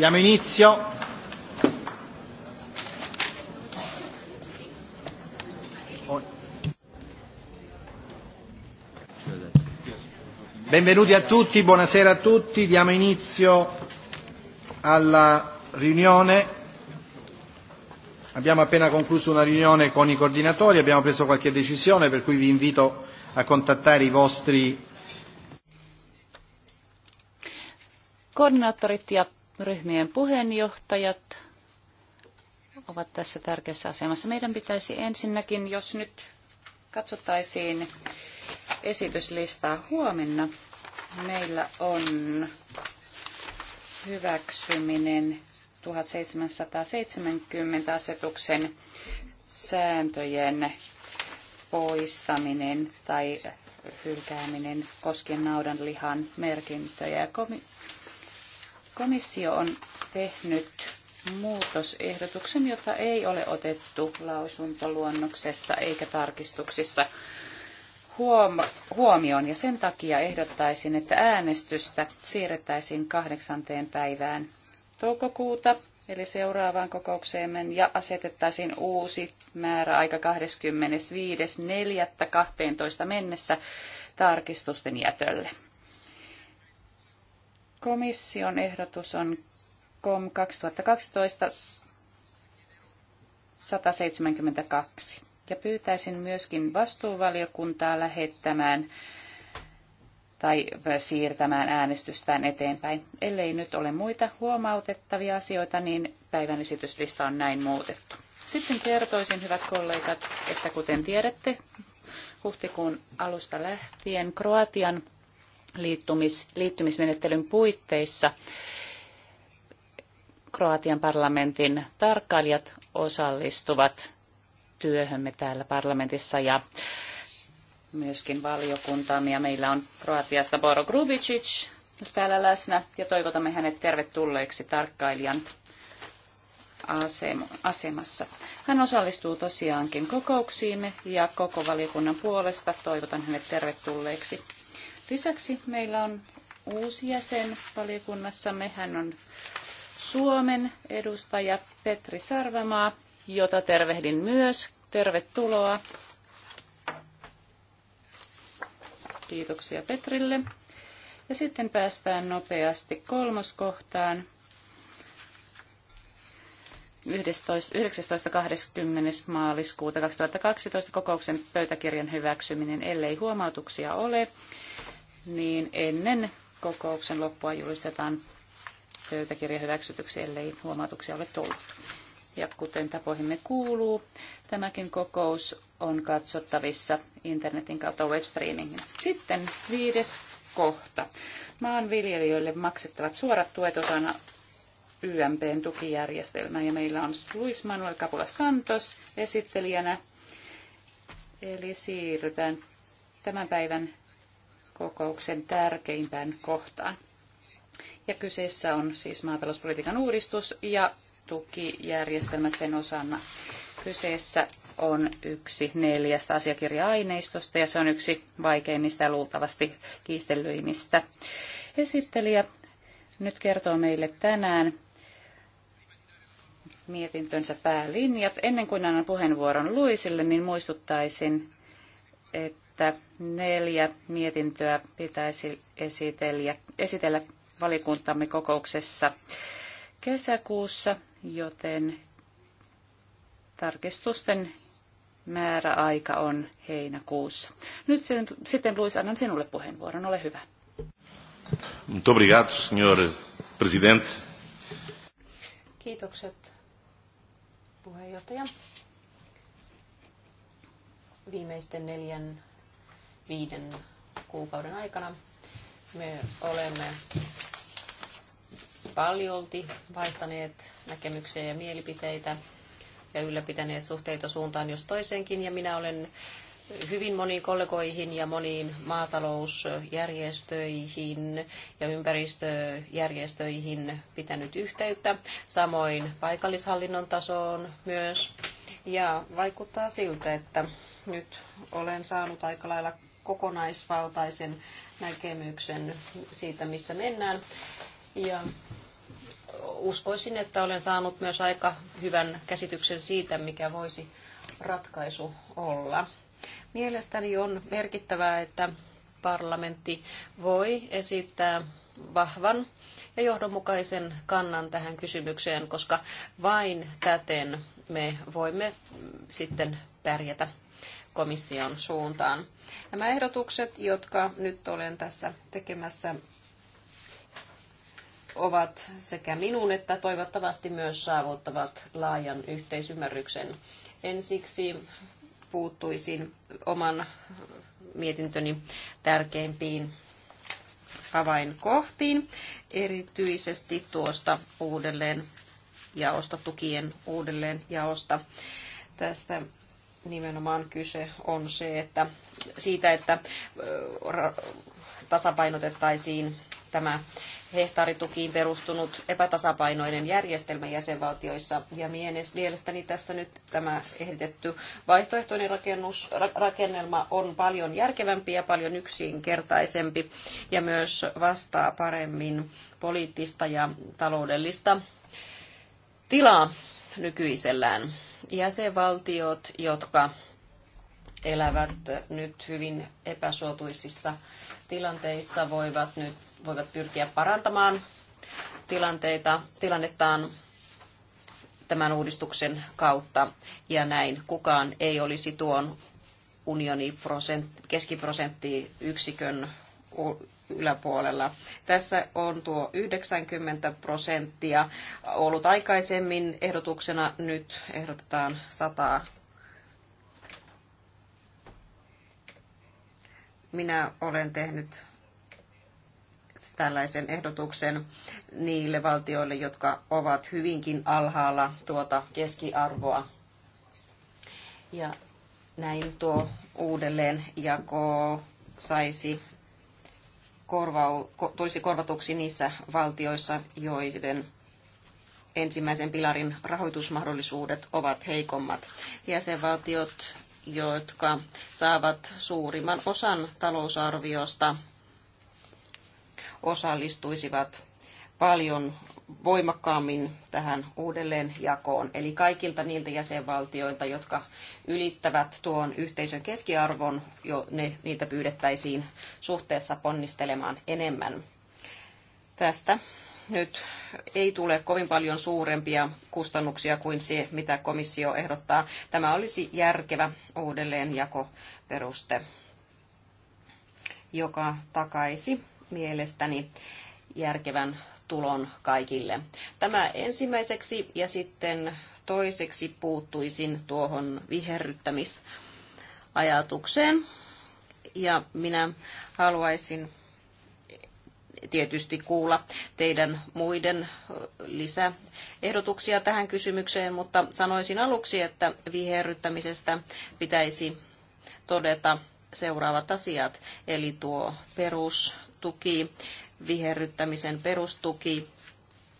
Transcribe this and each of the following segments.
Diamo inizio. Benvenuti a tutti, buonasera a tutti. Diamo inizio alla riunione. Abbiamo appena concluso una riunione con i coordinatori, abbiamo preso qualche decisione, per cui vi invito a contattare i vostri coordinatori ryhmien puheenjohtajat ovat tässä tärkeässä asemassa. Meidän pitäisi ensinnäkin, jos nyt katsottaisiin esityslistaa huomenna, meillä on hyväksyminen 1770 asetuksen sääntöjen poistaminen tai hylkääminen koskien naudanlihan merkintöjä. Komissio on tehnyt muutosehdotuksen, jota ei ole otettu lausuntoluonnoksessa eikä tarkistuksissa huomioon ja sen takia ehdottaisin, että äänestystä siirrettäisiin kahdeksanteen päivään toukokuuta eli seuraavaan kokoukseemme ja asetettaisiin uusi määräaika 25.4.12 mennessä tarkistusten jätölle. Komission ehdotus on COM 2012 172. Ja pyytäisin myöskin vastuuvaliokuntaa lähettämään tai siirtämään äänestystään eteenpäin. Ellei nyt ole muita huomautettavia asioita, niin päivän esityslista on näin muutettu. Sitten kertoisin, hyvät kollegat, että kuten tiedätte, huhtikuun alusta lähtien Kroatian liittymismenettelyn puitteissa Kroatian parlamentin tarkkailijat osallistuvat työhömme täällä parlamentissa ja myöskin valiokuntaamme. meillä on Kroatiasta Boro Grubicic täällä läsnä ja toivotamme hänet tervetulleeksi tarkkailijan asemassa. Hän osallistuu tosiaankin kokouksiimme ja koko valiokunnan puolesta toivotan hänet tervetulleeksi. Lisäksi meillä on uusi jäsen valiokunnassamme. Hän on Suomen edustaja Petri Sarvamaa, jota tervehdin myös. Tervetuloa. Kiitoksia Petrille. Ja sitten päästään nopeasti kolmoskohtaan. 19.20. maaliskuuta 2012 kokouksen pöytäkirjan hyväksyminen, ellei huomautuksia ole niin ennen kokouksen loppua julistetaan pöytäkirja hyväksytyksi, ellei huomautuksia ole tullut. Ja kuten tapoihimme kuuluu, tämäkin kokous on katsottavissa internetin kautta webstreaminginä. Sitten viides kohta. Maanviljelijöille maksettavat suorat tuet osana YMPn tukijärjestelmää. Ja meillä on Luis Manuel Capula Santos esittelijänä. Eli siirrytään tämän päivän kokouksen tärkeimpään kohtaan. Ja kyseessä on siis maatalouspolitiikan uudistus ja tukijärjestelmät sen osana. Kyseessä on yksi neljästä asiakirja-aineistosta ja se on yksi vaikeimmista ja luultavasti kiistellyimmistä. Esittelijä nyt kertoo meille tänään mietintönsä päälinjat. Ennen kuin annan puheenvuoron Luisille, niin muistuttaisin, että että neljä mietintöä pitäisi esitellä, esitellä valikuntamme kokouksessa kesäkuussa, joten tarkistusten määräaika on heinäkuussa. Nyt sen, sitten Luis, annan sinulle puheenvuoron, ole hyvä. obrigado, senhor presidente. Kiitokset, puheenjohtaja. Viimeisten neljän viiden kuukauden aikana. Me olemme paljolti vaihtaneet näkemyksiä ja mielipiteitä ja ylläpitäneet suhteita suuntaan jos toiseenkin. Ja minä olen hyvin moniin kollegoihin ja moniin maatalousjärjestöihin ja ympäristöjärjestöihin pitänyt yhteyttä, samoin paikallishallinnon tasoon myös. Ja vaikuttaa siltä, että nyt olen saanut aika lailla kokonaisvaltaisen näkemyksen siitä, missä mennään. Ja uskoisin, että olen saanut myös aika hyvän käsityksen siitä, mikä voisi ratkaisu olla. Mielestäni on merkittävää, että parlamentti voi esittää vahvan ja johdonmukaisen kannan tähän kysymykseen, koska vain täten me voimme sitten pärjätä komission suuntaan. Nämä ehdotukset, jotka nyt olen tässä tekemässä, ovat sekä minun että toivottavasti myös saavuttavat laajan yhteisymmärryksen. Ensiksi puuttuisin oman mietintöni tärkeimpiin avainkohtiin, erityisesti tuosta uudelleen jaosta, tukien uudelleen jaosta. Tästä nimenomaan kyse on se, että siitä, että tasapainotettaisiin tämä hehtaaritukiin perustunut epätasapainoinen järjestelmä jäsenvaltioissa. Ja mielestäni tässä nyt tämä ehdotettu vaihtoehtoinen rakennus, rakennelma on paljon järkevämpi ja paljon yksinkertaisempi ja myös vastaa paremmin poliittista ja taloudellista tilaa nykyisellään jäsenvaltiot, jotka elävät nyt hyvin epäsuotuisissa tilanteissa, voivat nyt voivat pyrkiä parantamaan tilanteita, tilannettaan tämän uudistuksen kautta. Ja näin kukaan ei olisi tuon unioni keskiprosenttiyksikön yläpuolella. Tässä on tuo 90 prosenttia ollut aikaisemmin ehdotuksena, nyt ehdotetaan 100 minä olen tehnyt tällaisen ehdotuksen niille valtioille, jotka ovat hyvinkin alhaalla tuota keskiarvoa. Ja näin tuo jako saisi korvau, tulisi korvatuksi niissä valtioissa, joiden ensimmäisen pilarin rahoitusmahdollisuudet ovat heikommat. Jäsenvaltiot, jotka saavat suurimman osan talousarviosta, osallistuisivat paljon voimakkaammin tähän uudelleenjakoon. Eli kaikilta niiltä jäsenvaltioilta, jotka ylittävät tuon yhteisön keskiarvon, jo ne, niitä pyydettäisiin suhteessa ponnistelemaan enemmän. Tästä nyt ei tule kovin paljon suurempia kustannuksia kuin se, mitä komissio ehdottaa. Tämä olisi järkevä uudelleenjakoperuste, joka takaisi mielestäni järkevän tulon kaikille. Tämä ensimmäiseksi ja sitten toiseksi puuttuisin tuohon viherryttämisajatukseen. Ja minä haluaisin tietysti kuulla teidän muiden lisä ehdotuksia tähän kysymykseen, mutta sanoisin aluksi, että viherryttämisestä pitäisi todeta seuraavat asiat, eli tuo perustuki viherryttämisen perustuki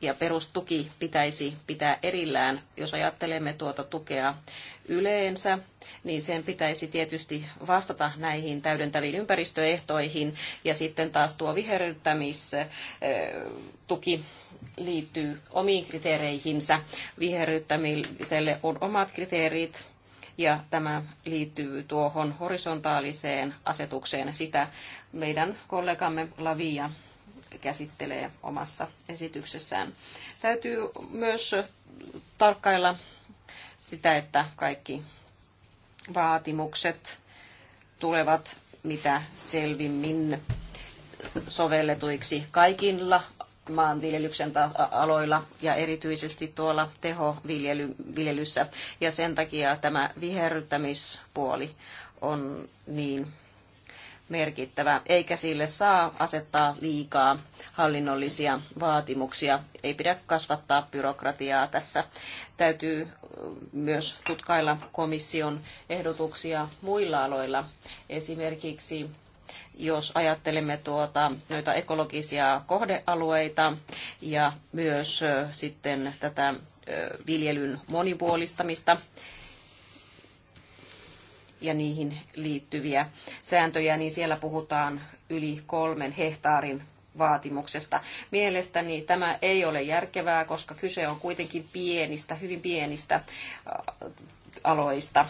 ja perustuki pitäisi pitää erillään. Jos ajattelemme tuota tukea yleensä, niin sen pitäisi tietysti vastata näihin täydentäviin ympäristöehtoihin. Ja sitten taas tuo viherryttämistuki liittyy omiin kriteereihinsä. Viherryttämiselle on omat kriteerit, ja tämä liittyy tuohon horisontaaliseen asetukseen. Sitä meidän kollegamme Lavia käsittelee omassa esityksessään. Täytyy myös tarkkailla sitä, että kaikki vaatimukset tulevat mitä selvimmin sovelletuiksi kaikilla maanviljelyksen aloilla ja erityisesti tuolla tehoviljelyssä. Ja sen takia tämä viherryttämispuoli on niin merkittävä, eikä sille saa asettaa liikaa hallinnollisia vaatimuksia. Ei pidä kasvattaa byrokratiaa tässä. Täytyy myös tutkailla komission ehdotuksia muilla aloilla. Esimerkiksi jos ajattelemme tuota, noita ekologisia kohdealueita ja myös sitten tätä viljelyn monipuolistamista, ja niihin liittyviä sääntöjä, niin siellä puhutaan yli kolmen hehtaarin vaatimuksesta. Mielestäni tämä ei ole järkevää, koska kyse on kuitenkin pienistä, hyvin pienistä äh, aloista.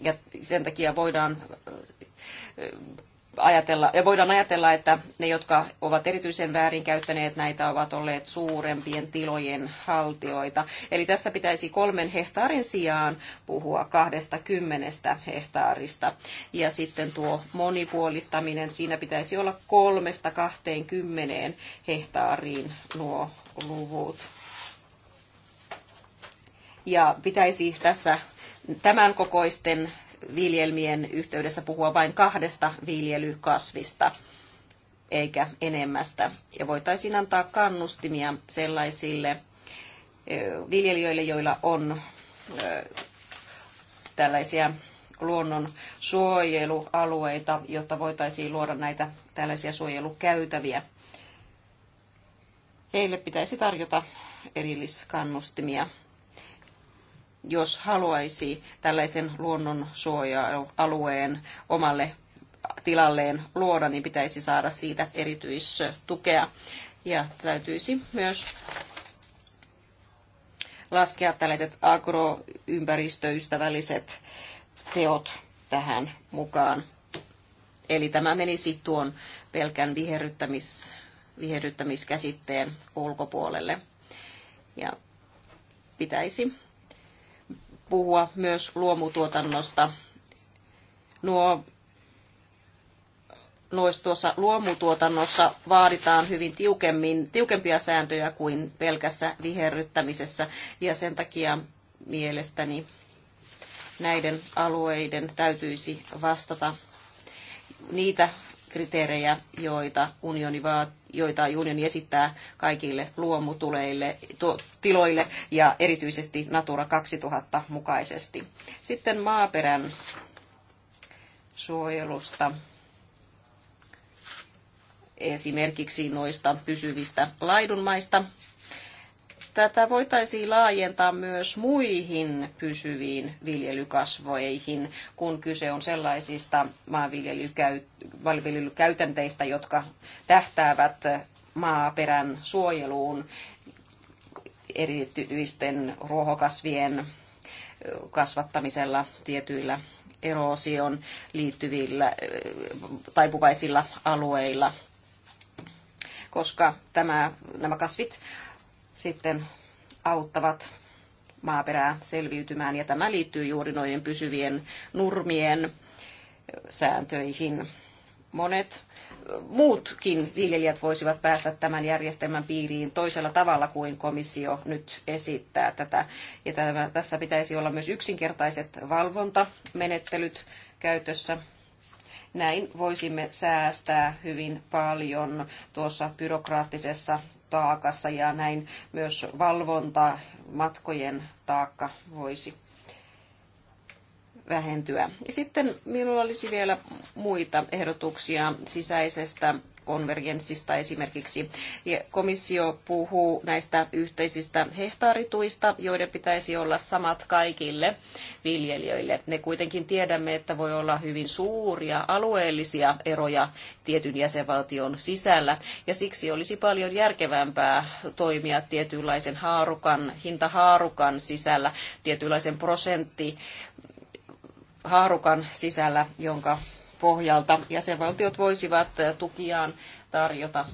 Ja sen takia voidaan äh, ajatella, ja voidaan ajatella, että ne, jotka ovat erityisen väärin käyttäneet näitä, ovat olleet suurempien tilojen haltioita. Eli tässä pitäisi kolmen hehtaarin sijaan puhua kahdesta kymmenestä hehtaarista. Ja sitten tuo monipuolistaminen, siinä pitäisi olla kolmesta kahteen kymmeneen hehtaariin nuo luvut. Ja pitäisi tässä tämän kokoisten viljelmien yhteydessä puhua vain kahdesta viljelykasvista eikä enemmästä. Ja voitaisiin antaa kannustimia sellaisille viljelijöille, joilla on tällaisia luonnon suojelualueita, jotta voitaisiin luoda näitä tällaisia suojelukäytäviä. Heille pitäisi tarjota erilliskannustimia jos haluaisi tällaisen luonnonsuoja-alueen omalle tilalleen luoda, niin pitäisi saada siitä erityistukea. Ja täytyisi myös laskea tällaiset agroympäristöystävälliset teot tähän mukaan. Eli tämä menisi tuon pelkän viherryttämis, viherryttämiskäsitteen ulkopuolelle. Ja pitäisi puhua myös luomutuotannosta. Nuo, nois tuossa luomutuotannossa vaaditaan hyvin tiukemmin, tiukempia sääntöjä kuin pelkässä viherryttämisessä, ja sen takia mielestäni näiden alueiden täytyisi vastata niitä kriteerejä, joita unioni vaatii joita unioni esittää kaikille luomutuleille, tuo, tiloille ja erityisesti Natura 2000 mukaisesti. Sitten maaperän suojelusta esimerkiksi noista pysyvistä laidunmaista Tätä voitaisiin laajentaa myös muihin pysyviin viljelykasvoihin, kun kyse on sellaisista maanviljelykäytänteistä, jotka tähtäävät maaperän suojeluun erityisten ruohokasvien kasvattamisella tietyillä eroosion liittyvillä taipuvaisilla alueilla, koska tämä, nämä kasvit sitten auttavat maaperää selviytymään. Ja tämä liittyy juuri noiden pysyvien nurmien sääntöihin. Monet muutkin viljelijät voisivat päästä tämän järjestelmän piiriin toisella tavalla kuin komissio nyt esittää tätä. Ja tämä, tässä pitäisi olla myös yksinkertaiset valvontamenettelyt käytössä. Näin voisimme säästää hyvin paljon tuossa byrokraattisessa taakassa ja näin myös valvonta matkojen taakka voisi vähentyä. Ja sitten minulla olisi vielä muita ehdotuksia sisäisestä konvergenssista esimerkiksi. Komissio puhuu näistä yhteisistä hehtaarituista, joiden pitäisi olla samat kaikille viljelijöille. Me kuitenkin tiedämme, että voi olla hyvin suuria alueellisia eroja tietyn jäsenvaltion sisällä, ja siksi olisi paljon järkevämpää toimia tietynlaisen haarukan, hintahaarukan sisällä, tietynlaisen prosentti haarukan sisällä, jonka pohjalta jäsenvaltiot voisivat tukiaan tarjota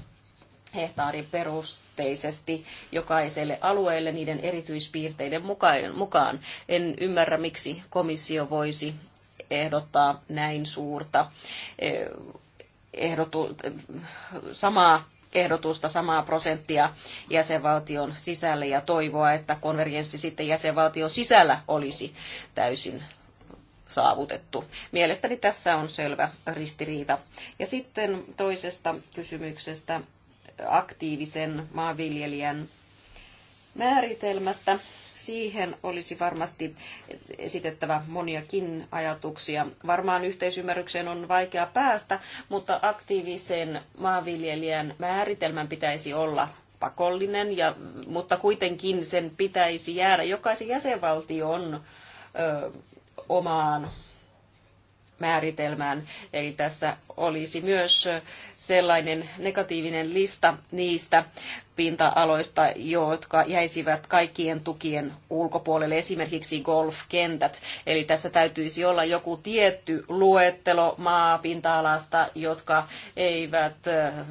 perusteisesti jokaiselle alueelle niiden erityispiirteiden mukaan. En ymmärrä, miksi komissio voisi ehdottaa näin suurta ehdotu, samaa ehdotusta, samaa prosenttia jäsenvaltion sisälle ja toivoa, että konvergenssi sitten jäsenvaltion sisällä olisi täysin saavutettu. Mielestäni tässä on selvä ristiriita. Ja sitten toisesta kysymyksestä aktiivisen maanviljelijän määritelmästä. Siihen olisi varmasti esitettävä moniakin ajatuksia. Varmaan yhteisymmärrykseen on vaikea päästä, mutta aktiivisen maanviljelijän määritelmän pitäisi olla pakollinen, ja, mutta kuitenkin sen pitäisi jäädä jokaisen jäsenvaltion omaan määritelmään. Eli tässä olisi myös sellainen negatiivinen lista niistä pinta-aloista, jotka jäisivät kaikkien tukien ulkopuolelle, esimerkiksi golfkentät. Eli tässä täytyisi olla joku tietty luettelo maapinta-alasta, jotka eivät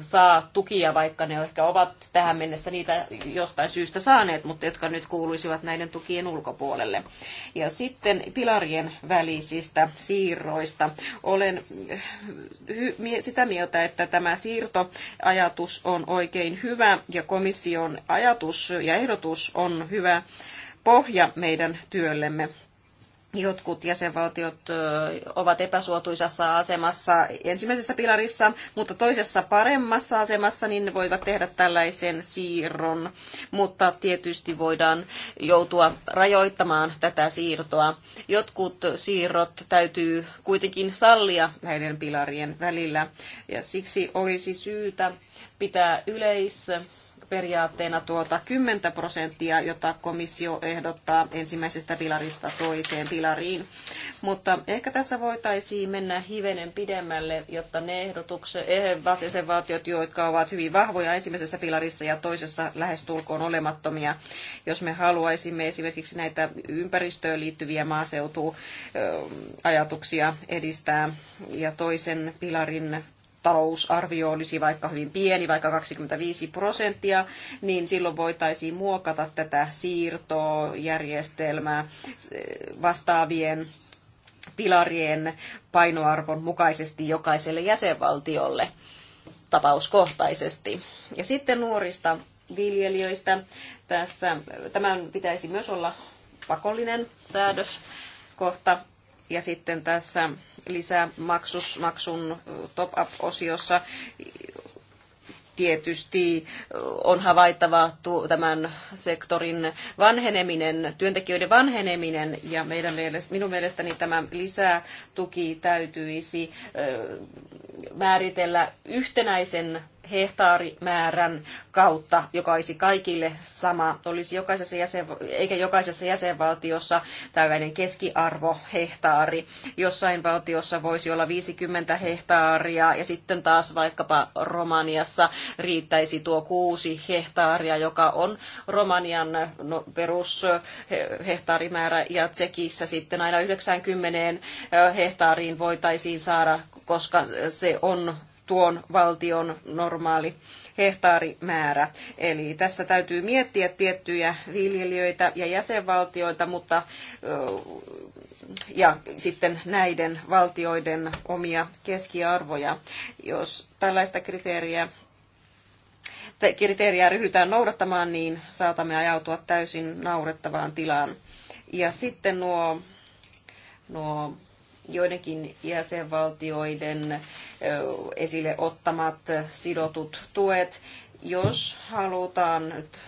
saa tukia, vaikka ne ehkä ovat tähän mennessä niitä jostain syystä saaneet, mutta jotka nyt kuuluisivat näiden tukien ulkopuolelle. Ja sitten pilarien välisistä siirroista. Olen sitä mieltä, että tämä siirtoajatus on oikein hyvä ja komission ajatus ja ehdotus on hyvä pohja meidän työllemme. Jotkut jäsenvaltiot ovat epäsuotuisassa asemassa ensimmäisessä pilarissa, mutta toisessa paremmassa asemassa, niin ne voivat tehdä tällaisen siirron. Mutta tietysti voidaan joutua rajoittamaan tätä siirtoa. Jotkut siirrot täytyy kuitenkin sallia näiden pilarien välillä, ja siksi olisi syytä pitää yleis periaatteena tuota 10 prosenttia, jota komissio ehdottaa ensimmäisestä pilarista toiseen pilariin. Mutta ehkä tässä voitaisiin mennä hivenen pidemmälle, jotta ne ehdotukset, eh, jäsenvaltiot, jotka ovat hyvin vahvoja ensimmäisessä pilarissa ja toisessa lähestulkoon olemattomia, jos me haluaisimme esimerkiksi näitä ympäristöön liittyviä maaseutuajatuksia edistää ja toisen pilarin talousarvio olisi vaikka hyvin pieni, vaikka 25 prosenttia, niin silloin voitaisiin muokata tätä siirtojärjestelmää vastaavien pilarien painoarvon mukaisesti jokaiselle jäsenvaltiolle tapauskohtaisesti. Ja sitten nuorista viljelijöistä. Tässä, tämän pitäisi myös olla pakollinen säädöskohta. Ja sitten tässä lisämaksun maksun top-up-osiossa tietysti on havaittava tämän sektorin vanheneminen, työntekijöiden vanheneminen ja meidän mielestä, minun mielestäni tämä lisätuki täytyisi määritellä yhtenäisen hehtaarimäärän kautta, joka olisi kaikille sama, olisi jokaisessa jäsen, eikä jokaisessa jäsenvaltiossa tällainen keskiarvo hehtaari. Jossain valtiossa voisi olla 50 hehtaaria ja sitten taas vaikkapa Romaniassa riittäisi tuo kuusi hehtaaria, joka on Romanian no, perushehtaarimäärä ja Tsekissä sitten aina 90 eh, hehtaariin voitaisiin saada, koska se on tuon valtion normaali hehtaarimäärä. Eli tässä täytyy miettiä tiettyjä viljelijöitä ja jäsenvaltioita, mutta ja sitten näiden valtioiden omia keskiarvoja. Jos tällaista kriteeriä kriteeriä ryhdytään noudattamaan, niin saatamme ajautua täysin naurettavaan tilaan. Ja sitten nuo, nuo joidenkin jäsenvaltioiden esille ottamat sidotut tuet. Jos halutaan nyt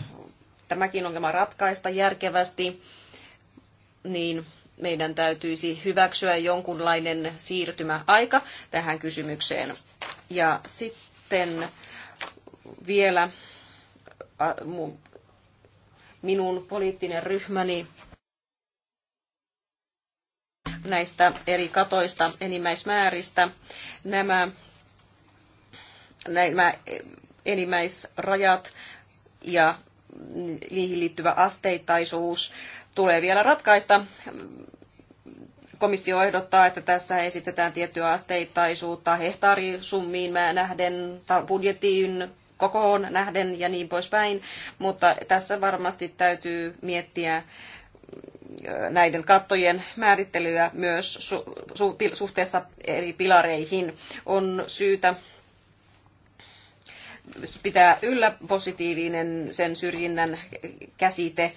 tämäkin ongelma ratkaista järkevästi, niin meidän täytyisi hyväksyä jonkunlainen siirtymäaika tähän kysymykseen. Ja sitten vielä minun poliittinen ryhmäni näistä eri katoista, enimmäismääristä. Nämä, nämä enimmäisrajat ja niihin liittyvä asteittaisuus tulee vielä ratkaista. Komissio ehdottaa, että tässä esitetään tiettyä asteittaisuutta hehtaarisummiin nähden, budjettiin kokoon nähden ja niin poispäin, mutta tässä varmasti täytyy miettiä näiden kattojen määrittelyä myös suhteessa eri pilareihin. On syytä pitää yllä positiivinen sen syrjinnän käsite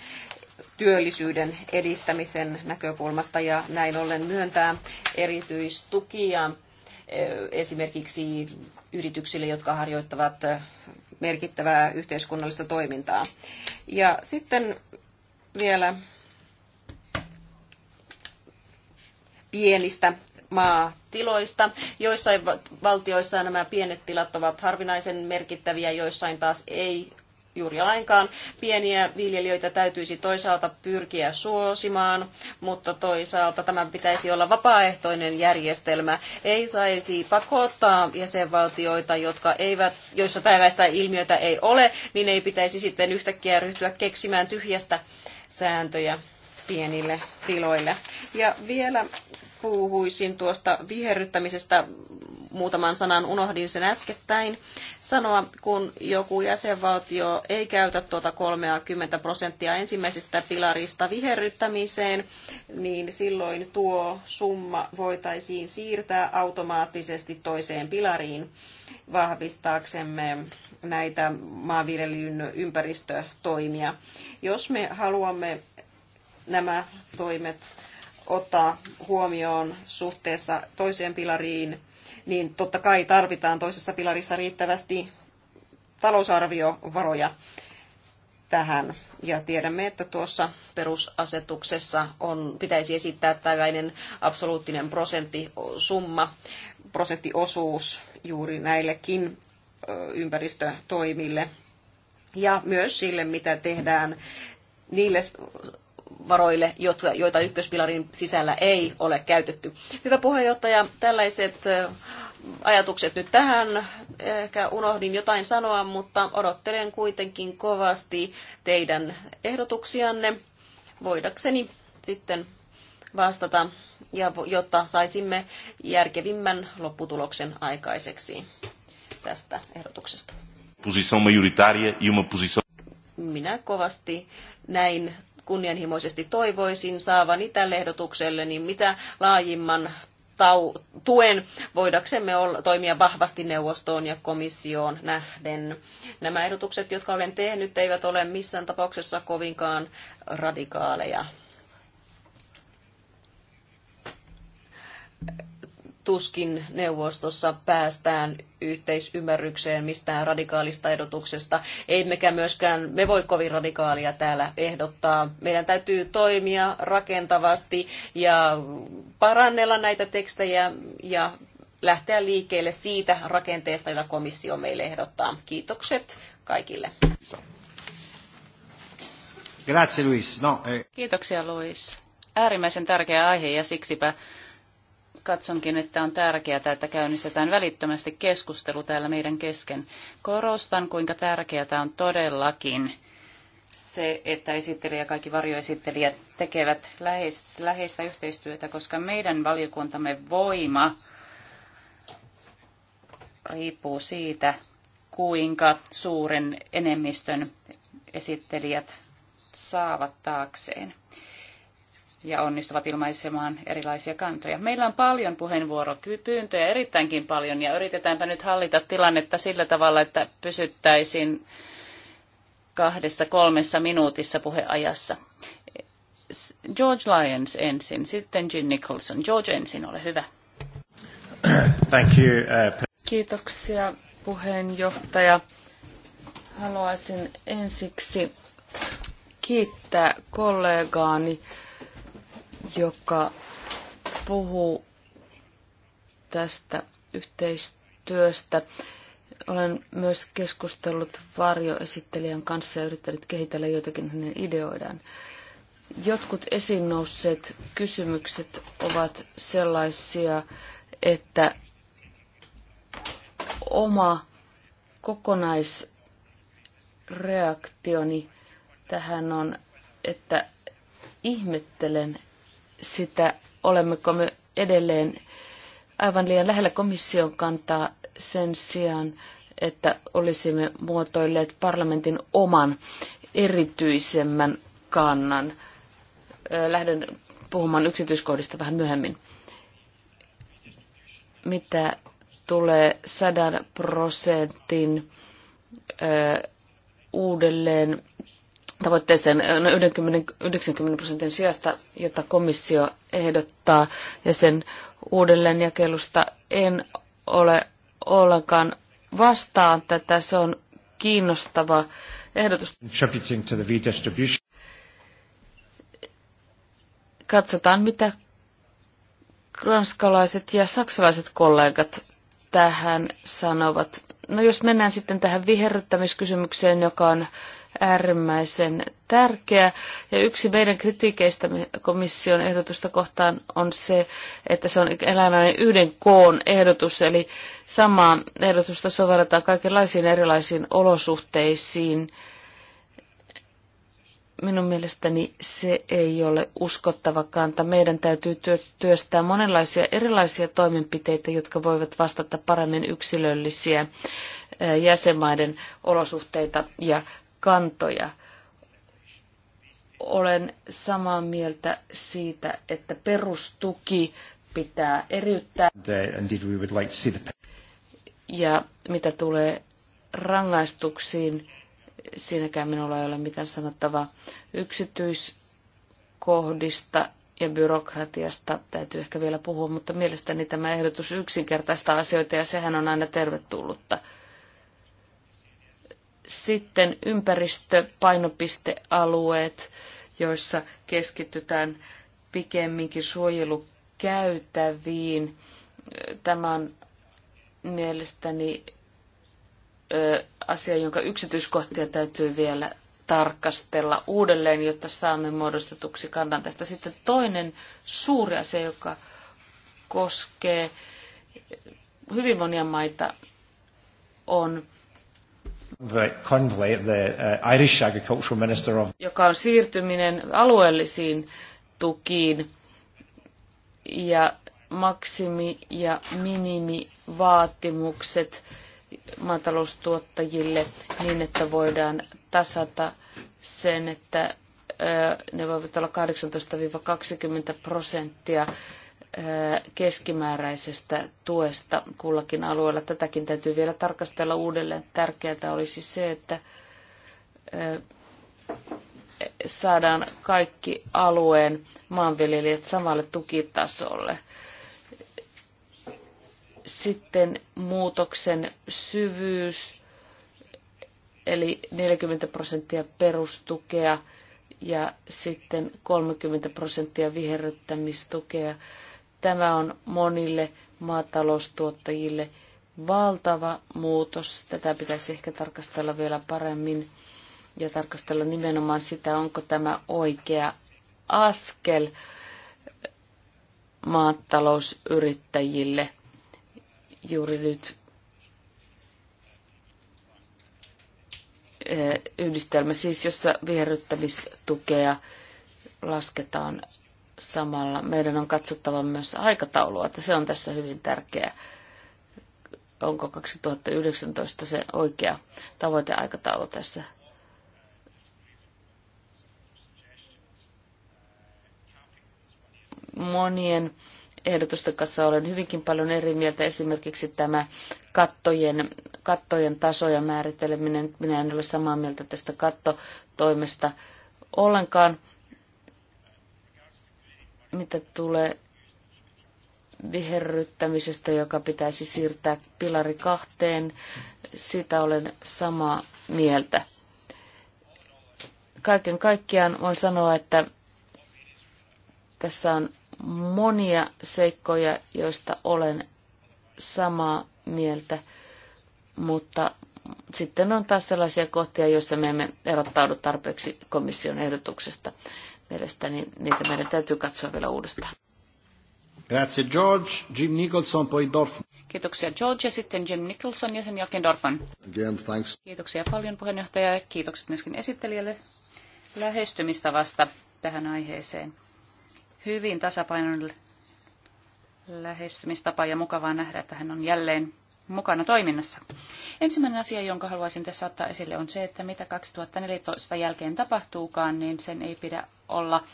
työllisyyden edistämisen näkökulmasta ja näin ollen myöntää erityistukia eh, esimerkiksi yrityksille, jotka harjoittavat eh, merkittävää yhteiskunnallista toimintaa. Ja sitten vielä pienistä maatiloista. Joissain valtioissa nämä pienet tilat ovat harvinaisen merkittäviä, joissain taas ei juuri lainkaan. Pieniä viljelijöitä täytyisi toisaalta pyrkiä suosimaan, mutta toisaalta tämän pitäisi olla vapaaehtoinen järjestelmä. Ei saisi pakottaa jäsenvaltioita, jotka eivät, joissa tällaista ilmiötä ei ole, niin ei pitäisi sitten yhtäkkiä ryhtyä keksimään tyhjästä sääntöjä pienille tiloille. Ja vielä puhuisin tuosta viherryttämisestä. Muutaman sanan unohdin sen äskettäin sanoa, kun joku jäsenvaltio ei käytä tuota 30 prosenttia ensimmäisestä pilarista viherryttämiseen, niin silloin tuo summa voitaisiin siirtää automaattisesti toiseen pilariin vahvistaaksemme näitä maanviljelyn ympäristötoimia. Jos me haluamme nämä toimet ottaa huomioon suhteessa toiseen pilariin, niin totta kai tarvitaan toisessa pilarissa riittävästi talousarviovaroja tähän. Ja tiedämme, että tuossa perusasetuksessa on, pitäisi esittää tällainen absoluuttinen prosenttisumma, prosenttiosuus juuri näillekin ympäristötoimille ja myös sille, mitä tehdään niille varoille, joita ykköspilarin sisällä ei ole käytetty. Hyvä puheenjohtaja, tällaiset ajatukset nyt tähän. Ehkä unohdin jotain sanoa, mutta odottelen kuitenkin kovasti teidän ehdotuksianne voidakseni sitten vastata, ja jotta saisimme järkevimmän lopputuloksen aikaiseksi tästä ehdotuksesta. E Minä kovasti näin kunnianhimoisesti toivoisin saavani tälle ehdotukselle, niin mitä laajimman tau- tuen voidaksemme olla, toimia vahvasti neuvostoon ja komissioon nähden. Nämä ehdotukset, jotka olen tehnyt, eivät ole missään tapauksessa kovinkaan radikaaleja tuskin neuvostossa päästään yhteisymmärrykseen mistään radikaalista ehdotuksesta. Emmekä myöskään me voi kovin radikaalia täällä ehdottaa. Meidän täytyy toimia rakentavasti ja parannella näitä tekstejä ja lähteä liikkeelle siitä rakenteesta, jota komissio meille ehdottaa. Kiitokset kaikille. Grazie Luis. No, eh. Kiitoksia Luis. Äärimmäisen tärkeä aihe ja siksipä katsonkin, että on tärkeää, että käynnistetään välittömästi keskustelu täällä meidän kesken. Korostan, kuinka tärkeää on todellakin se, että esittelijä ja kaikki varjoesittelijät tekevät läheistä yhteistyötä, koska meidän valiokuntamme voima riippuu siitä, kuinka suuren enemmistön esittelijät saavat taakseen ja onnistuvat ilmaisemaan erilaisia kantoja. Meillä on paljon puheenvuoropyyntöjä, erittäinkin paljon, ja yritetäänpä nyt hallita tilannetta sillä tavalla, että pysyttäisiin kahdessa kolmessa minuutissa puheajassa. George Lyons ensin, sitten Jim Nicholson. George ensin, ole hyvä. Thank you, uh... Kiitoksia puheenjohtaja. Haluaisin ensiksi kiittää kollegaani joka puhuu tästä yhteistyöstä. Olen myös keskustellut varjoesittelijän kanssa ja yrittänyt kehitellä joitakin hänen ideoidaan. Jotkut esiin nousseet kysymykset ovat sellaisia, että oma kokonaisreaktioni tähän on, että ihmettelen, sitä, olemmeko me edelleen aivan liian lähellä komission kantaa sen sijaan, että olisimme muotoilleet parlamentin oman erityisemmän kannan. Lähden puhumaan yksityiskohdista vähän myöhemmin. Mitä tulee sadan prosentin uudelleen tavoitteeseen 90, äh, no prosentin sijasta, jota komissio ehdottaa, ja sen uudelleenjakelusta en ole ollenkaan vastaan tätä. Se on kiinnostava ehdotus. Katsotaan, mitä ranskalaiset ja saksalaiset kollegat tähän sanovat. No jos mennään sitten tähän viherryttämiskysymykseen, joka on äärimmäisen tärkeä. Ja yksi meidän kritiikeistä komission ehdotusta kohtaan on se, että se on eläinlainen yhden koon ehdotus, eli samaa ehdotusta sovelletaan kaikenlaisiin erilaisiin olosuhteisiin minun mielestäni se ei ole uskottava kanta. Meidän täytyy työstää monenlaisia erilaisia toimenpiteitä, jotka voivat vastata paremmin yksilöllisiä jäsenmaiden olosuhteita ja kantoja. Olen samaa mieltä siitä, että perustuki pitää eriyttää. Ja mitä tulee rangaistuksiin, siinäkään minulla ei ole mitään sanottavaa yksityiskohdista ja byrokratiasta täytyy ehkä vielä puhua, mutta mielestäni tämä ehdotus yksinkertaista asioita ja sehän on aina tervetullutta. Sitten ympäristöpainopistealueet, joissa keskitytään pikemminkin suojelukäytäviin. Tämä on mielestäni asia, jonka yksityiskohtia täytyy vielä tarkastella uudelleen, jotta saamme muodostetuksi kannan tästä. Sitten toinen suuri asia, joka koskee hyvin monia maita, on the Conley, the uh, Irish agricultural minister of... joka on siirtyminen alueellisiin tukiin ja maksimi- ja minimivaatimukset vaatimukset maataloustuottajille niin, että voidaan tasata sen, että ne voivat olla 18-20 prosenttia keskimääräisestä tuesta kullakin alueella. Tätäkin täytyy vielä tarkastella uudelleen. Tärkeää olisi se, että saadaan kaikki alueen maanviljelijät samalle tukitasolle. Sitten muutoksen syvyys, eli 40 prosenttia perustukea ja sitten 30 prosenttia viherryttämistukea. Tämä on monille maataloustuottajille valtava muutos. Tätä pitäisi ehkä tarkastella vielä paremmin ja tarkastella nimenomaan sitä, onko tämä oikea askel maatalousyrittäjille juuri nyt eh, yhdistelmä, siis jossa viherryttämistukea lasketaan samalla. Meidän on katsottava myös aikataulua, että se on tässä hyvin tärkeää. Onko 2019 se oikea tavoiteaikataulu tässä? Monien ehdotusten kanssa olen hyvinkin paljon eri mieltä. Esimerkiksi tämä kattojen, kattojen tasoja määritteleminen. Minä en ole samaa mieltä tästä kattotoimesta ollenkaan. Mitä tulee viherryttämisestä, joka pitäisi siirtää pilari kahteen, siitä olen samaa mieltä. Kaiken kaikkiaan voin sanoa, että tässä on monia seikkoja, joista olen samaa mieltä, mutta sitten on taas sellaisia kohtia, joissa me emme erottaudu tarpeeksi komission ehdotuksesta. Mielestäni niitä meidän täytyy katsoa vielä uudestaan. Grazie George, Jim Nicholson, poi Dorfman. Kiitoksia George ja sitten Jim Nicholson ja sen jälkeen Dorfman. Again, thanks. Kiitoksia paljon puheenjohtaja ja kiitokset myöskin esittelijälle lähestymistavasta tähän aiheeseen hyvin tasapainon lähestymistapa ja mukavaa nähdä, että hän on jälleen mukana toiminnassa. Ensimmäinen asia, jonka haluaisin tässä ottaa esille, on se, että mitä 2014 jälkeen tapahtuukaan, niin sen ei pidä olla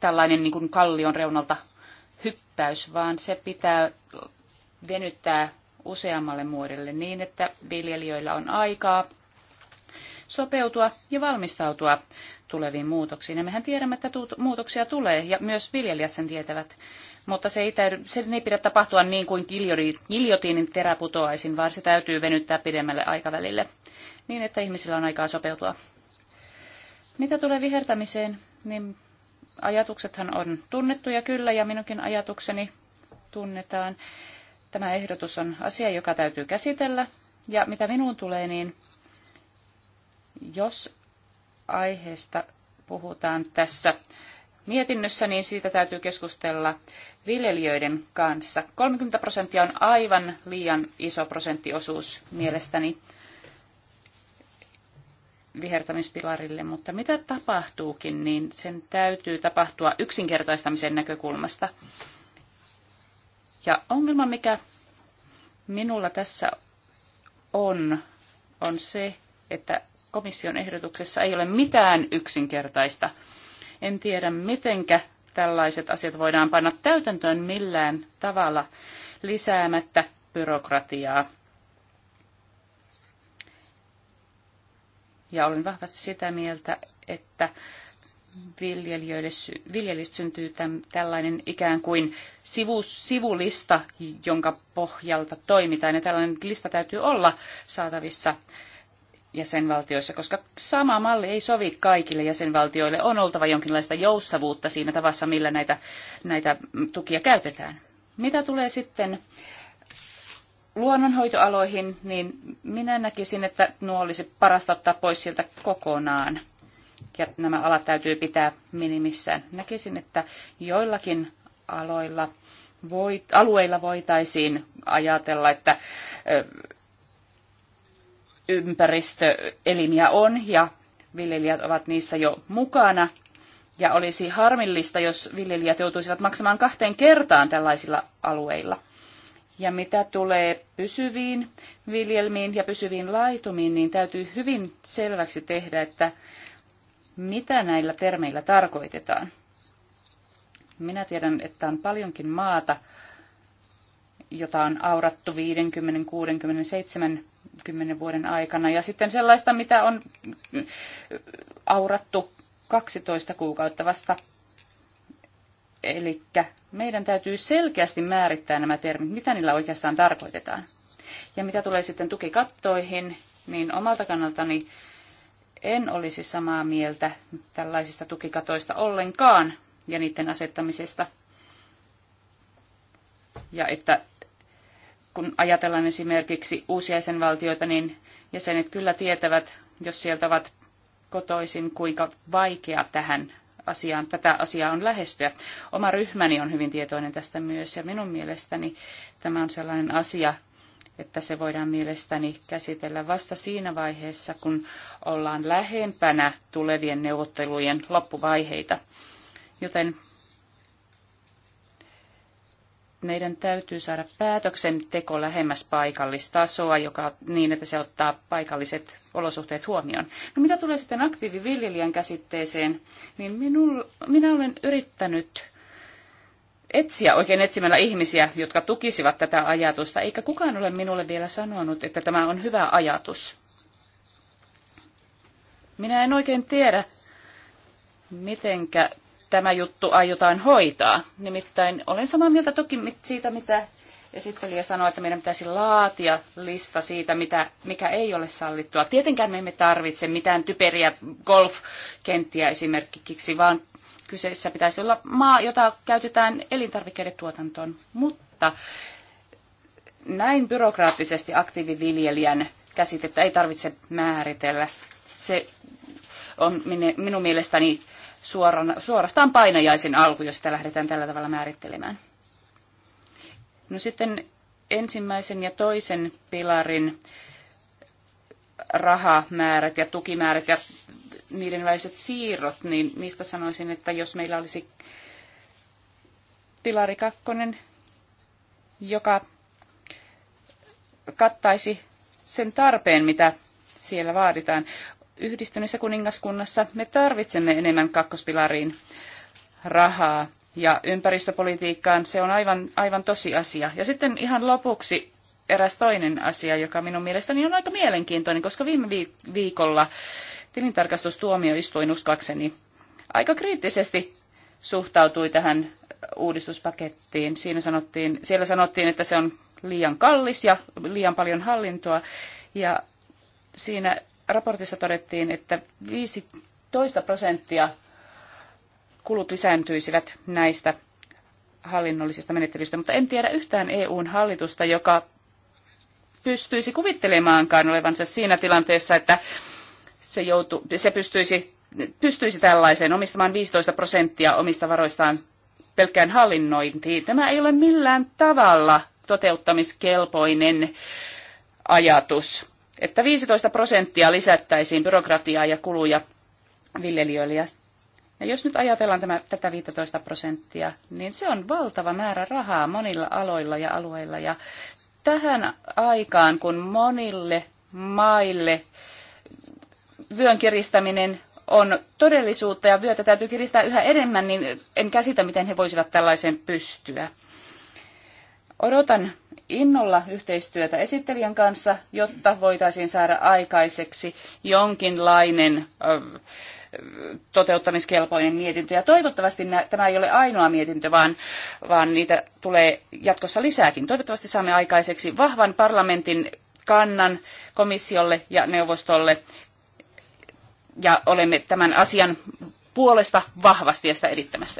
tällainen niin kuin kallion reunalta hyppäys, vaan se pitää venyttää useammalle muodelle niin, että viljelijöillä on aikaa sopeutua ja valmistautua tuleviin muutoksiin. Ja mehän tiedämme, että muutoksia tulee, ja myös viljelijät sen tietävät. Mutta se ei, täydy, se ei pidä tapahtua niin kuin giljotiinin terä putoaisin, vaan se täytyy venyttää pidemmälle aikavälille, niin että ihmisillä on aikaa sopeutua. Mitä tulee vihertämiseen, niin ajatuksethan on tunnettuja kyllä, ja minunkin ajatukseni tunnetaan. Tämä ehdotus on asia, joka täytyy käsitellä, ja mitä minuun tulee, niin jos aiheesta puhutaan tässä mietinnössä, niin siitä täytyy keskustella viljelijöiden kanssa. 30 prosenttia on aivan liian iso prosenttiosuus mielestäni vihertämispilarille, mutta mitä tapahtuukin, niin sen täytyy tapahtua yksinkertaistamisen näkökulmasta. Ja ongelma, mikä minulla tässä on, on se, että komission ehdotuksessa ei ole mitään yksinkertaista. En tiedä, mitenkä tällaiset asiat voidaan panna täytäntöön millään tavalla lisäämättä byrokratiaa. Ja olen vahvasti sitä mieltä, että viljelijöille, viljelijöistä syntyy tämän, tällainen ikään kuin sivu, sivulista, jonka pohjalta toimitaan. Ja tällainen lista täytyy olla saatavissa jäsenvaltioissa, koska sama malli ei sovi kaikille jäsenvaltioille. On oltava jonkinlaista joustavuutta siinä tavassa, millä näitä, näitä tukia käytetään. Mitä tulee sitten luonnonhoitoaloihin, niin minä näkisin, että nuo olisi parasta ottaa pois sieltä kokonaan. Ja nämä alat täytyy pitää minimissään. Näkisin, että joillakin aloilla voi, alueilla voitaisiin ajatella, että ympäristöelimiä on ja viljelijät ovat niissä jo mukana. Ja olisi harmillista, jos viljelijät joutuisivat maksamaan kahteen kertaan tällaisilla alueilla. Ja mitä tulee pysyviin viljelmiin ja pysyviin laitumiin, niin täytyy hyvin selväksi tehdä, että mitä näillä termeillä tarkoitetaan. Minä tiedän, että on paljonkin maata, jota on aurattu 50, 60, 70 vuoden aikana, ja sitten sellaista, mitä on aurattu 12 kuukautta vasta. Eli meidän täytyy selkeästi määrittää nämä termit, mitä niillä oikeastaan tarkoitetaan. Ja mitä tulee sitten tukikattoihin, niin omalta kannaltani en olisi samaa mieltä tällaisista tukikatoista ollenkaan ja niiden asettamisesta. Ja että kun ajatellaan esimerkiksi uusia jäsenvaltioita, niin jäsenet kyllä tietävät, jos sieltä ovat kotoisin, kuinka vaikea tähän asiaan, tätä asiaa on lähestyä. Oma ryhmäni on hyvin tietoinen tästä myös ja minun mielestäni tämä on sellainen asia, että se voidaan mielestäni käsitellä vasta siinä vaiheessa, kun ollaan lähempänä tulevien neuvottelujen loppuvaiheita. Joten meidän täytyy saada päätöksenteko lähemmäs paikallistasoa, joka, niin että se ottaa paikalliset olosuhteet huomioon. No, mitä tulee sitten aktiiviviljelijän käsitteeseen, niin minul, minä olen yrittänyt etsiä oikein etsimällä ihmisiä, jotka tukisivat tätä ajatusta, eikä kukaan ole minulle vielä sanonut, että tämä on hyvä ajatus. Minä en oikein tiedä, mitenkä tämä juttu aiotaan hoitaa. Nimittäin olen samaa mieltä toki siitä, mitä esittelijä sanoi, että meidän pitäisi laatia lista siitä, mitä, mikä ei ole sallittua. Tietenkään me emme tarvitse mitään typeriä golfkenttiä esimerkiksi, vaan kyseessä pitäisi olla maa, jota käytetään elintarvikkeiden tuotantoon. Mutta näin byrokraattisesti aktiiviviljelijän käsitettä ei tarvitse määritellä. Se on minun mielestäni suoran, suorastaan painajaisin alku, jos sitä lähdetään tällä tavalla määrittelemään. No sitten ensimmäisen ja toisen pilarin rahamäärät ja tukimäärät ja niiden väliset siirrot, niin niistä sanoisin, että jos meillä olisi pilari kakkonen, joka kattaisi sen tarpeen, mitä siellä vaaditaan yhdistyneessä kuningaskunnassa me tarvitsemme enemmän kakkospilariin rahaa ja ympäristöpolitiikkaan. Se on aivan, aivan tosi asia. Ja sitten ihan lopuksi eräs toinen asia, joka minun mielestäni on aika mielenkiintoinen, koska viime viikolla tilintarkastustuomioistuin uskakseni aika kriittisesti suhtautui tähän uudistuspakettiin. Siinä sanottiin, siellä sanottiin, että se on liian kallis ja liian paljon hallintoa. Ja siinä raportissa todettiin, että 15 prosenttia kulut lisääntyisivät näistä hallinnollisista menettelyistä, mutta en tiedä yhtään EUn hallitusta, joka pystyisi kuvittelemaankaan olevansa siinä tilanteessa, että se, joutu, se pystyisi, pystyisi tällaiseen omistamaan 15 prosenttia omista varoistaan pelkkään hallinnointiin. Tämä ei ole millään tavalla toteuttamiskelpoinen ajatus että 15 prosenttia lisättäisiin byrokratiaa ja kuluja viljelijöille. Ja, jos nyt ajatellaan tämä, tätä 15 prosenttia, niin se on valtava määrä rahaa monilla aloilla ja alueilla. Ja tähän aikaan, kun monille maille vyön kiristäminen on todellisuutta ja vyötä täytyy kiristää yhä enemmän, niin en käsitä, miten he voisivat tällaiseen pystyä. Odotan innolla yhteistyötä esittelijän kanssa, jotta voitaisiin saada aikaiseksi jonkinlainen toteuttamiskelpoinen mietintö. Ja toivottavasti tämä ei ole ainoa mietintö, vaan, vaan niitä tulee jatkossa lisääkin. Toivottavasti saamme aikaiseksi vahvan parlamentin kannan komissiolle ja neuvostolle ja olemme tämän asian puolesta vahvasti ja sitä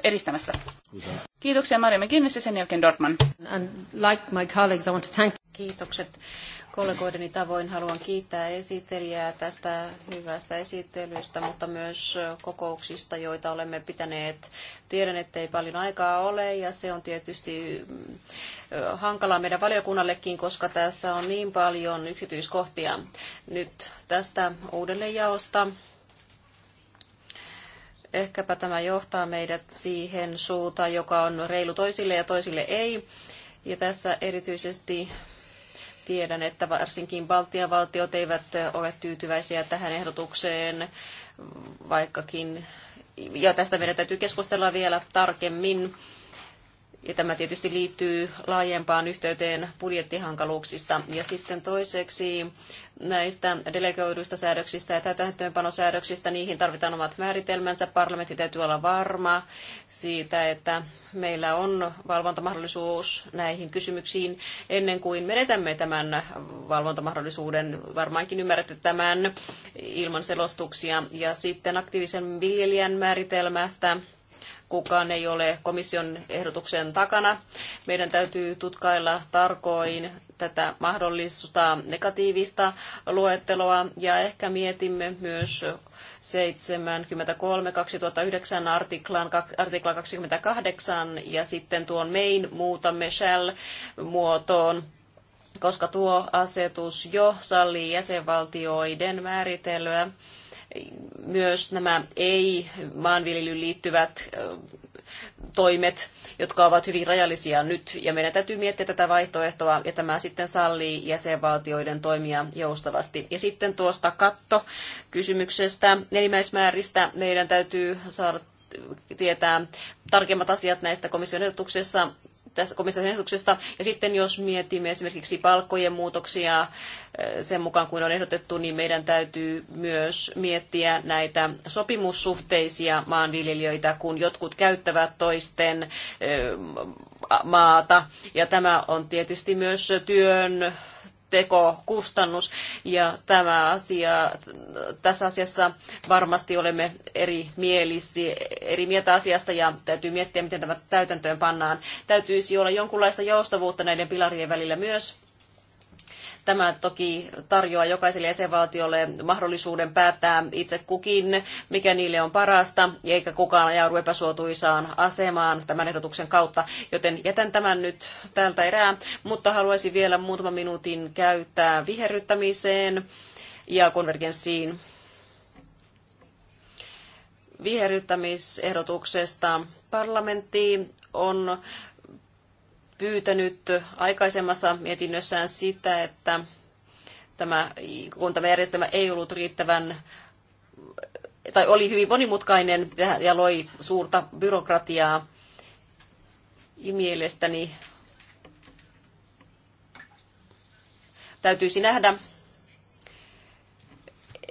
edistämässä. Kiitoksia Maria McGinnis ja sen jälkeen Dortman. And like my colleagues, I want to thank... Kiitokset kollegoideni tavoin haluan kiittää esittelijää tästä hyvästä esittelystä, mutta myös kokouksista, joita olemme pitäneet. Tiedän, ettei paljon aikaa ole ja se on tietysti hankalaa meidän valiokunnallekin, koska tässä on niin paljon yksityiskohtia nyt tästä uudelleenjaosta. Ehkäpä tämä johtaa meidät siihen suuntaan, joka on reilu toisille ja toisille ei. Ja tässä erityisesti tiedän, että varsinkin Baltian valtiot eivät ole tyytyväisiä tähän ehdotukseen, vaikkakin, ja tästä meidän täytyy keskustella vielä tarkemmin ja tämä tietysti liittyy laajempaan yhteyteen budjettihankaluuksista. Ja sitten toiseksi näistä delegoiduista säädöksistä ja täytäntöönpanosäädöksistä, niihin tarvitaan omat määritelmänsä. Parlamentti täytyy olla varma siitä, että meillä on valvontamahdollisuus näihin kysymyksiin ennen kuin menetämme tämän valvontamahdollisuuden. Varmaankin ymmärrätte tämän ilman selostuksia. Ja sitten aktiivisen viljelijän määritelmästä kukaan ei ole komission ehdotuksen takana. Meidän täytyy tutkailla tarkoin tätä mahdollista negatiivista luetteloa ja ehkä mietimme myös 73 2009 artiklan, artikla 28 ja sitten tuon main muutamme shall muotoon koska tuo asetus jo sallii jäsenvaltioiden määritellä myös nämä ei-maanviljelyyn liittyvät toimet, jotka ovat hyvin rajallisia nyt, ja meidän täytyy miettiä tätä vaihtoehtoa, ja tämä sitten sallii jäsenvaltioiden toimia joustavasti. Ja sitten tuosta katto-kysymyksestä, enimmäismääristä, meidän täytyy saada tietää tarkemmat asiat näistä komission ehdotuksessa tässä komission ehdotuksesta. Ja sitten jos mietimme esimerkiksi palkkojen muutoksia sen mukaan, kuin on ehdotettu, niin meidän täytyy myös miettiä näitä sopimussuhteisia maanviljelijöitä, kun jotkut käyttävät toisten maata. Ja tämä on tietysti myös työn tekokustannus. kustannus ja tämä asia, tässä asiassa varmasti olemme eri, mielisi, eri mieltä asiasta ja täytyy miettiä, miten tämä täytäntöön pannaan. Täytyisi olla jonkunlaista joustavuutta näiden pilarien välillä myös Tämä toki tarjoaa jokaiselle jäsenvaltiolle mahdollisuuden päättää itse kukin, mikä niille on parasta, eikä kukaan ajaudu epäsuotuisaan asemaan tämän ehdotuksen kautta, joten jätän tämän nyt tältä erää, mutta haluaisin vielä muutaman minuutin käyttää viherryttämiseen ja konvergenssiin viherryttämisehdotuksesta parlamentti on pyytänyt aikaisemmassa mietinnössään sitä, että tämä, kun tämä järjestelmä ei ollut riittävän tai oli hyvin monimutkainen ja loi suurta byrokratiaa. Mielestäni täytyisi nähdä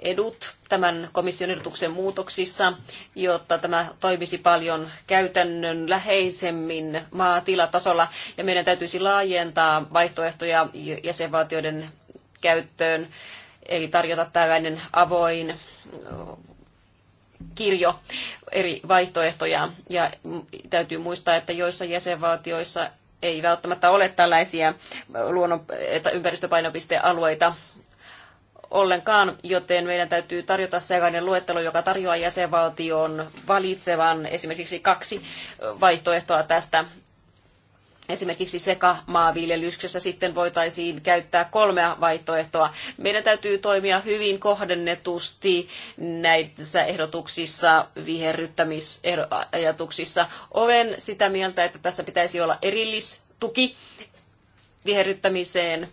edut tämän komission ehdotuksen muutoksissa, jotta tämä toimisi paljon käytännön läheisemmin maatilatasolla. Ja meidän täytyisi laajentaa vaihtoehtoja jäsenvaltioiden käyttöön, eli tarjota tällainen avoin kirjo eri vaihtoehtoja. Ja täytyy muistaa, että joissa jäsenvaltioissa ei välttämättä ole tällaisia luonnon- että ympäristöpainopistealueita ollenkaan, joten meidän täytyy tarjota sellainen luettelo, joka tarjoaa jäsenvaltion valitsevan esimerkiksi kaksi vaihtoehtoa tästä Esimerkiksi sekamaanviljelyksessä sitten voitaisiin käyttää kolmea vaihtoehtoa. Meidän täytyy toimia hyvin kohdennetusti näissä ehdotuksissa, viherryttämisajatuksissa. Olen sitä mieltä, että tässä pitäisi olla erillistuki viherryttämiseen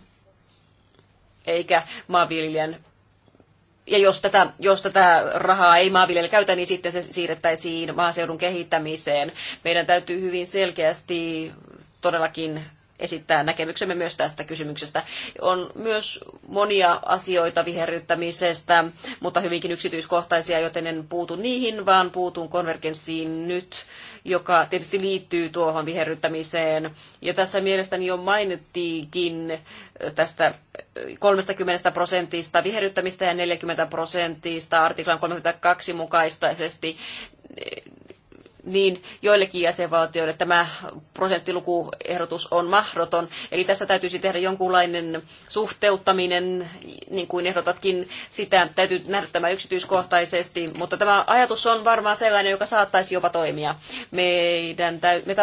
eikä maanviljelijän ja jos tätä, jos tätä rahaa ei maanviljelijä käytä, niin sitten se siirrettäisiin maaseudun kehittämiseen. Meidän täytyy hyvin selkeästi todellakin esittää näkemyksemme myös tästä kysymyksestä. On myös monia asioita viherryttämisestä, mutta hyvinkin yksityiskohtaisia, joten en puutu niihin, vaan puutun konvergenssiin nyt joka tietysti liittyy tuohon viherryttämiseen. Ja tässä mielestäni jo mainittiinkin tästä 30 prosentista viherryttämistä ja 40 prosentista artiklan 32 mukaisesti niin joillekin jäsenvaltioille tämä prosenttilukuehdotus on mahdoton. Eli tässä täytyisi tehdä jonkunlainen suhteuttaminen, niin kuin ehdotatkin sitä. Täytyy nähdä tämä yksityiskohtaisesti, mutta tämä ajatus on varmaan sellainen, joka saattaisi jopa toimia. Meidän täy- me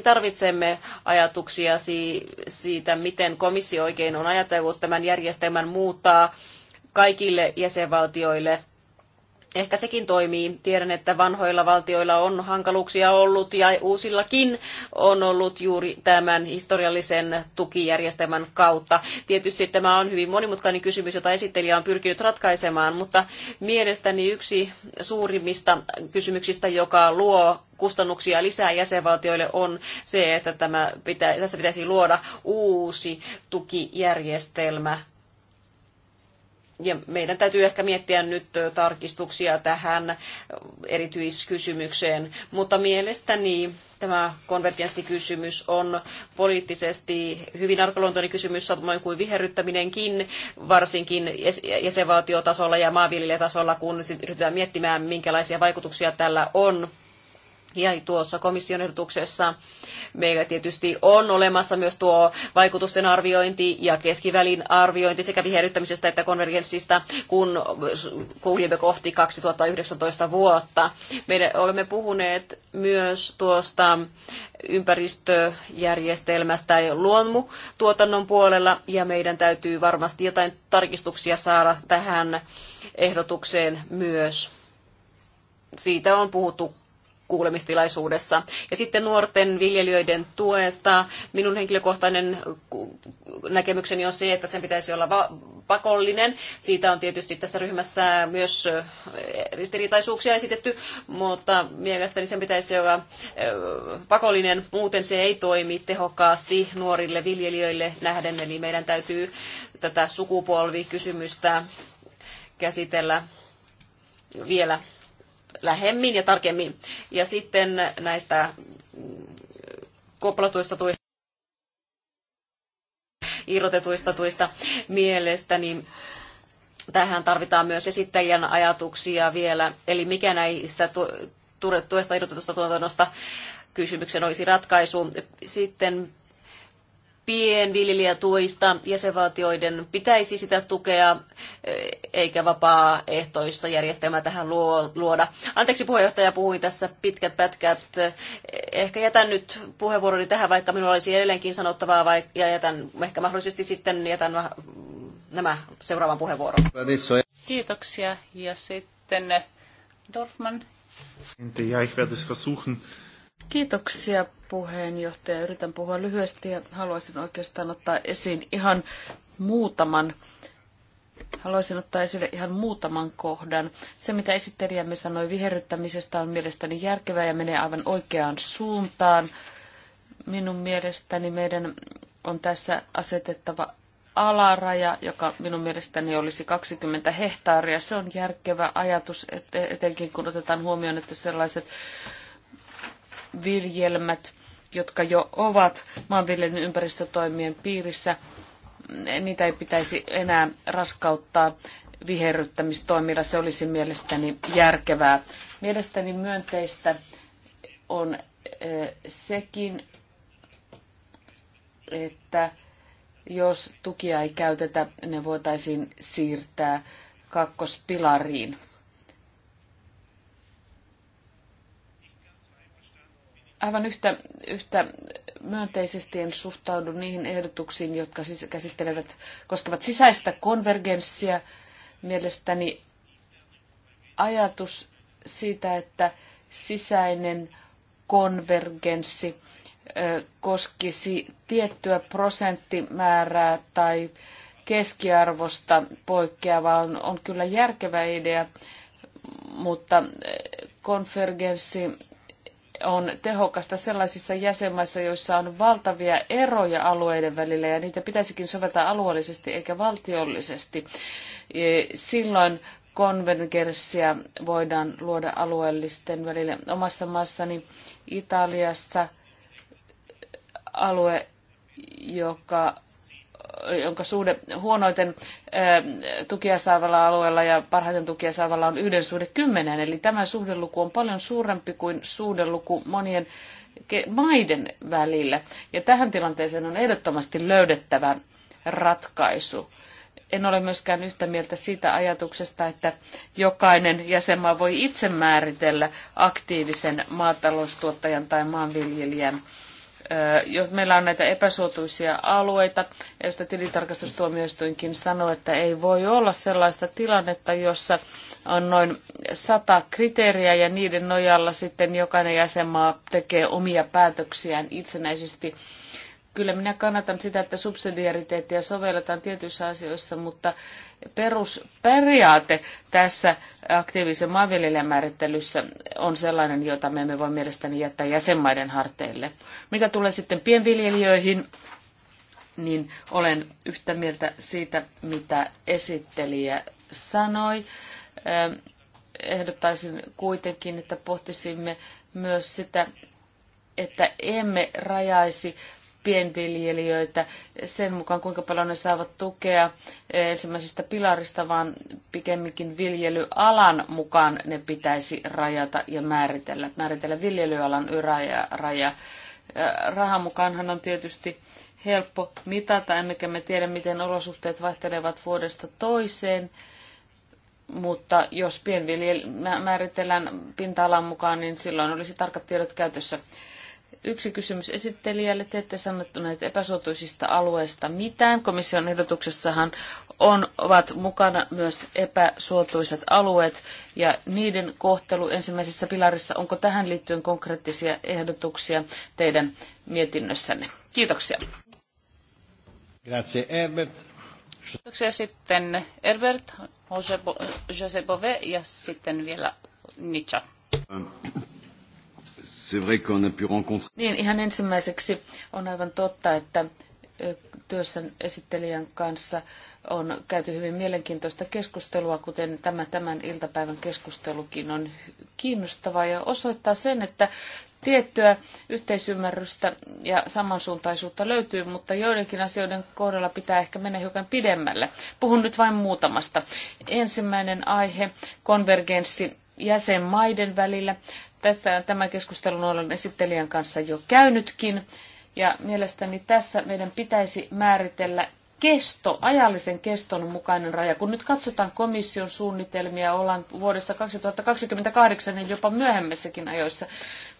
tarvitsemme ajatuksia siitä, miten komissio oikein on ajatellut tämän järjestelmän muuttaa kaikille jäsenvaltioille ehkä sekin toimii. Tiedän, että vanhoilla valtioilla on hankaluuksia ollut ja uusillakin on ollut juuri tämän historiallisen tukijärjestelmän kautta. Tietysti tämä on hyvin monimutkainen kysymys, jota esittelijä on pyrkinyt ratkaisemaan, mutta mielestäni yksi suurimmista kysymyksistä, joka luo kustannuksia lisää jäsenvaltioille on se, että tämä pitä, tässä pitäisi luoda uusi tukijärjestelmä ja meidän täytyy ehkä miettiä nyt tarkistuksia tähän erityiskysymykseen, mutta mielestäni tämä konvergenssikysymys on poliittisesti hyvin arkaluontoinen kysymys, samoin kuin viherryttäminenkin, varsinkin jäsenvaltiotasolla ja maanviljelijätasolla, kun ryhdytään miettimään, minkälaisia vaikutuksia tällä on jäi tuossa komission ehdotuksessa. Meillä tietysti on olemassa myös tuo vaikutusten arviointi ja keskivälin arviointi sekä viherryttämisestä että konvergenssista, kun kuljemme kohti 2019 vuotta. Me olemme puhuneet myös tuosta ympäristöjärjestelmästä ja tuotannon puolella, ja meidän täytyy varmasti jotain tarkistuksia saada tähän ehdotukseen myös siitä on puhuttu kuulemistilaisuudessa. Ja sitten nuorten viljelijöiden tuesta. Minun henkilökohtainen näkemykseni on se, että sen pitäisi olla pakollinen. Siitä on tietysti tässä ryhmässä myös ristiriitaisuuksia esitetty, mutta mielestäni sen pitäisi olla pakollinen. Muuten se ei toimi tehokkaasti nuorille viljelijöille nähden, eli meidän täytyy tätä sukupolvikysymystä käsitellä vielä lähemmin ja tarkemmin. Ja sitten näistä mm, koplatuista tuista irrotetuista tuista niin tähän tarvitaan myös esittäjän ajatuksia vielä. Eli mikä näistä tuesta irrotetusta tuotannosta kysymyksen olisi ratkaisu. Sitten pienviljelijätuista. Jäsenvaltioiden pitäisi sitä tukea, eikä vapaaehtoista järjestelmää tähän luoda. Anteeksi puheenjohtaja, puhuin tässä pitkät pätkät. Ehkä jätän nyt puheenvuoroni tähän, vaikka minulla olisi edelleenkin sanottavaa, ja jätän ehkä mahdollisesti sitten jätän nämä seuraavan puheenvuoron. Kiitoksia. Ja sitten Dorfman. Ja ich werde es versuchen. Kiitoksia puheenjohtaja. Yritän puhua lyhyesti ja haluaisin oikeastaan ottaa esiin ihan muutaman Haluaisin ottaa esille ihan muutaman kohdan. Se, mitä esittelijämme sanoi viherryttämisestä, on mielestäni järkevää ja menee aivan oikeaan suuntaan. Minun mielestäni meidän on tässä asetettava alaraja, joka minun mielestäni olisi 20 hehtaaria. Se on järkevä ajatus, etenkin kun otetaan huomioon, että sellaiset viljelmät, jotka jo ovat maanviljelyn ympäristötoimien piirissä, niitä ei pitäisi enää raskauttaa viherryttämistoimilla. Se olisi mielestäni järkevää. Mielestäni myönteistä on eh, sekin, että jos tukia ei käytetä, ne voitaisiin siirtää kakkospilariin. Aivan yhtä, yhtä myönteisesti en suhtaudu niihin ehdotuksiin, jotka siis käsittelevät, koskevat sisäistä konvergenssia. Mielestäni ajatus siitä, että sisäinen konvergenssi koskisi tiettyä prosenttimäärää tai keskiarvosta poikkeavaa on, on kyllä järkevä idea, mutta konvergenssi on tehokasta sellaisissa jäsenmaissa, joissa on valtavia eroja alueiden välillä ja niitä pitäisikin soveltaa alueellisesti eikä valtiollisesti. E, silloin konvergenssia voidaan luoda alueellisten välille. Omassa maassani Italiassa alue, joka jonka suhde huonoiten tukia saavalla alueella ja parhaiten tukia saavalla on yhden suhde kymmeneen. Eli tämä suhdeluku on paljon suurempi kuin suhdeluku monien maiden välillä. Ja tähän tilanteeseen on ehdottomasti löydettävä ratkaisu. En ole myöskään yhtä mieltä siitä ajatuksesta, että jokainen jäsenmaa voi itse määritellä aktiivisen maataloustuottajan tai maanviljelijän jos meillä on näitä epäsuotuisia alueita, josta tilintarkastustuomioistuinkin sanoo, että ei voi olla sellaista tilannetta, jossa on noin sata kriteeriä ja niiden nojalla sitten jokainen jäsenmaa tekee omia päätöksiään itsenäisesti. Kyllä minä kannatan sitä, että subsidiariteettia sovelletaan tietyissä asioissa, mutta perusperiaate tässä aktiivisen maanviljelijän määrittelyssä on sellainen, jota me emme voi mielestäni jättää jäsenmaiden harteille. Mitä tulee sitten pienviljelijöihin, niin olen yhtä mieltä siitä, mitä esittelijä sanoi. Ehm, ehdottaisin kuitenkin, että pohtisimme myös sitä, että emme rajaisi pienviljelijöitä sen mukaan, kuinka paljon ne saavat tukea ensimmäisestä pilarista, vaan pikemminkin viljelyalan mukaan ne pitäisi rajata ja määritellä. Määritellä viljelyalan ja Raja. Rahan mukaanhan on tietysti helppo mitata, emmekä me tiedä, miten olosuhteet vaihtelevat vuodesta toiseen mutta jos pienviljel määritellään pinta-alan mukaan, niin silloin olisi tarkat tiedot käytössä yksi kysymys esittelijälle. Te ette sanottu näitä epäsuotuisista alueista mitään. Komission ehdotuksessahan on, ovat mukana myös epäsuotuisat alueet ja niiden kohtelu ensimmäisessä pilarissa. Onko tähän liittyen konkreettisia ehdotuksia teidän mietinnössänne? Kiitoksia. Grazie, Herbert. Kiitoksia sitten Herbert, Jose Bove ja sitten vielä Nietzsche. Ähm, niin, ihan ensimmäiseksi on aivan totta, että työssä esittelijän kanssa on käyty hyvin mielenkiintoista keskustelua, kuten tämä tämän iltapäivän keskustelukin on kiinnostava ja osoittaa sen, että tiettyä yhteisymmärrystä ja samansuuntaisuutta löytyy, mutta joidenkin asioiden kohdalla pitää ehkä mennä hiukan pidemmälle. Puhun nyt vain muutamasta. Ensimmäinen aihe, konvergenssi jäsenmaiden välillä. Tätä, tämä keskustelun olen esittelijän kanssa jo käynytkin. Ja mielestäni tässä meidän pitäisi määritellä kesto, ajallisen keston mukainen raja. Kun nyt katsotaan komission suunnitelmia, ollaan vuodessa 2028 ja niin jopa myöhemmässäkin ajoissa.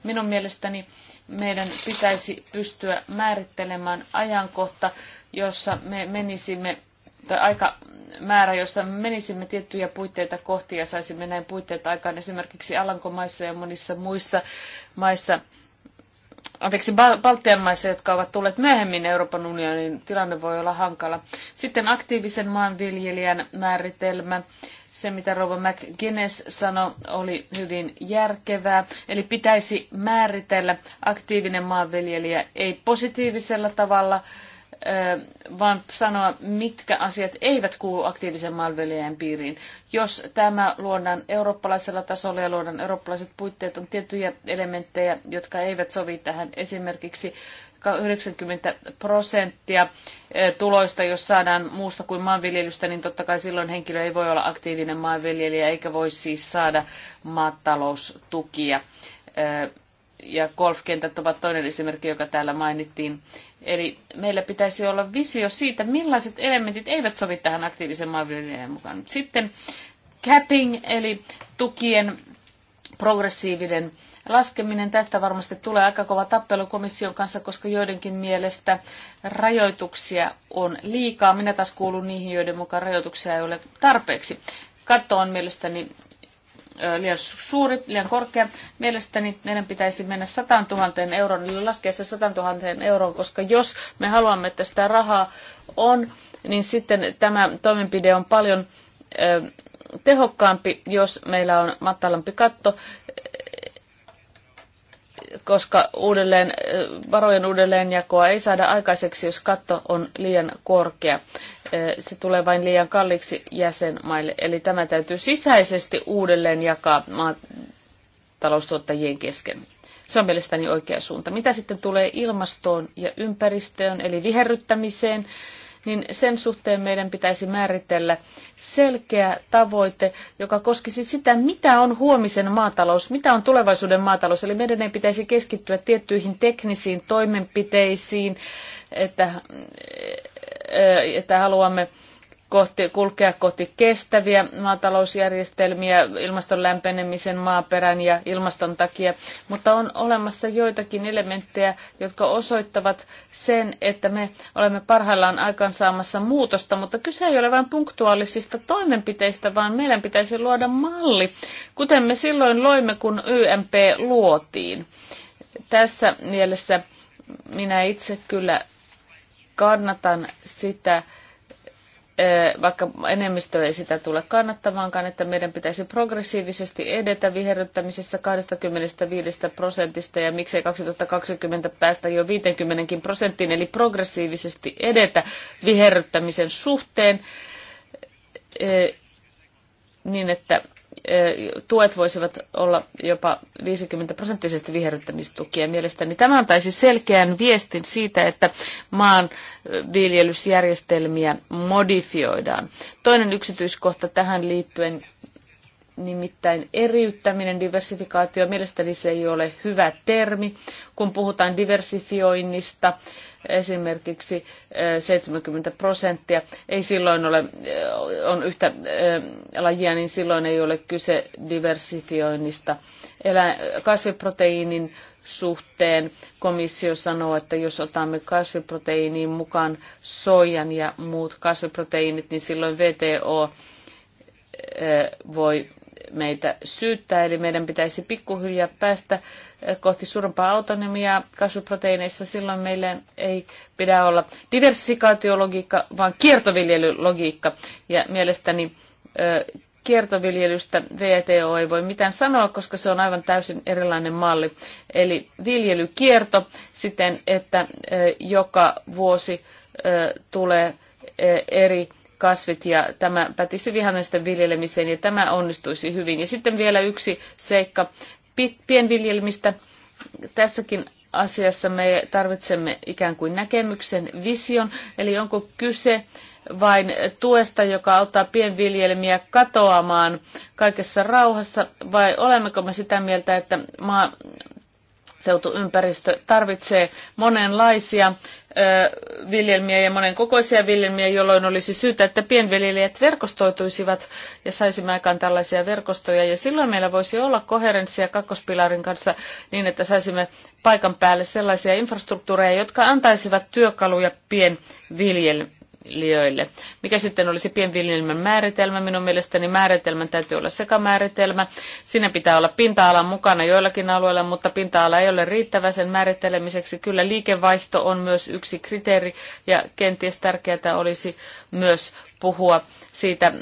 Minun mielestäni meidän pitäisi pystyä määrittelemään ajankohta, jossa me menisimme tai aika määrä, jossa menisimme tiettyjä puitteita kohti ja saisimme näin puitteita aikaan esimerkiksi Alankomaissa ja monissa muissa maissa, anteeksi, Baltian maissa, jotka ovat tulleet myöhemmin Euroopan unionin, tilanne voi olla hankala. Sitten aktiivisen maanviljelijän määritelmä. Se, mitä Rova McGuinness sanoi, oli hyvin järkevää. Eli pitäisi määritellä aktiivinen maanviljelijä ei positiivisella tavalla, vaan sanoa, mitkä asiat eivät kuulu aktiivisen maanviljelijän piiriin. Jos tämä luodaan eurooppalaisella tasolla ja luodaan eurooppalaiset puitteet, on tiettyjä elementtejä, jotka eivät sovi tähän. Esimerkiksi 90 prosenttia tuloista, jos saadaan muusta kuin maanviljelystä, niin totta kai silloin henkilö ei voi olla aktiivinen maanviljelijä eikä voi siis saada maataloustukia. Ja golfkentät ovat toinen esimerkki, joka täällä mainittiin. Eli meillä pitäisi olla visio siitä, millaiset elementit eivät sovi tähän aktiivisen maanviljelijän mukaan. Sitten capping, eli tukien progressiivinen laskeminen. Tästä varmasti tulee aika kova tappelu komission kanssa, koska joidenkin mielestä rajoituksia on liikaa. Minä taas kuulun niihin, joiden mukaan rajoituksia ei ole tarpeeksi. Katto on mielestäni liian suuri, liian korkea. Mielestäni meidän pitäisi mennä 100 000 euron, eli laskea se 100 000 euroon, koska jos me haluamme, että sitä rahaa on, niin sitten tämä toimenpide on paljon tehokkaampi, jos meillä on matalampi katto, koska uudelleen, varojen uudelleenjakoa ei saada aikaiseksi, jos katto on liian korkea se tulee vain liian kalliiksi jäsenmaille. Eli tämä täytyy sisäisesti uudelleen jakaa maataloustuottajien kesken. Se on mielestäni oikea suunta. Mitä sitten tulee ilmastoon ja ympäristöön, eli viherryttämiseen, niin sen suhteen meidän pitäisi määritellä selkeä tavoite, joka koskisi sitä, mitä on huomisen maatalous, mitä on tulevaisuuden maatalous. Eli meidän ei pitäisi keskittyä tiettyihin teknisiin toimenpiteisiin, että että haluamme kohti, kulkea kohti kestäviä maatalousjärjestelmiä ilmaston lämpenemisen, maaperän ja ilmaston takia, mutta on olemassa joitakin elementtejä, jotka osoittavat sen, että me olemme parhaillaan aikaansaamassa muutosta, mutta kyse ei ole vain punktuaalisista toimenpiteistä, vaan meidän pitäisi luoda malli, kuten me silloin loimme, kun YMP luotiin. Tässä mielessä minä itse kyllä kannatan sitä, vaikka enemmistö ei sitä tule kannattamaankaan, että meidän pitäisi progressiivisesti edetä viherryttämisessä 25 prosentista ja miksei 2020 päästä jo 50 prosenttiin, eli progressiivisesti edetä viherryttämisen suhteen niin, että tuet voisivat olla jopa 50 prosenttisesti viherryttämistukia mielestäni. Tämä antaisi selkeän viestin siitä, että maan viljelysjärjestelmiä modifioidaan. Toinen yksityiskohta tähän liittyen, nimittäin eriyttäminen, diversifikaatio, mielestäni se ei ole hyvä termi, kun puhutaan diversifioinnista esimerkiksi 70 eh, prosenttia ei silloin ole, eh, on yhtä eh, lajia, niin silloin ei ole kyse diversifioinnista. Elä, kasviproteiinin suhteen komissio sanoo, että jos otamme kasviproteiiniin mukaan soijan ja muut kasviproteiinit, niin silloin VTO voi meitä syyttää, eli meidän pitäisi pikkuhiljaa päästä kohti suurempaa autonomiaa kasviproteiineissa, silloin meillä ei pidä olla diversifikaatiologiikka, vaan kiertoviljelylogiikka. Ja mielestäni kiertoviljelystä VTO ei voi mitään sanoa, koska se on aivan täysin erilainen malli. Eli viljelykierto siten, että joka vuosi tulee eri kasvit ja tämä pätisi vihannesten viljelemiseen ja tämä onnistuisi hyvin. Ja sitten vielä yksi seikka, pienviljelmistä. Tässäkin asiassa me tarvitsemme ikään kuin näkemyksen, vision, eli onko kyse vain tuesta, joka auttaa pienviljelmiä katoamaan kaikessa rauhassa, vai olemmeko me sitä mieltä, että maa, seutuympäristö tarvitsee monenlaisia viljelmiä ja monen kokoisia viljelmiä, jolloin olisi syytä, että pienviljelijät verkostoituisivat ja saisimme aikaan tällaisia verkostoja. Ja silloin meillä voisi olla koherenssia kakkospilarin kanssa niin, että saisimme paikan päälle sellaisia infrastruktuureja, jotka antaisivat työkaluja pienviljelijöille viljelijöille. Mikä sitten olisi pienviljelmän määritelmä? Minun mielestäni määritelmän täytyy olla sekamääritelmä. Siinä pitää olla pinta-alan mukana joillakin alueilla, mutta pinta-ala ei ole riittävä sen määrittelemiseksi. Kyllä liikevaihto on myös yksi kriteeri ja kenties tärkeää olisi myös puhua siitä äh,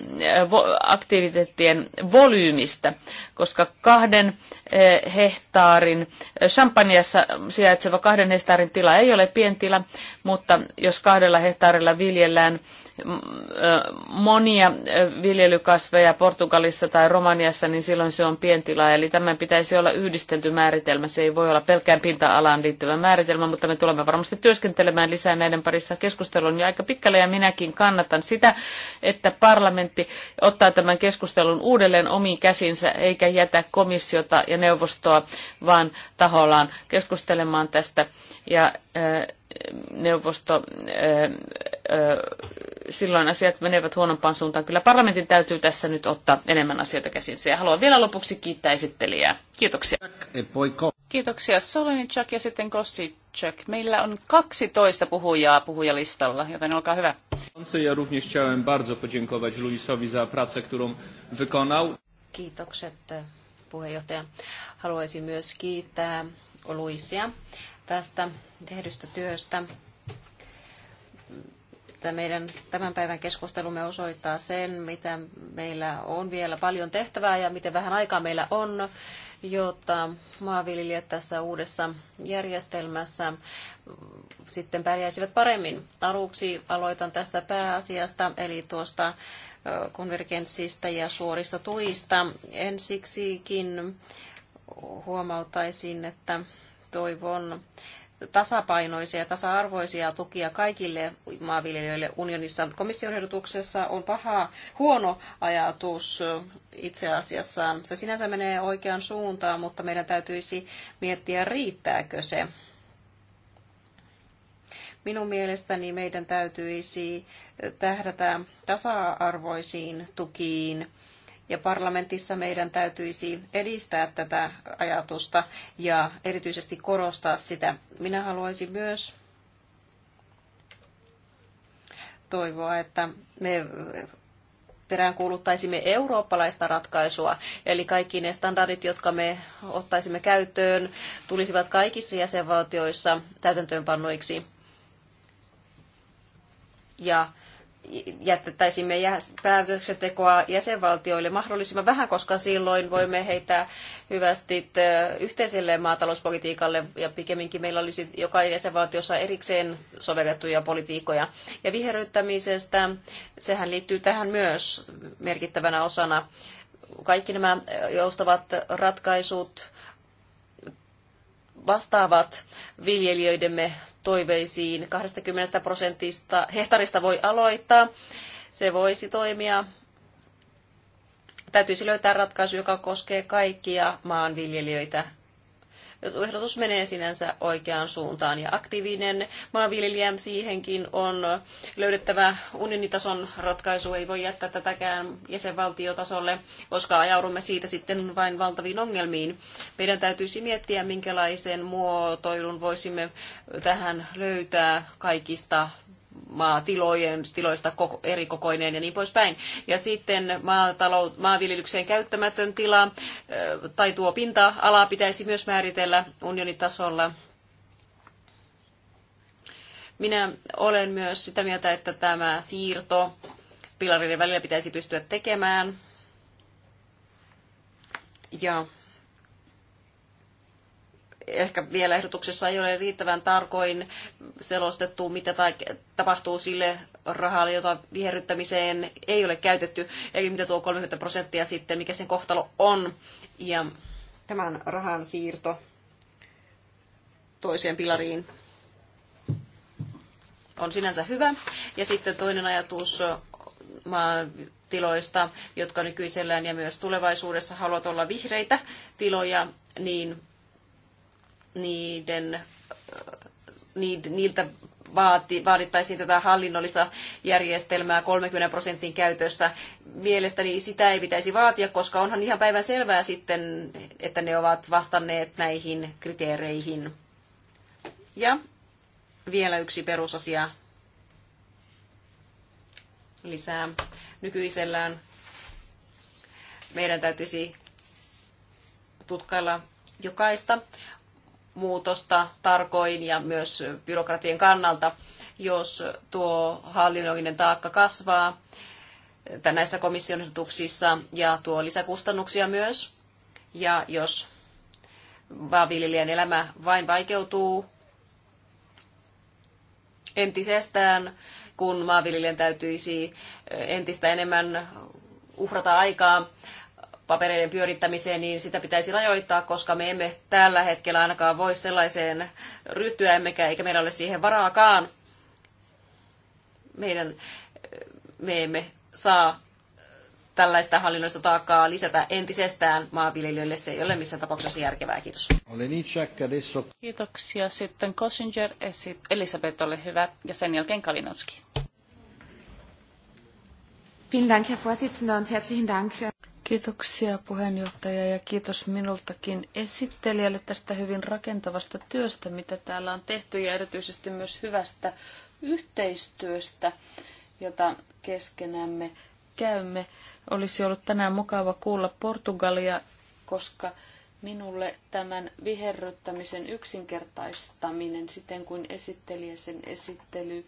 aktiviteettien volyymistä, koska kahden äh, hehtaarin, äh, Champagneassa sijaitseva kahden hehtaarin tila ei ole pientila, mutta jos kahdella hehtaarilla viljellään mm, monia viljelykasveja Portugalissa tai Romaniassa, niin silloin se on pientila. Eli tämän pitäisi olla yhdistelty määritelmä. Se ei voi olla pelkään pinta-alaan liittyvä määritelmä, mutta me tulemme varmasti työskentelemään lisää näiden parissa keskustelun Ja aika pitkälle. Ja minäkin kannatan sitä, että parlamentti ottaa tämän keskustelun uudelleen omiin käsinsä eikä jätä komissiota ja neuvostoa vaan tahollaan keskustelemaan tästä ja neuvosto silloin asiat menevät huonompaan suuntaan. Kyllä parlamentin täytyy tässä nyt ottaa enemmän asioita käsinsä. Ja haluan vielä lopuksi kiittää esittelijää. Kiitoksia. Kiitoksia Solenichak ja sitten Kostichak. Meillä on 12 puhujaa puhujalistalla, joten olkaa hyvä. Ja również chciałem bardzo podziękować Luisowi za pracę, którą wykonał. Kiitokset puheenjohtaja. Haluaisin myös kiittää Luisia tästä tehdystä työstä että meidän tämän päivän keskustelumme osoittaa sen, mitä meillä on vielä paljon tehtävää ja miten vähän aikaa meillä on, jotta maanviljelijät tässä uudessa järjestelmässä sitten pärjäisivät paremmin. Aluksi aloitan tästä pääasiasta, eli tuosta konvergenssistä ja suorista tuista. Ensiksikin huomautaisin, että toivon tasapainoisia ja tasa-arvoisia tukia kaikille maanviljelijöille unionissa. Komission ehdotuksessa on paha, huono ajatus itse asiassaan. Se sinänsä menee oikeaan suuntaan, mutta meidän täytyisi miettiä, riittääkö se. Minun mielestäni meidän täytyisi tähdätä tasa-arvoisiin tukiin ja parlamentissa meidän täytyisi edistää tätä ajatusta ja erityisesti korostaa sitä. Minä haluaisin myös toivoa, että me peräänkuuluttaisimme eurooppalaista ratkaisua, eli kaikki ne standardit, jotka me ottaisimme käyttöön, tulisivat kaikissa jäsenvaltioissa täytäntöönpannoiksi. Ja jättäisimme päätöksentekoa jäsenvaltioille mahdollisimman vähän, koska silloin voimme heittää hyvästi yhteiselle maatalouspolitiikalle ja pikemminkin meillä olisi joka jäsenvaltiossa erikseen sovellettuja politiikkoja. Ja viherryttämisestä, sehän liittyy tähän myös merkittävänä osana. Kaikki nämä joustavat ratkaisut, vastaavat viljelijöidemme toiveisiin. 20 prosentista hehtarista voi aloittaa. Se voisi toimia. Täytyisi löytää ratkaisu, joka koskee kaikkia maanviljelijöitä ehdotus menee sinänsä oikeaan suuntaan ja aktiivinen maanviljelijä siihenkin on löydettävä unionitason ratkaisu. Ei voi jättää tätäkään jäsenvaltiotasolle, koska ajaudumme siitä sitten vain valtaviin ongelmiin. Meidän täytyisi miettiä, minkälaisen muotoilun voisimme tähän löytää kaikista maatilojen, tiloista koko, eri kokoineen ja niin poispäin. Ja sitten maatalou, maanviljelykseen käyttämätön tila tai tuo pinta-ala pitäisi myös määritellä unionitasolla. Minä olen myös sitä mieltä, että tämä siirto pilareiden välillä pitäisi pystyä tekemään. Ja ehkä vielä ehdotuksessa ei ole riittävän tarkoin selostettu, mitä tapahtuu sille rahalle, jota viherryttämiseen ei ole käytetty, eli mitä tuo 30 prosenttia sitten, mikä sen kohtalo on. Ja tämän rahan siirto toiseen pilariin on sinänsä hyvä. Ja sitten toinen ajatus tiloista, jotka nykyisellään ja myös tulevaisuudessa haluat olla vihreitä tiloja, niin niiden, niiltä vaati, vaadittaisiin tätä hallinnollista järjestelmää 30 prosentin käytössä. Mielestäni sitä ei pitäisi vaatia, koska onhan ihan päivän selvää sitten, että ne ovat vastanneet näihin kriteereihin. Ja vielä yksi perusasia lisää. Nykyisellään meidän täytyisi tutkailla jokaista muutosta tarkoin ja myös byrokratian kannalta, jos tuo hallinnollinen taakka kasvaa näissä komission ehdotuksissa ja tuo lisäkustannuksia myös. Ja jos maanviljelijän elämä vain vaikeutuu entisestään, kun maanviljelijän täytyisi entistä enemmän uhrata aikaa papereiden pyörittämiseen, niin sitä pitäisi rajoittaa, koska me emme tällä hetkellä ainakaan voi sellaiseen ryhtyä, emmekä, eikä meillä ole siihen varaakaan. Meidän, me emme saa tällaista hallinnoista taakkaa lisätä entisestään maanviljelijöille. Se ei ole missään tapauksessa järkevää. Kiitos. Kiitoksia. Sitten Kosinger, Elisabeth, ole hyvä. Ja sen jälkeen Kalinowski. Vielen Dank, Herr Vorsitzender, und herzlichen Dank. Kiitoksia puheenjohtaja ja kiitos minultakin esittelijälle tästä hyvin rakentavasta työstä, mitä täällä on tehty ja erityisesti myös hyvästä yhteistyöstä, jota keskenämme käymme. Olisi ollut tänään mukava kuulla Portugalia, koska minulle tämän viherryttämisen yksinkertaistaminen siten kuin esittelijä sen esittely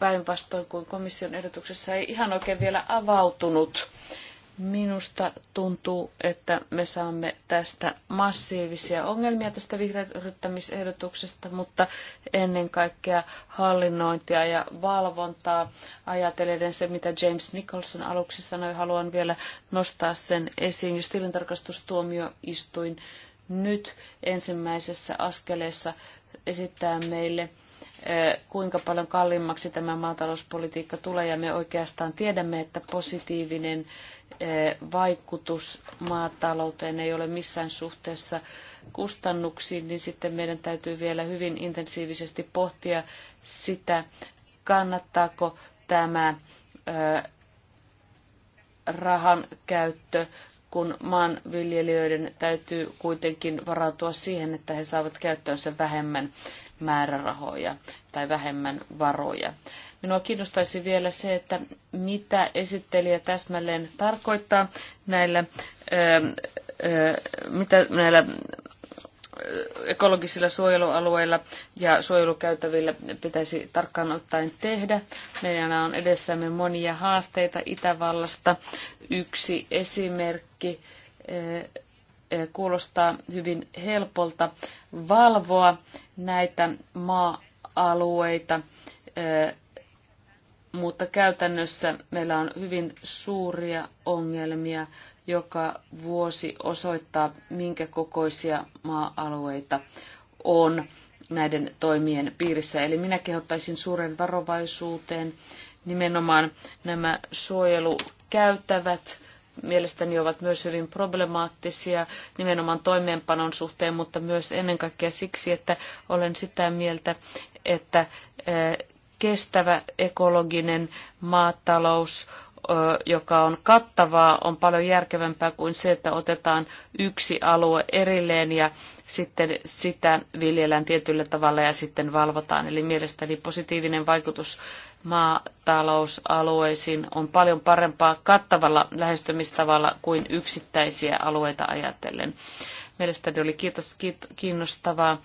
päinvastoin kuin komission ehdotuksessa ei ihan oikein vielä avautunut. Minusta tuntuu, että me saamme tästä massiivisia ongelmia tästä vihreyttämisehdotuksesta, mutta ennen kaikkea hallinnointia ja valvontaa. Ajatellen se, mitä James Nicholson aluksi sanoi, haluan vielä nostaa sen esiin. Jos tilintarkastustuomioistuin nyt ensimmäisessä askeleessa esittää meille eh, kuinka paljon kalliimmaksi tämä maatalouspolitiikka tulee, ja me oikeastaan tiedämme, että positiivinen vaikutus maatalouteen ei ole missään suhteessa kustannuksiin, niin sitten meidän täytyy vielä hyvin intensiivisesti pohtia sitä, kannattaako tämä rahan käyttö, kun maanviljelijöiden täytyy kuitenkin varautua siihen, että he saavat käyttöönsä vähemmän määrärahoja tai vähemmän varoja. Minua kiinnostaisi vielä se, että mitä esittelijä täsmälleen tarkoittaa näillä, mitä näillä ekologisilla suojelualueilla ja suojelukäytävillä pitäisi tarkkaan ottaen tehdä. Meillä on edessämme monia haasteita Itävallasta. Yksi esimerkki kuulostaa hyvin helpolta valvoa näitä maa-alueita mutta käytännössä meillä on hyvin suuria ongelmia. Joka vuosi osoittaa, minkä kokoisia maa-alueita on näiden toimien piirissä. Eli minä kehottaisin suuren varovaisuuteen. Nimenomaan nämä suojelukäytävät mielestäni ovat myös hyvin problemaattisia nimenomaan toimeenpanon suhteen, mutta myös ennen kaikkea siksi, että olen sitä mieltä, että eh, kestävä ekologinen maatalous, joka on kattavaa, on paljon järkevämpää kuin se, että otetaan yksi alue erilleen ja sitten sitä viljellään tietyllä tavalla ja sitten valvotaan. Eli mielestäni positiivinen vaikutus maatalousalueisiin on paljon parempaa kattavalla lähestymistavalla kuin yksittäisiä alueita ajatellen. Mielestäni oli kiitos, kiinnostavaa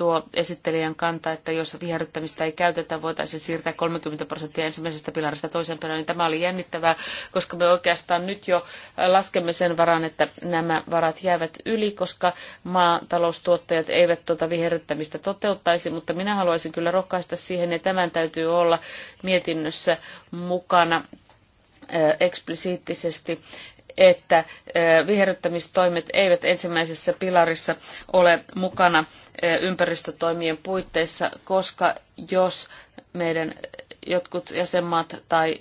tuo esittelijän kanta, että jos viherryttämistä ei käytetä, voitaisiin siirtää 30 prosenttia ensimmäisestä pilarista toisen pilariin. Niin tämä oli jännittävää, koska me oikeastaan nyt jo laskemme sen varan, että nämä varat jäävät yli, koska maataloustuottajat eivät tuota viherryttämistä toteuttaisi, mutta minä haluaisin kyllä rohkaista siihen, ja tämän täytyy olla mietinnössä mukana eksplisiittisesti, että viherryttämistoimet eivät ensimmäisessä pilarissa ole mukana ympäristötoimien puitteissa, koska jos meidän jotkut jäsenmaat tai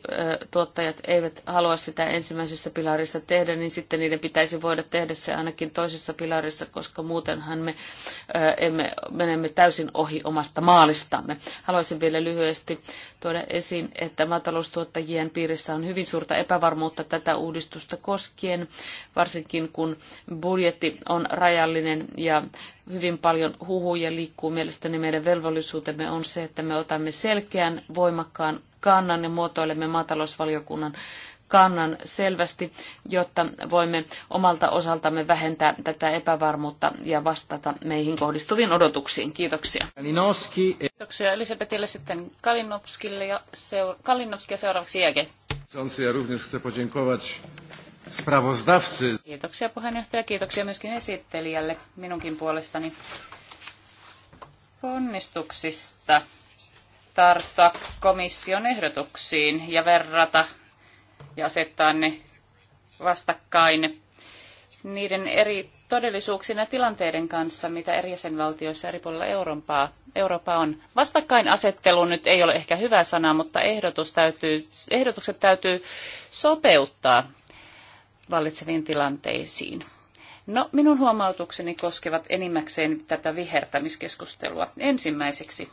tuottajat eivät halua sitä ensimmäisessä pilarissa tehdä, niin sitten niiden pitäisi voida tehdä se ainakin toisessa pilarissa, koska muutenhan me emme, menemme täysin ohi omasta maalistamme. Haluaisin vielä lyhyesti tuoda esiin, että maataloustuottajien piirissä on hyvin suurta epävarmuutta tätä uudistusta koskien, varsinkin kun budjetti on rajallinen ja hyvin paljon huhuja liikkuu. Mielestäni meidän velvollisuutemme on se, että me otamme selkeän, voimakkaan kannan ja muotoilemme maatalousvaliokunnan kannan selvästi, jotta voimme omalta osaltamme vähentää tätä epävarmuutta ja vastata meihin kohdistuviin odotuksiin. Kiitoksia. Kalinowski. Kiitoksia Elisabetille sitten Kalinowskille ja, seura- Kalinowski ja seuraavaksi Jäge. Ja również chcę podziękować sprawozdawcy. Kiitoksia puheenjohtaja, kiitoksia myöskin esittelijälle minunkin puolestani onnistuksista tarttua komission ehdotuksiin ja verrata ja asettaa ne vastakkain niiden eri todellisuuksien ja tilanteiden kanssa, mitä eri jäsenvaltioissa eri puolilla Eurooppaa, Eurooppaa on. Vastakkainasettelu nyt ei ole ehkä hyvä sana, mutta ehdotus täytyy, ehdotukset täytyy sopeuttaa vallitseviin tilanteisiin. No, minun huomautukseni koskevat enimmäkseen tätä vihertämiskeskustelua. Ensimmäiseksi.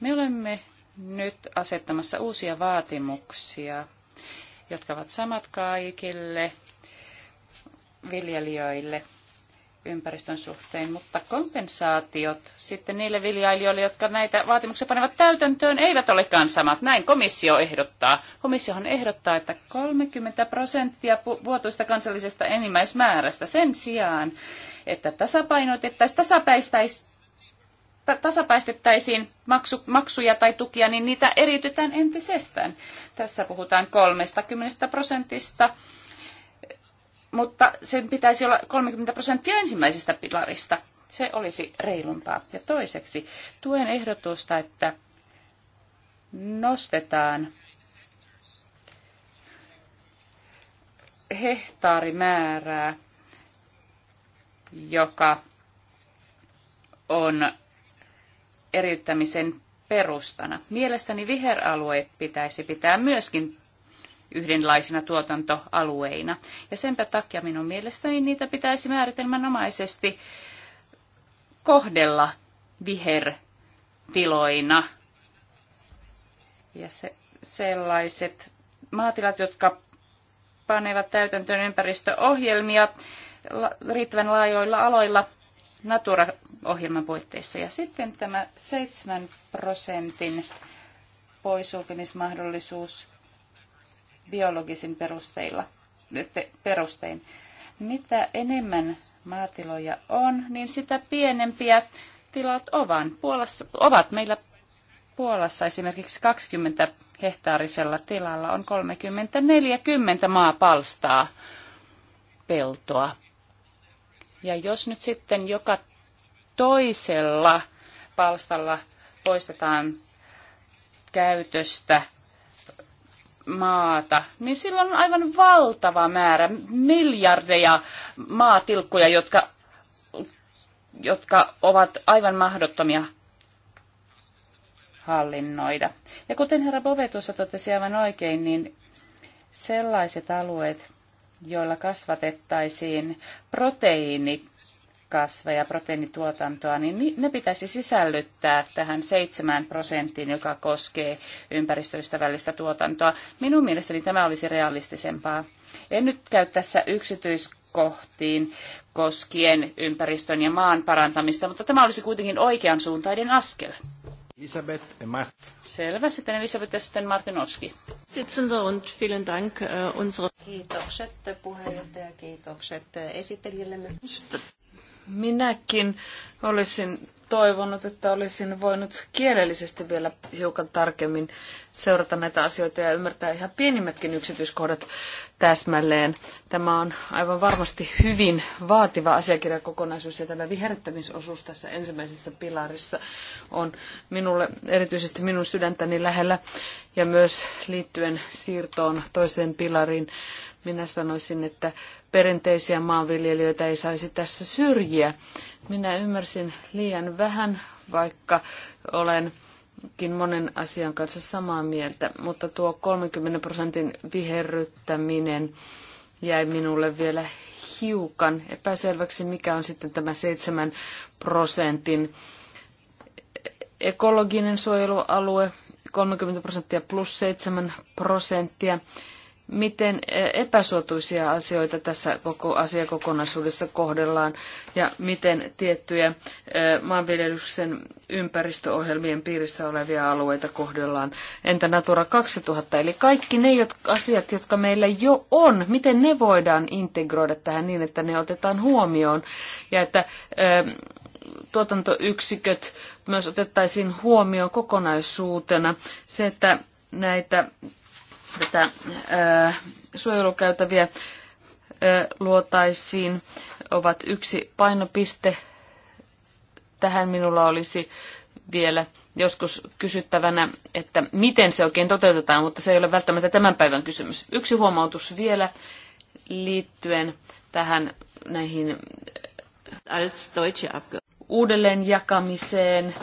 Me olemme nyt asettamassa uusia vaatimuksia, jotka ovat samat kaikille viljelijöille – ympäristön suhteen, mutta kompensaatiot sitten niille viljailijoille, jotka näitä vaatimuksia panevat täytäntöön, eivät olekaan samat. Näin komissio ehdottaa. Komissiohan ehdottaa, että 30 prosenttia vuotuista kansallisesta enimmäismäärästä sen sijaan, että tasapainotettaisiin, tasapäistäisiin tasapäistettäisiin maksu, maksuja tai tukia, niin niitä eriytetään entisestään. Tässä puhutaan 30 prosentista mutta sen pitäisi olla 30 prosenttia ensimmäisestä pilarista. Se olisi reilumpaa. Ja toiseksi tuen ehdotusta, että nostetaan hehtaarimäärää, joka on eriyttämisen perustana. Mielestäni viheralueet pitäisi pitää myöskin yhdenlaisina tuotantoalueina. Ja senpä takia minun mielestäni niitä pitäisi määritelmänomaisesti kohdella vihertiloina. Ja se, sellaiset maatilat, jotka panevat täytäntöön ympäristöohjelmia riittävän laajoilla aloilla Natura-ohjelman puitteissa. Ja sitten tämä 7 prosentin poissulkemismahdollisuus biologisin perusteilla, perustein. Mitä enemmän maatiloja on, niin sitä pienempiä tilat ovat. Puolassa, ovat meillä Puolassa esimerkiksi 20 hehtaarisella tilalla on 30-40 maapalstaa peltoa. Ja jos nyt sitten joka toisella palstalla poistetaan käytöstä maata, niin silloin on aivan valtava määrä miljardeja maatilkkuja, jotka, jotka ovat aivan mahdottomia hallinnoida. Ja kuten herra Bove tuossa totesi aivan oikein, niin sellaiset alueet, joilla kasvatettaisiin proteiini, kasveja, proteiinituotantoa, niin ne pitäisi sisällyttää tähän 7 prosenttiin, joka koskee ympäristöystävällistä tuotantoa. Minun mielestäni tämä olisi realistisempaa. En nyt käy tässä yksityiskohtiin koskien ympäristön ja maan parantamista, mutta tämä olisi kuitenkin oikean suuntainen askel. Elisabeth ja Martin. Selvä. Sitten Elisabeth ja sitten Martin Oski. Sitzende und vielen Dank äh, unsere... Kiitokset puheenjohtaja, kiitokset äh, esittelijällemme. Minäkin olisin toivonut, että olisin voinut kielellisesti vielä hiukan tarkemmin seurata näitä asioita ja ymmärtää ihan pienimmätkin yksityiskohdat täsmälleen. Tämä on aivan varmasti hyvin vaativa asiakirjakokonaisuus ja tämä viherryttämisosuus tässä ensimmäisessä pilarissa on minulle, erityisesti minun sydäntäni lähellä ja myös liittyen siirtoon toiseen pilariin minä sanoisin, että perinteisiä maanviljelijöitä ei saisi tässä syrjiä. Minä ymmärsin liian vähän, vaikka olenkin monen asian kanssa samaa mieltä, mutta tuo 30 prosentin viherryttäminen jäi minulle vielä hiukan epäselväksi, mikä on sitten tämä 7 prosentin ekologinen suojelualue, 30 prosenttia plus 7 prosenttia miten epäsuotuisia asioita tässä koko asiakokonaisuudessa kohdellaan ja miten tiettyjä maanviljelyksen ympäristöohjelmien piirissä olevia alueita kohdellaan. Entä Natura 2000, eli kaikki ne jotka, asiat, jotka meillä jo on, miten ne voidaan integroida tähän niin, että ne otetaan huomioon ja että tuotantoyksiköt myös otettaisiin huomioon kokonaisuutena. Se, että näitä tätä äh, suojelukäytäviä äh, luotaisiin, ovat yksi painopiste. Tähän minulla olisi vielä joskus kysyttävänä, että miten se oikein toteutetaan, mutta se ei ole välttämättä tämän päivän kysymys. Yksi huomautus vielä liittyen tähän näihin als uudelleen jakamiseen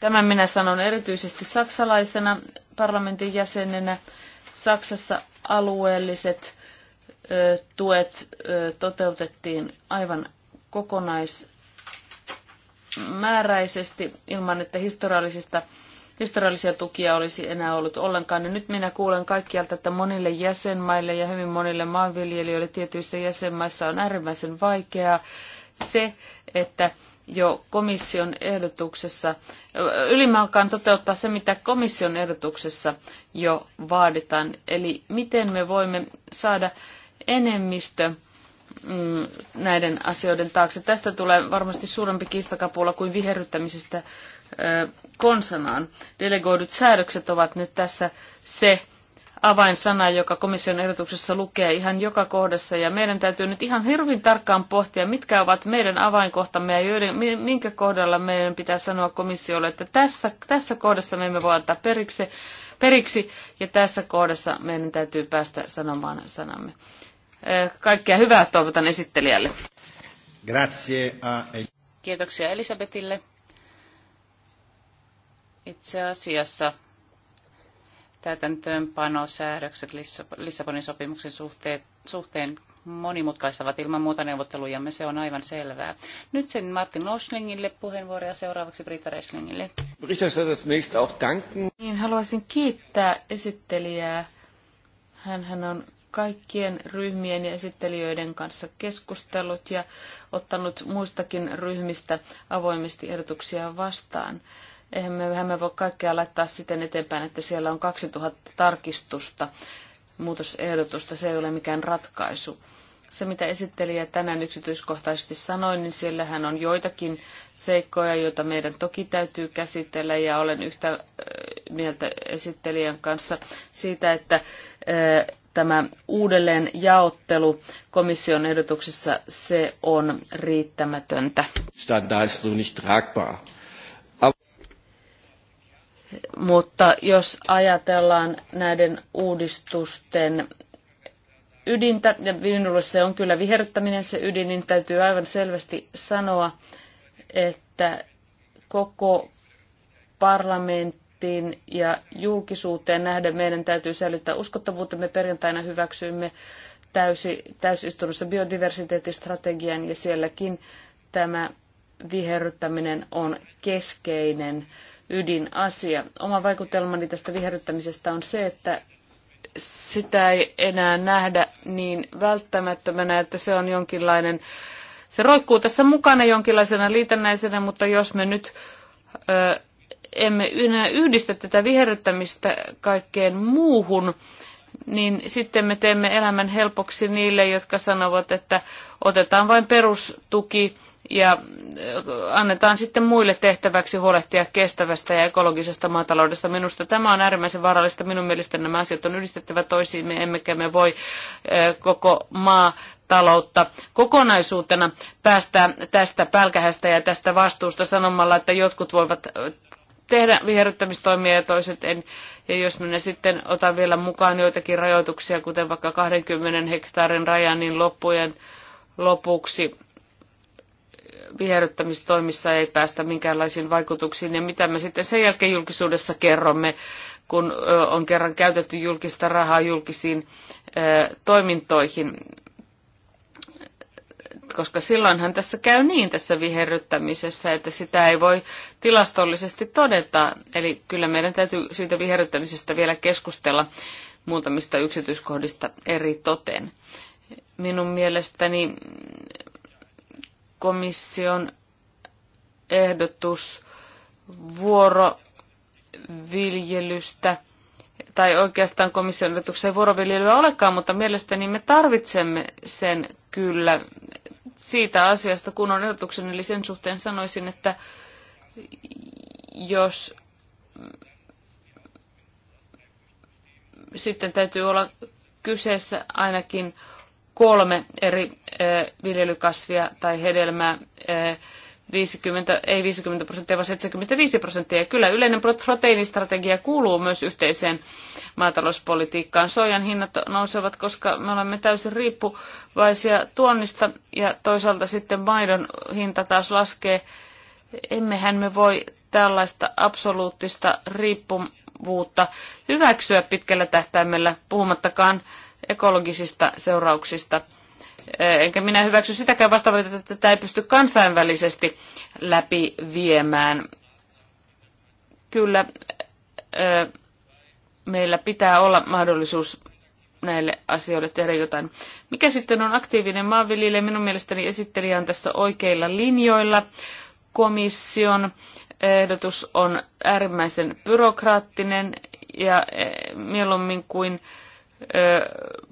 Tämän minä sanon erityisesti saksalaisena parlamentin jäsenenä. Saksassa alueelliset ö, tuet ö, toteutettiin aivan kokonaismääräisesti ilman, että historiallisista historiallisia tukia olisi enää ollut ollenkaan. Ja nyt minä kuulen kaikkialta, että monille jäsenmaille ja hyvin monille maanviljelijöille tietyissä jäsenmaissa on äärimmäisen vaikeaa se, että jo komission ehdotuksessa, ylimalkaan toteuttaa se, mitä komission ehdotuksessa jo vaaditaan. Eli miten me voimme saada enemmistö mm, näiden asioiden taakse. Tästä tulee varmasti suurempi kiistakapula kuin viherryttämisestä konsanaan. Delegoidut säädökset ovat nyt tässä se avainsana, joka komission ehdotuksessa lukee ihan joka kohdassa. Ja meidän täytyy nyt ihan hirvin tarkkaan pohtia, mitkä ovat meidän avainkohtamme ja joiden, minkä kohdalla meidän pitää sanoa komissiolle, että tässä, tässä kohdassa me emme voi antaa periksi, periksi ja tässä kohdassa meidän täytyy päästä sanomaan sanamme. Kaikkea hyvää toivotan esittelijälle. Grazie a... Kiitoksia Elisabetille. Itse asiassa täytäntöönpanosäädökset Lissabonin sopimuksen suhteen, suhteen monimutkaistavat ilman muuta neuvottelujamme, se on aivan selvää. Nyt sen Martin Noslingille puheenvuoro ja seuraavaksi Britta Reslingille. Niin, haluaisin kiittää esittelijää. Hänhän on kaikkien ryhmien ja esittelijöiden kanssa keskustellut ja ottanut muistakin ryhmistä avoimesti ehdotuksia vastaan. Eihän me, eihän me voi kaikkea laittaa siten eteenpäin, että siellä on 2000 tarkistusta, muutosehdotusta, se ei ole mikään ratkaisu. Se, mitä esittelijä tänään yksityiskohtaisesti sanoi, niin siellähän on joitakin seikkoja, joita meidän toki täytyy käsitellä, ja olen yhtä mieltä esittelijän kanssa siitä, että tämä uudelleen jaottelu komission ehdotuksessa, se on riittämätöntä. Standard nicht tragbar. Mutta jos ajatellaan näiden uudistusten ydintä, ja minulle se on kyllä viherryttäminen se ydin, niin täytyy aivan selvästi sanoa, että koko parlamenttiin ja julkisuuteen nähden meidän täytyy säilyttää me Perjantaina hyväksyimme täysi, täysistunnossa biodiversiteettistrategian ja sielläkin tämä viherryttäminen on keskeinen ydinasia. Oma vaikutelmani tästä viherryttämisestä on se, että sitä ei enää nähdä niin välttämättömänä, että se on jonkinlainen, se roikkuu tässä mukana jonkinlaisena liitännäisenä, mutta jos me nyt ö, emme enää yhdistä tätä viherryttämistä kaikkeen muuhun, niin sitten me teemme elämän helpoksi niille, jotka sanovat, että otetaan vain perustuki ja äh, annetaan sitten muille tehtäväksi huolehtia kestävästä ja ekologisesta maataloudesta. Minusta tämä on äärimmäisen vaarallista. Minun mielestäni nämä asiat on yhdistettävä toisiimme, emmekä me voi äh, koko maa taloutta kokonaisuutena päästä tästä pälkähästä ja tästä vastuusta sanomalla, että jotkut voivat äh, tehdä viherryttämistoimia ja toiset en. Ja jos minä sitten otan vielä mukaan joitakin rajoituksia, kuten vaikka 20 hehtaarin rajan, niin loppujen lopuksi viherryttämistoimissa ei päästä minkäänlaisiin vaikutuksiin ja mitä me sitten sen jälkeen julkisuudessa kerromme, kun on kerran käytetty julkista rahaa julkisiin toimintoihin. Koska silloinhan tässä käy niin tässä viherryttämisessä, että sitä ei voi tilastollisesti todeta. Eli kyllä meidän täytyy siitä viherryttämisestä vielä keskustella muutamista yksityiskohdista eri toteen minun mielestäni komission ehdotus vuoroviljelystä, tai oikeastaan komission ehdotukseen vuoroviljelyä olekaan, mutta mielestäni me tarvitsemme sen kyllä siitä asiasta, kun on ehdotuksen, eli sen suhteen sanoisin, että jos sitten täytyy olla kyseessä ainakin kolme eri viljelykasvia tai hedelmää, 50, ei 50 prosenttia, vaan 75 prosenttia. Kyllä yleinen proteiinistrategia kuuluu myös yhteiseen maatalouspolitiikkaan. Soijan hinnat nousevat, koska me olemme täysin riippuvaisia tuonnista ja toisaalta sitten maidon hinta taas laskee. Emmehän me voi tällaista absoluuttista riippuvuutta hyväksyä pitkällä tähtäimellä, puhumattakaan ekologisista seurauksista. Enkä minä hyväksy sitäkään vastaavuutta, että tätä ei pysty kansainvälisesti läpi viemään. Kyllä meillä pitää olla mahdollisuus näille asioille tehdä jotain. Mikä sitten on aktiivinen maanviljelijä? Minun mielestäni esittelijä on tässä oikeilla linjoilla. Komission ehdotus on äärimmäisen byrokraattinen ja e, mieluummin kuin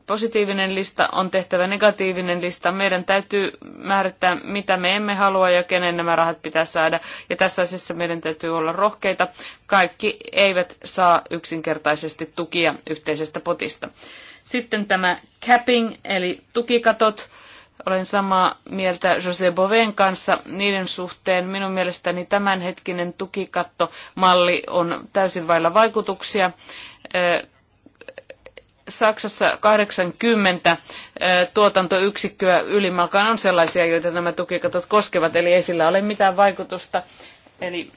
positiivinen lista, on tehtävä negatiivinen lista. Meidän täytyy määrittää, mitä me emme halua ja kenen nämä rahat pitää saada. Ja tässä asiassa meidän täytyy olla rohkeita. Kaikki eivät saa yksinkertaisesti tukia yhteisestä potista. Sitten tämä capping, eli tukikatot. Olen samaa mieltä Jose Boven kanssa niiden suhteen. Minun mielestäni tämänhetkinen tukikattomalli on täysin vailla vaikutuksia Saksassa 80 tuotantoyksikköä ylimalkaan on sellaisia, joita nämä tukikatot koskevat, eli ei sillä ole mitään vaikutusta. Eli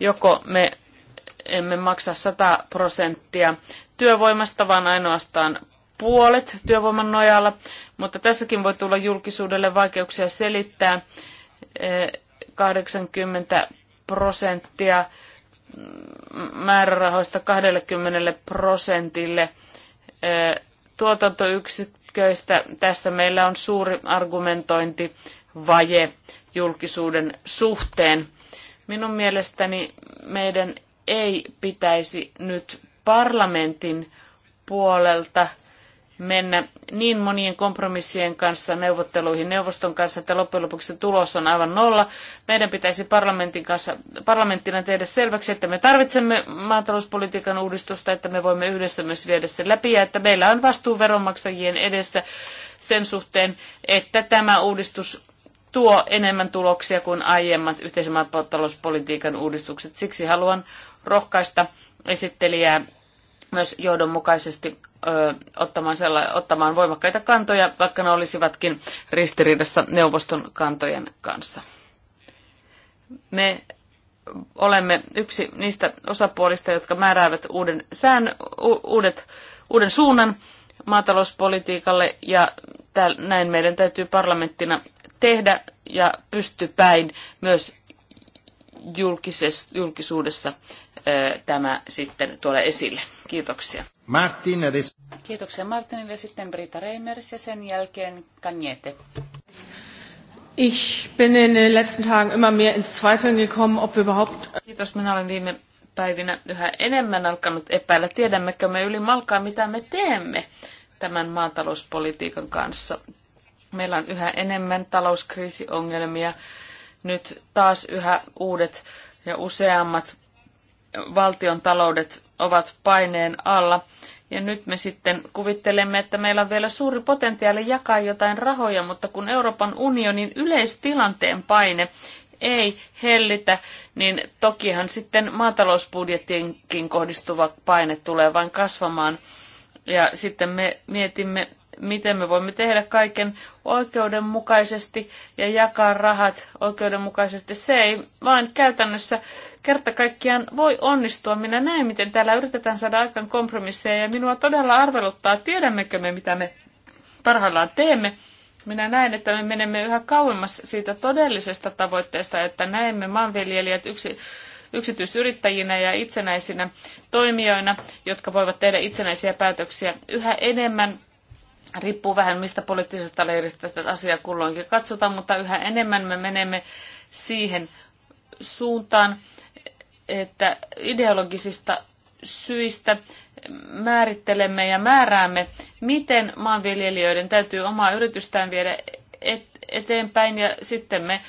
joko me emme maksa 100 prosenttia työvoimasta, vaan ainoastaan puolet työvoiman nojalla, mutta tässäkin voi tulla julkisuudelle vaikeuksia selittää 80 prosenttia määrärahoista 20 prosentille tuotantoyksiköistä. Tässä meillä on suuri argumentointivaje julkisuuden suhteen. Minun mielestäni meidän ei pitäisi nyt parlamentin puolelta – mennä niin monien kompromissien kanssa neuvotteluihin neuvoston kanssa, että loppujen lopuksi tulos on aivan nolla. Meidän pitäisi parlamentin kanssa, parlamenttina tehdä selväksi, että me tarvitsemme maatalouspolitiikan uudistusta, että me voimme yhdessä myös viedä sen läpi ja että meillä on vastuu veronmaksajien edessä sen suhteen, että tämä uudistus tuo enemmän tuloksia kuin aiemmat yhteisen maatalouspolitiikan uudistukset. Siksi haluan rohkaista esittelijää myös johdonmukaisesti ö, ottamaan, sella, ottamaan voimakkaita kantoja, vaikka ne olisivatkin ristiriidassa neuvoston kantojen kanssa. Me olemme yksi niistä osapuolista, jotka määräävät uuden, sään, u, uudet, uuden suunnan maatalouspolitiikalle ja täl, näin meidän täytyy parlamenttina tehdä ja pystypäin myös julkisessa, julkisuudessa tämä sitten tulee esille. Kiitoksia. Martin edes. Kiitoksia Martinille sitten Brita Reimers ja sen jälkeen Kanjete. Ich bin in den letzten Tagen immer mehr ins Zweifeln gekommen, ob wir überhaupt... Kiitos, minä olen viime päivinä yhä enemmän alkanut epäillä, tiedämmekö me yli malkaa, mitä me teemme tämän maatalouspolitiikan kanssa. Meillä on yhä enemmän talouskriisiongelmia, nyt taas yhä uudet ja useammat valtion taloudet ovat paineen alla. Ja nyt me sitten kuvittelemme, että meillä on vielä suuri potentiaali jakaa jotain rahoja, mutta kun Euroopan unionin yleistilanteen paine ei hellitä, niin tokihan sitten maatalousbudjettiinkin kohdistuva paine tulee vain kasvamaan. Ja sitten me mietimme, miten me voimme tehdä kaiken oikeudenmukaisesti ja jakaa rahat oikeudenmukaisesti. Se ei vain käytännössä kerta kaikkiaan voi onnistua. Minä näen, miten täällä yritetään saada aikaan kompromisseja ja minua todella arveluttaa, tiedämmekö me, mitä me parhaillaan teemme. Minä näen, että me menemme yhä kauemmas siitä todellisesta tavoitteesta, että näemme maanviljelijät yksi, yksityisyrittäjinä ja itsenäisinä toimijoina, jotka voivat tehdä itsenäisiä päätöksiä yhä enemmän. Riippuu vähän, mistä poliittisesta leiristä tätä asiaa kulloinkin katsotaan, mutta yhä enemmän me menemme siihen suuntaan, että ideologisista syistä määrittelemme ja määräämme, miten maanviljelijöiden täytyy omaa yritystään viedä eteenpäin ja sitten me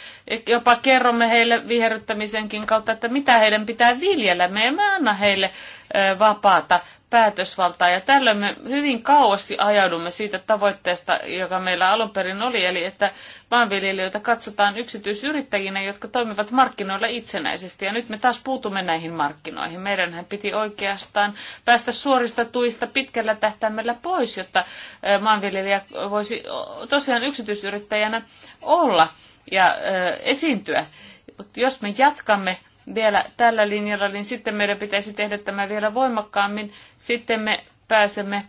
jopa kerromme heille viherryttämisenkin kautta, että mitä heidän pitää viljellä. Me emme anna heille vapaata päätösvaltaa. Ja tällöin me hyvin kauas ajaudumme siitä tavoitteesta, joka meillä alun perin oli, eli että maanviljelijöitä katsotaan yksityisyrittäjinä, jotka toimivat markkinoilla itsenäisesti. Ja nyt me taas puutumme näihin markkinoihin. Meidänhän piti oikeastaan päästä suorista tuista pitkällä tähtäimellä pois, jotta maanviljelijä voisi tosiaan yksityisyrittäjänä olla ja esiintyä. Mutta jos me jatkamme vielä tällä linjalla, niin sitten meidän pitäisi tehdä tämä vielä voimakkaammin. Sitten me pääsemme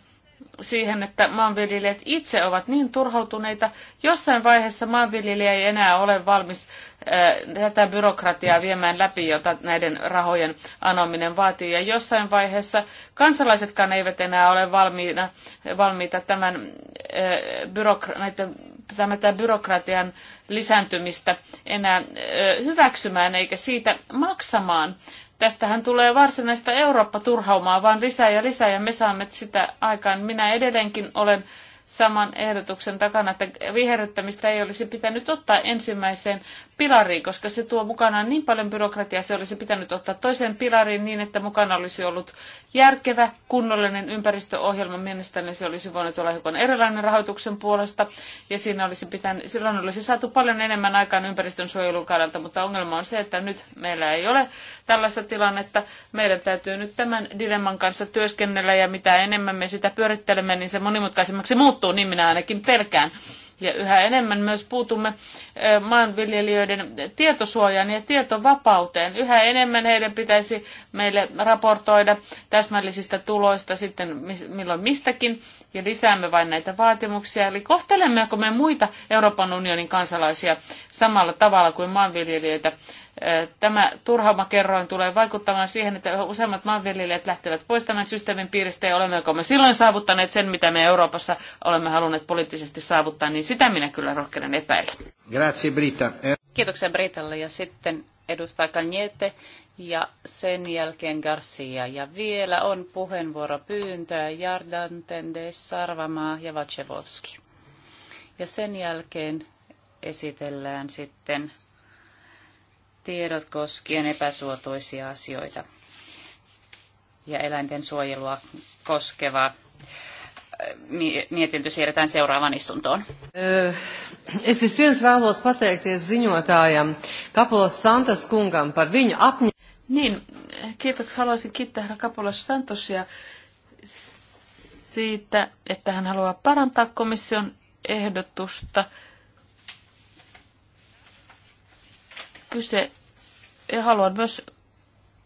siihen, että maanviljelijät itse ovat niin turhautuneita, jossain vaiheessa maanviljelijä ei enää ole valmis eh, tätä byrokratiaa viemään läpi, jota näiden rahojen anominen vaatii. Ja jossain vaiheessa kansalaisetkaan eivät enää ole valmiina, valmiita tämän, eh, byrokra- näiden, tämän, tämän byrokratian lisääntymistä enää eh, hyväksymään eikä siitä maksamaan. Tästähän tulee varsinaista Eurooppa-turhaumaa, vaan lisää ja lisää, ja me saamme sitä aikaan. Minä edelleenkin olen saman ehdotuksen takana, että viherryttämistä ei olisi pitänyt ottaa ensimmäiseen pilariin, koska se tuo mukanaan niin paljon byrokratiaa, se olisi pitänyt ottaa toiseen pilariin niin, että mukana olisi ollut järkevä, kunnollinen ympäristöohjelma. Mielestäni se olisi voinut olla hiukan erilainen rahoituksen puolesta, ja siinä olisi pitänyt, silloin olisi saatu paljon enemmän aikaan ympäristön suojelun kannalta, mutta ongelma on se, että nyt meillä ei ole tällaista tilannetta. Meidän täytyy nyt tämän dilemman kanssa työskennellä, ja mitä enemmän me sitä pyörittelemme, niin se monimutkaisemmaksi muuttuu puuttuu, niin minä ainakin pelkään. Ja yhä enemmän myös puutumme maanviljelijöiden tietosuojaan ja tietovapauteen. Yhä enemmän heidän pitäisi meille raportoida täsmällisistä tuloista sitten milloin mistäkin ja lisäämme vain näitä vaatimuksia. Eli kohtelemmeko me muita Euroopan unionin kansalaisia samalla tavalla kuin maanviljelijöitä Tämä turhauma kerroin tulee vaikuttamaan siihen, että useammat maanviljelijät lähtevät pois tämän systeemin piiristä ja olemmeko me silloin saavuttaneet sen, mitä me Euroopassa olemme halunneet poliittisesti saavuttaa, niin sitä minä kyllä rohkenen epäillä. Grazie, Brita. Kiitoksia Britalle ja sitten edustaa Kanjete ja sen jälkeen Garcia. Ja vielä on puheenvuoropyyntöä Jardan, Tendes, Sarvamaa ja Vacevoski. Ja sen jälkeen esitellään sitten tiedot koskien epäsuotuisia asioita ja eläinten suojelua koskeva äh, mietintö siirretään seuraavaan istuntoon. Äh, es vispirms vēlos pateikties ziņotājam Kapolos Santos kungam par viņu apņem... Niin, kiitoksia. Haluaisin kiittää herra Kapolas Santosia siitä, että hän haluaa parantaa komission ehdotusta – kyse, ja haluan myös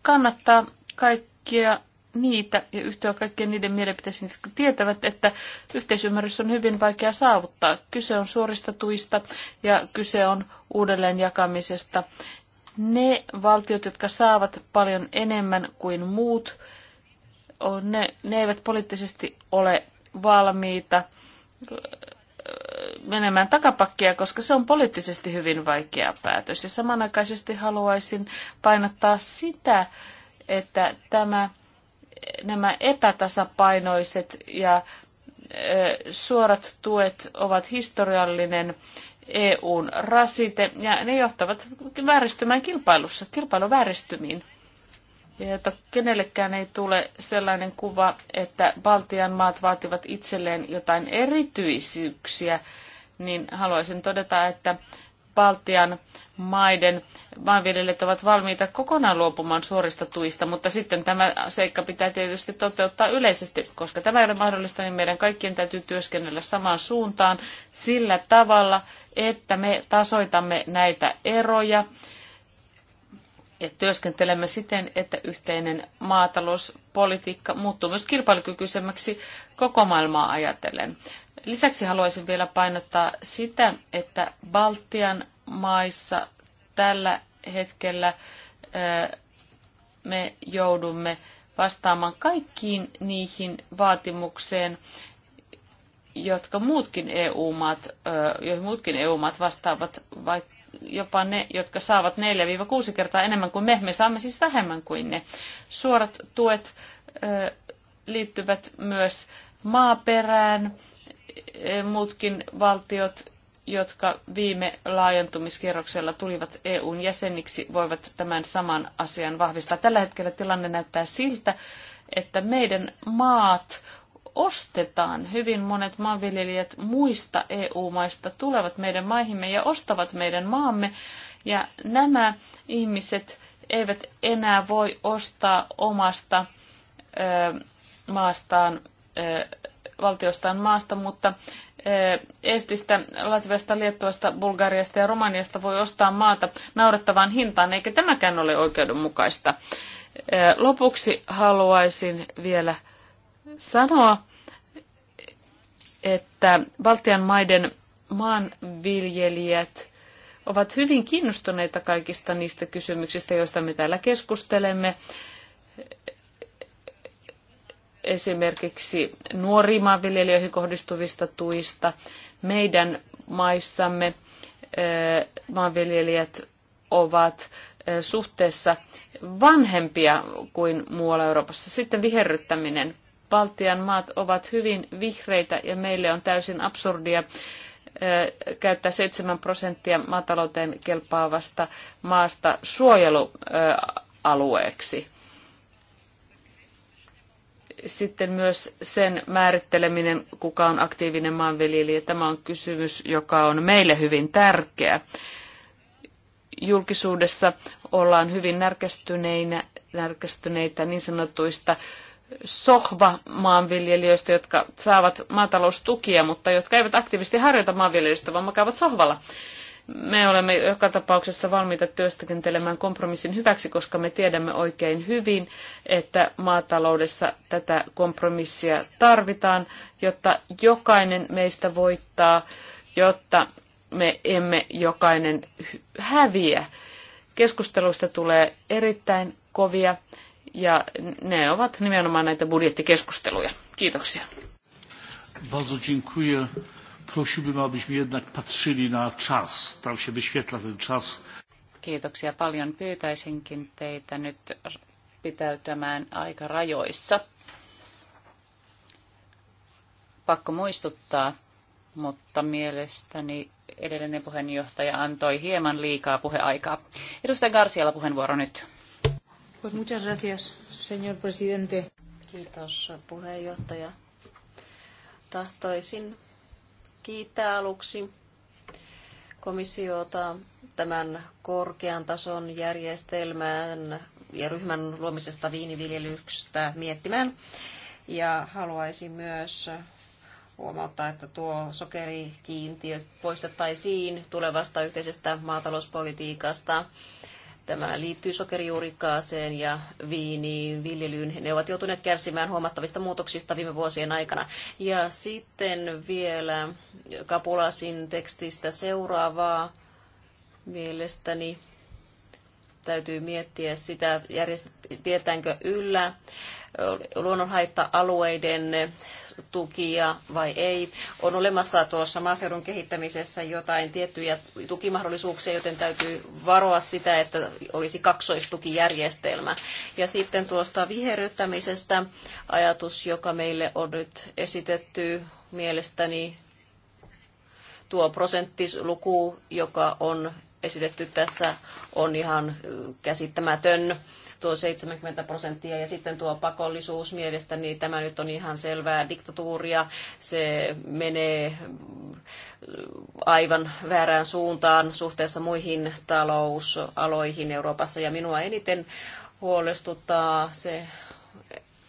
kannattaa kaikkia niitä ja yhtyä kaikkien niiden mielipiteisiin, jotka tietävät, että yhteisymmärrys on hyvin vaikea saavuttaa. Kyse on suorista tuista ja kyse on uudelleen jakamisesta. Ne valtiot, jotka saavat paljon enemmän kuin muut, on ne, ne eivät poliittisesti ole valmiita menemään takapakkia, koska se on poliittisesti hyvin vaikea päätös. Ja samanaikaisesti haluaisin painottaa sitä, että tämä, nämä epätasapainoiset ja suorat tuet ovat historiallinen EUn rasite ja ne johtavat vääristymään kilpailussa, kilpailuvääristymiin. Ja että kenellekään ei tule sellainen kuva, että Baltian maat vaativat itselleen jotain erityisyyksiä niin haluaisin todeta, että Baltian maiden maanviljelijät ovat valmiita kokonaan luopumaan suorista tuista, mutta sitten tämä seikka pitää tietysti toteuttaa yleisesti, koska tämä ei ole mahdollista, niin meidän kaikkien täytyy työskennellä samaan suuntaan sillä tavalla, että me tasoitamme näitä eroja ja työskentelemme siten, että yhteinen maatalouspolitiikka muuttuu myös kilpailukykyisemmäksi koko maailmaa ajatellen. Lisäksi haluaisin vielä painottaa sitä, että Baltian maissa tällä hetkellä me joudumme vastaamaan kaikkiin niihin vaatimukseen, jotka muutkin EU-maat, joihin muutkin EU-maat vastaavat, vaikka jopa ne, jotka saavat 4-6 kertaa enemmän kuin me, me saamme siis vähemmän kuin ne. Suorat tuet liittyvät myös maaperään, Eh, muutkin valtiot, jotka viime laajentumiskierroksella tulivat EUn jäseniksi, voivat tämän saman asian vahvistaa. Tällä hetkellä tilanne näyttää siltä, että meidän maat ostetaan. Hyvin monet maanviljelijät muista EU-maista tulevat meidän maihimme ja ostavat meidän maamme. Ja nämä ihmiset eivät enää voi ostaa omasta ö, maastaan ö, valtiostaan maasta, mutta e, Estistä, Latviasta, Liettuasta, Bulgariasta ja Romaniasta voi ostaa maata naurettavaan hintaan, eikä tämäkään ole oikeudenmukaista. E, lopuksi haluaisin vielä sanoa, että Baltian maiden maanviljelijät ovat hyvin kiinnostuneita kaikista niistä kysymyksistä, joista me täällä keskustelemme esimerkiksi nuoriin maanviljelijöihin kohdistuvista tuista. Meidän maissamme maanviljelijät ovat suhteessa vanhempia kuin muualla Euroopassa. Sitten viherryttäminen. Baltian maat ovat hyvin vihreitä ja meille on täysin absurdia käyttää 7 prosenttia maatalouteen kelpaavasta maasta suojelualueeksi. Sitten myös sen määritteleminen, kuka on aktiivinen maanviljelijä, tämä on kysymys, joka on meille hyvin tärkeä. Julkisuudessa ollaan hyvin närkästyneitä, närkästyneitä niin sanotuista sohvamaanviljelijöistä, jotka saavat maataloustukia, mutta jotka eivät aktiivisesti harjoita maanviljelystä, vaan makaavat sohvalla. Me olemme joka tapauksessa valmiita työskentelemään kompromissin hyväksi, koska me tiedämme oikein hyvin, että maataloudessa tätä kompromissia tarvitaan, jotta jokainen meistä voittaa, jotta me emme jokainen häviä. Keskusteluista tulee erittäin kovia ja ne ovat nimenomaan näitä budjettikeskusteluja. Kiitoksia. Bardzo dziękuję prosiłbym, abyśmy jednak patrzyli na czas. Tam się wyświetla ten czas. Kiitoksia paljon. Pyytäisinkin teitä nyt pitäytymään aika rajoissa. Pakko muistuttaa, mutta mielestäni edellinen puheenjohtaja antoi hieman liikaa puheaikaa. Edustaja Garcialla puheenvuoro nyt. Pues muchas gracias, señor presidente. Kiitos puheenjohtaja. Tahtoisin kiittää aluksi komissiota tämän korkean tason järjestelmän ja ryhmän luomisesta viiniviljelyksestä miettimään. Ja haluaisin myös huomauttaa, että tuo sokerikiintiö poistettaisiin tulevasta yhteisestä maatalouspolitiikasta Tämä liittyy sokerijuurikkaaseen ja viiniin, viljelyyn. Ne ovat joutuneet kärsimään huomattavista muutoksista viime vuosien aikana. Ja sitten vielä Kapulasin tekstistä seuraavaa mielestäni täytyy miettiä sitä, järjestetäänkö yllä luonnonhaitta-alueiden tukia vai ei. On olemassa tuossa maaseudun kehittämisessä jotain tiettyjä tukimahdollisuuksia, joten täytyy varoa sitä, että olisi kaksoistukijärjestelmä. Ja sitten tuosta viheryttämisestä ajatus, joka meille on nyt esitetty mielestäni tuo prosenttiluku, joka on esitetty tässä, on ihan käsittämätön tuo 70 prosenttia ja sitten tuo pakollisuus mielestä, niin tämä nyt on ihan selvää diktatuuria. Se menee mm, aivan väärään suuntaan suhteessa muihin talousaloihin Euroopassa ja minua eniten huolestuttaa se,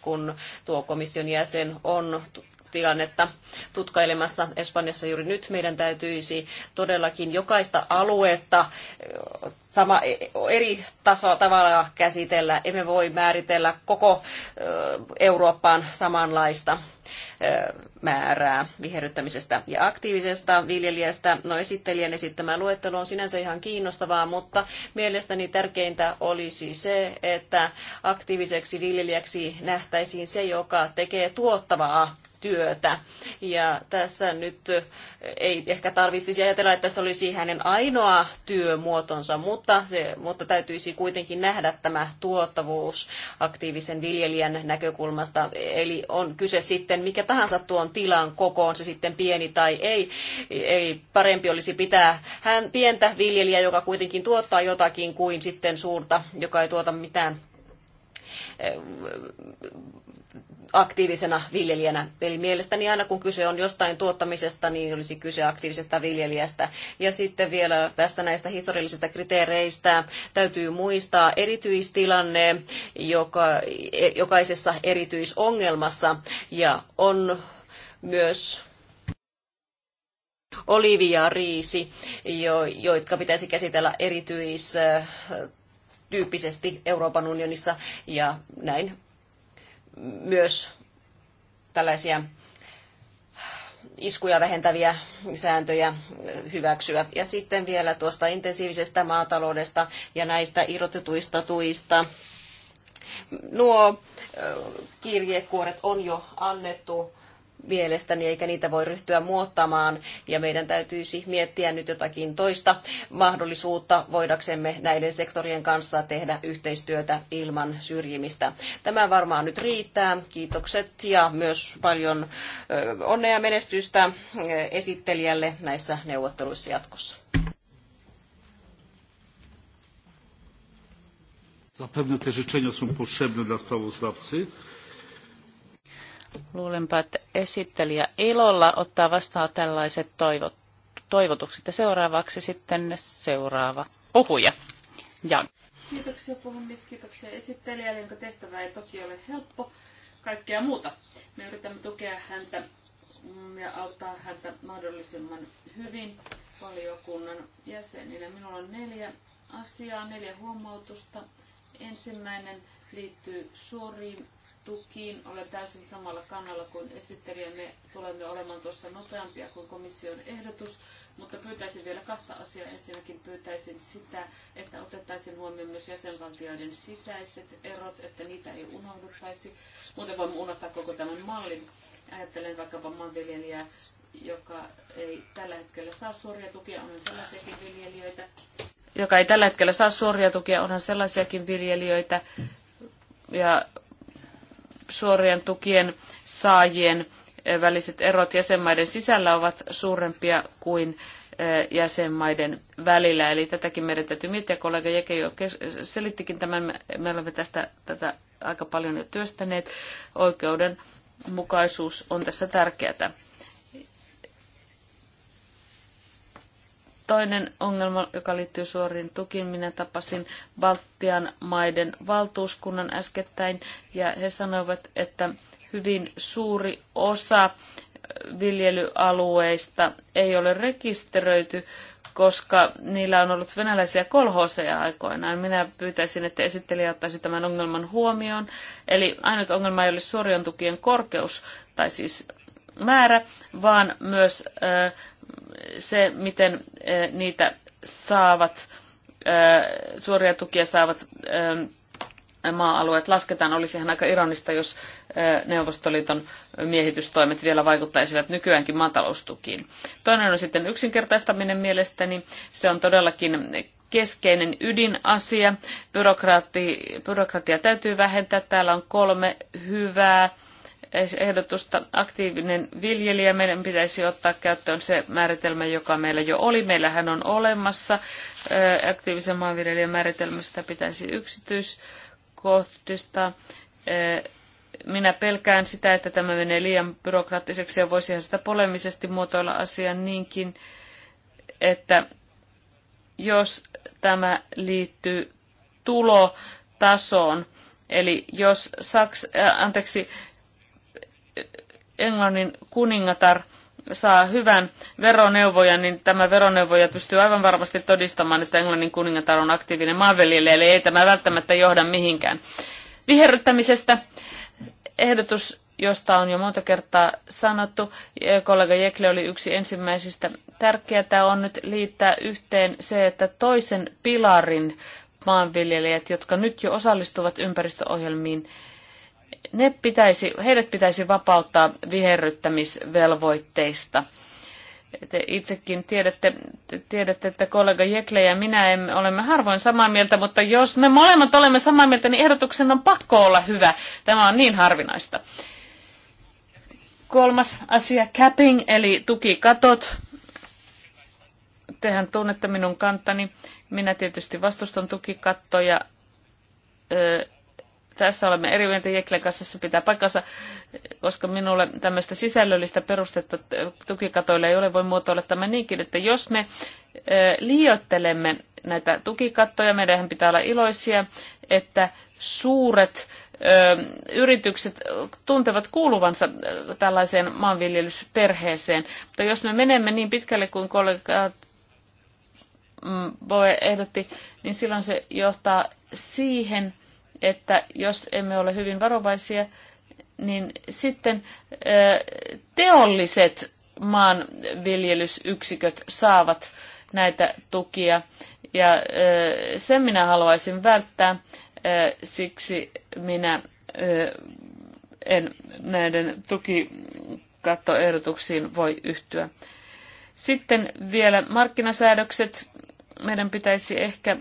kun tuo komission jäsen on tilannetta tutkailemassa Espanjassa juuri nyt. Meidän täytyisi todellakin jokaista aluetta sama, e, eri taso, tavalla käsitellä. Emme voi määritellä koko Eurooppaan samanlaista määrää viherryttämisestä ja aktiivisesta viljelijästä. No esittelijän esittämä luettelo on sinänsä ihan kiinnostavaa, mutta mielestäni tärkeintä olisi se, että aktiiviseksi viljelijäksi nähtäisiin se, joka tekee tuottavaa työtä. Ja tässä nyt ei ehkä tarvitsisi ajatella, että se olisi hänen ainoa työmuotonsa, mutta, se, mutta täytyisi kuitenkin nähdä tämä tuottavuus aktiivisen viljelijän näkökulmasta. Eli on kyse sitten mikä tahansa tuon tilan kokoon, se sitten pieni tai ei. Eli parempi olisi pitää hän pientä viljelijää, joka kuitenkin tuottaa jotakin, kuin sitten suurta, joka ei tuota mitään aktiivisena viljelijänä. Eli mielestäni aina kun kyse on jostain tuottamisesta, niin olisi kyse aktiivisesta viljelijästä. Ja sitten vielä tästä näistä historiallisista kriteereistä täytyy muistaa erityistilanne joka, e, jokaisessa erityisongelmassa ja on myös oliivi ja riisi, jo, jotka pitäisi käsitellä erityis tyyppisesti Euroopan unionissa ja näin myös tällaisia iskuja vähentäviä sääntöjä hyväksyä. Ja sitten vielä tuosta intensiivisestä maataloudesta ja näistä irrotetuista tuista. Nuo kirjekuoret on jo annettu mielestäni, eikä niitä voi ryhtyä muottamaan. Ja meidän täytyisi miettiä nyt jotakin toista mahdollisuutta, voidaksemme näiden sektorien kanssa tehdä yhteistyötä ilman syrjimistä. Tämä varmaan nyt riittää. Kiitokset ja myös paljon onnea ja menestystä esittelijälle näissä neuvotteluissa jatkossa. Zapewne te życzenia są potrzebne dla sprawozdawcy. Luulenpa, että esittelijä ilolla ottaa vastaan tällaiset toivot, toivotukset. Ja seuraavaksi sitten seuraava puhuja. Jan. Kiitoksia puhumis, kiitoksia esittelijälle, jonka tehtävä ei toki ole helppo. Kaikkea muuta. Me yritämme tukea häntä ja auttaa häntä mahdollisimman hyvin valiokunnan jäsenille. Minulla on neljä asiaa, neljä huomautusta. Ensimmäinen liittyy suoriin tukiin. Olen täysin samalla kannalla kuin esittelijä. Me tulemme olemaan tuossa nopeampia kuin komission ehdotus, mutta pyytäisin vielä kahta asiaa. Ensinnäkin pyytäisin sitä, että otettaisiin huomioon myös jäsenvaltioiden sisäiset erot, että niitä ei unohduttaisi. Muuten voimme unohtaa koko tämän mallin. Ajattelen vaikkapa maanviljelijää, joka ei tällä hetkellä saa suoria tukia, on sellaisiakin viljelijöitä, joka ei tällä hetkellä saa suoria tukia, onhan sellaisiakin viljelijöitä, ja suorien tukien saajien eh, väliset erot jäsenmaiden sisällä ovat suurempia kuin eh, jäsenmaiden välillä. Eli tätäkin meidän täytyy miettiä. Kollega Jeke jo selittikin tämän. Me olemme tästä tätä aika paljon jo työstäneet. Oikeudenmukaisuus on tässä tärkeää. Toinen ongelma, joka liittyy suoriin tukiin, minä tapasin Baltian maiden valtuuskunnan äskettäin ja he sanoivat, että hyvin suuri osa viljelyalueista ei ole rekisteröity, koska niillä on ollut venäläisiä kolhooseja aikoinaan. Minä pyytäisin, että esittelijä ottaisi tämän ongelman huomioon. Eli ainut ongelma ei ole suorion tukien korkeus, tai siis määrä, vaan myös se, miten eh, niitä saavat, eh, suoria tukia saavat eh, maa-alueet lasketaan, ihan aika ironista, jos Neuvostoliiton miehitystoimet vielä vaikuttaisivat nykyäänkin maataloustukiin. Toinen on sitten yksinkertaistaminen mielestäni. Se on todellakin keskeinen ydinasia. Byrokraatti, täytyy vähentää. Täällä on kolme hyvää ehdotusta aktiivinen viljelijä. Meidän pitäisi ottaa käyttöön se määritelmä, joka meillä jo oli. Meillähän on olemassa aktiivisen maanviljelijän määritelmä, sitä pitäisi yksityiskohtista. Minä pelkään sitä, että tämä menee liian byrokraattiseksi ja voisihan sitä polemisesti muotoilla asian niinkin, että jos tämä liittyy tulotasoon, Eli jos Saks, äh, anteeksi, Englannin kuningatar saa hyvän veroneuvojan, niin tämä veroneuvoja pystyy aivan varmasti todistamaan, että Englannin kuningatar on aktiivinen maanviljelijä, eli ei tämä välttämättä johda mihinkään. Viherryttämisestä ehdotus, josta on jo monta kertaa sanottu, kollega Jekle oli yksi ensimmäisistä. Tärkeää on nyt liittää yhteen se, että toisen pilarin maanviljelijät, jotka nyt jo osallistuvat ympäristöohjelmiin, ne pitäisi, heidät pitäisi vapauttaa viherryttämisvelvoitteista. Te itsekin tiedätte, tiedätte, että kollega Jekle ja minä emme, olemme harvoin samaa mieltä, mutta jos me molemmat olemme samaa mieltä, niin ehdotuksen on pakko olla hyvä. Tämä on niin harvinaista. Kolmas asia, capping eli tukikatot. Tehän tunnette minun kantani. Minä tietysti vastustan tukikattoja. Öö, tässä olemme eri mieltä Jeklen kanssa, se pitää paikkansa, koska minulle tämmöistä sisällöllistä perustetta tukikatoille ei ole, voi muotoilla tämä niinkin, että jos me liioittelemme näitä tukikattoja, meidän pitää olla iloisia, että suuret yritykset tuntevat kuuluvansa tällaiseen maanviljelysperheeseen. Mutta jos me menemme niin pitkälle kuin kollega Boe mm, ehdotti, niin silloin se johtaa siihen, että jos emme ole hyvin varovaisia, niin sitten teolliset maanviljelysyksiköt saavat näitä tukia. Ja sen minä haluaisin välttää, siksi minä en näiden tukikattoehdotuksiin voi yhtyä. Sitten vielä markkinasäädökset. Meidän pitäisi ehkä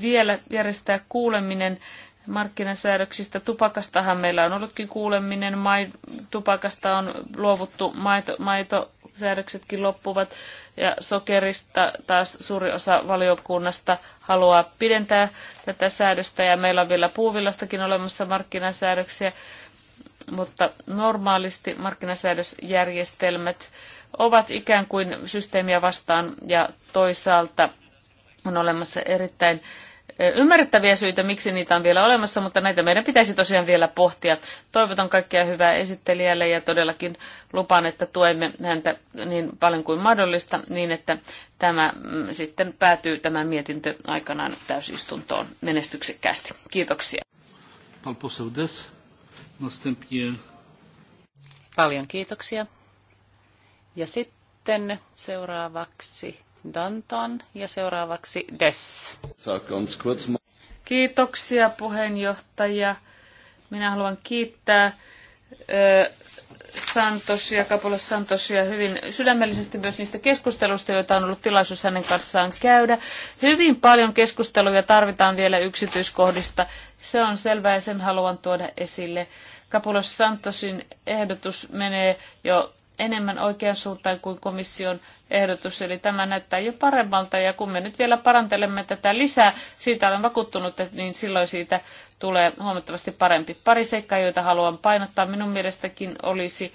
vielä järjestää kuuleminen markkinasäädöksistä. Tupakastahan meillä on ollutkin kuuleminen, mai, tupakasta on luovuttu, maito, maitosäädöksetkin loppuvat ja sokerista taas suuri osa valiokunnasta haluaa pidentää tätä säädöstä ja meillä on vielä puuvillastakin olemassa markkinasäädöksiä, mutta normaalisti markkinasäädösjärjestelmät ovat ikään kuin systeemiä vastaan ja toisaalta on olemassa erittäin ymmärrettäviä syitä, miksi niitä on vielä olemassa, mutta näitä meidän pitäisi tosiaan vielä pohtia. Toivotan kaikkia hyvää esittelijälle ja todellakin lupaan, että tuemme häntä niin paljon kuin mahdollista, niin että tämä mm, sitten päätyy tämä mietintö aikanaan täysistuntoon menestyksekkäästi. Kiitoksia. Paljon kiitoksia. Ja sitten seuraavaksi Danton ja seuraavaksi Dess. Kiitoksia puheenjohtaja. Minä haluan kiittää Santosia, Kapolas Santosia hyvin sydämellisesti myös niistä keskusteluista, joita on ollut tilaisuus hänen kanssaan käydä. Hyvin paljon keskusteluja tarvitaan vielä yksityiskohdista. Se on selvää ja sen haluan tuoda esille. Kapulos Santosin ehdotus menee jo enemmän oikean suuntaan kuin komission ehdotus, eli tämä näyttää jo paremmalta, ja kun me nyt vielä parantelemme tätä lisää, siitä olen vakuuttunut, että niin silloin siitä tulee huomattavasti parempi. Pari seikkaa, joita haluan painottaa, minun mielestäkin olisi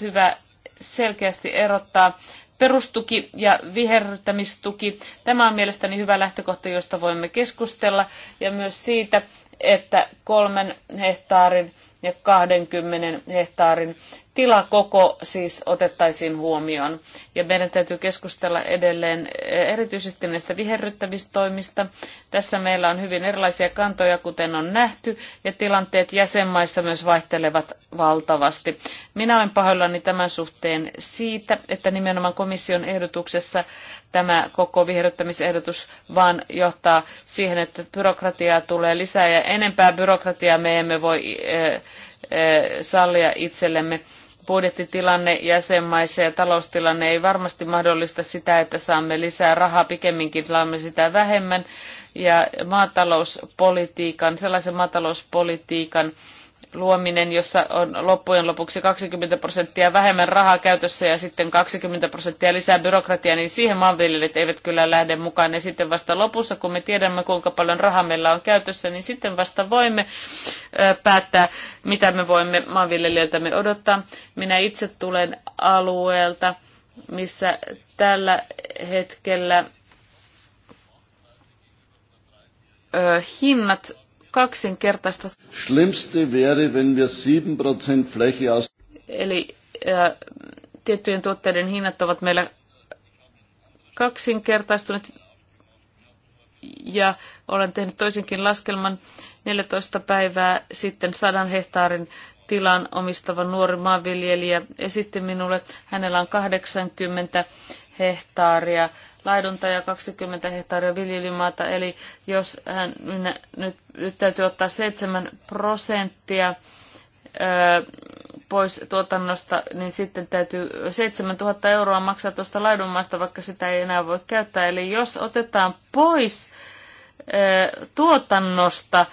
hyvä selkeästi erottaa perustuki ja viherryttämistuki. Tämä on mielestäni hyvä lähtökohta, josta voimme keskustella, ja myös siitä, että kolmen hehtaarin ja 20 hehtaarin tilakoko siis otettaisiin huomioon. Ja meidän täytyy keskustella edelleen eh, erityisesti näistä toimista. Tässä meillä on hyvin erilaisia kantoja, kuten on nähty, ja tilanteet jäsenmaissa myös vaihtelevat valtavasti. Minä olen pahoillani tämän suhteen siitä, että nimenomaan komission ehdotuksessa tämä koko viherryttämisehdotus, vaan johtaa siihen, että byrokratiaa tulee lisää ja enempää byrokratiaa me emme voi eh, eh, sallia itsellemme. Budjettitilanne jäsenmaissa ja taloustilanne ei varmasti mahdollista sitä, että saamme lisää rahaa, pikemminkin saamme sitä vähemmän. Ja maatalouspolitiikan, sellaisen maatalouspolitiikan, luominen, jossa on loppujen lopuksi 20 prosenttia vähemmän rahaa käytössä ja sitten 20 prosenttia lisää byrokratiaa, niin siihen maanviljelijät eivät kyllä lähde mukaan. Ja sitten vasta lopussa, kun me tiedämme, kuinka paljon rahaa meillä on käytössä, niin sitten vasta voimme päättää, mitä me voimme maanviljelijöiltämme odottaa. Minä itse tulen alueelta, missä tällä hetkellä hinnat kaksinkertaista. Schlimmste wäre, wenn wir 7 Fläche aus... Eli ää, äh, tiettyjen tuotteiden hinnat ovat meillä kaksinkertaistuneet ja olen tehnyt toisenkin laskelman 14 päivää sitten sadan hehtaarin tilan omistava nuori maanviljelijä esitti minulle, hänellä on 80 hehtaaria laidunta ja 20 hehtaaria viljelymaata. Eli jos hän, minä, nyt, nyt täytyy ottaa 7 prosenttia pois tuotannosta, niin sitten täytyy 7000 euroa maksaa tuosta laidunmaasta, vaikka sitä ei enää voi käyttää. Eli jos otetaan pois tuotannosta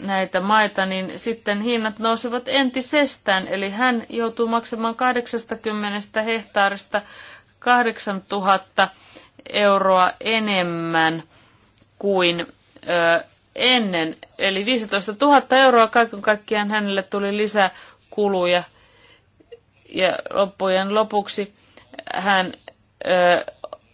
näitä maita, niin sitten hinnat nousevat entisestään. Eli hän joutuu maksamaan 80 hehtaarista 8000 euroa enemmän kuin ö, ennen. Eli 15 000 euroa kaiken kaikkiaan hänelle tuli lisäkuluja. Ja loppujen lopuksi hän ö,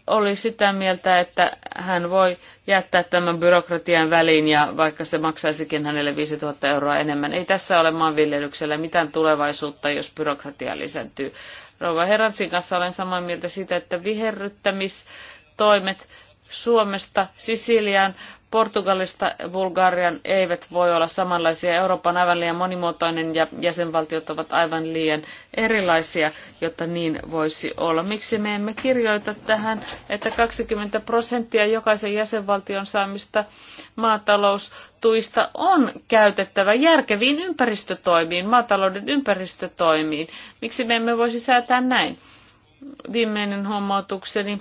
oli sitä mieltä, että hän voi jättää tämän byrokratian väliin ja vaikka se maksaisikin hänelle 5000 euroa enemmän. Ei tässä ole maanviljelyksellä mitään tulevaisuutta, jos byrokratia lisääntyy. Rouva Herantsin kanssa olen samaa mieltä siitä, että viherryttämistoimet Suomesta Sisiliaan Portugalista Bulgarian eivät voi olla samanlaisia. Euroopan aivan liian monimuotoinen ja jäsenvaltiot ovat aivan liian erilaisia, jotta niin voisi olla. Miksi me emme kirjoita tähän, että 20 prosenttia jokaisen jäsenvaltion saamista maataloustuista on käytettävä järkeviin ympäristötoimiin, maatalouden ympäristötoimiin? Miksi me emme voisi säätää näin? Viimeinen huomautukseni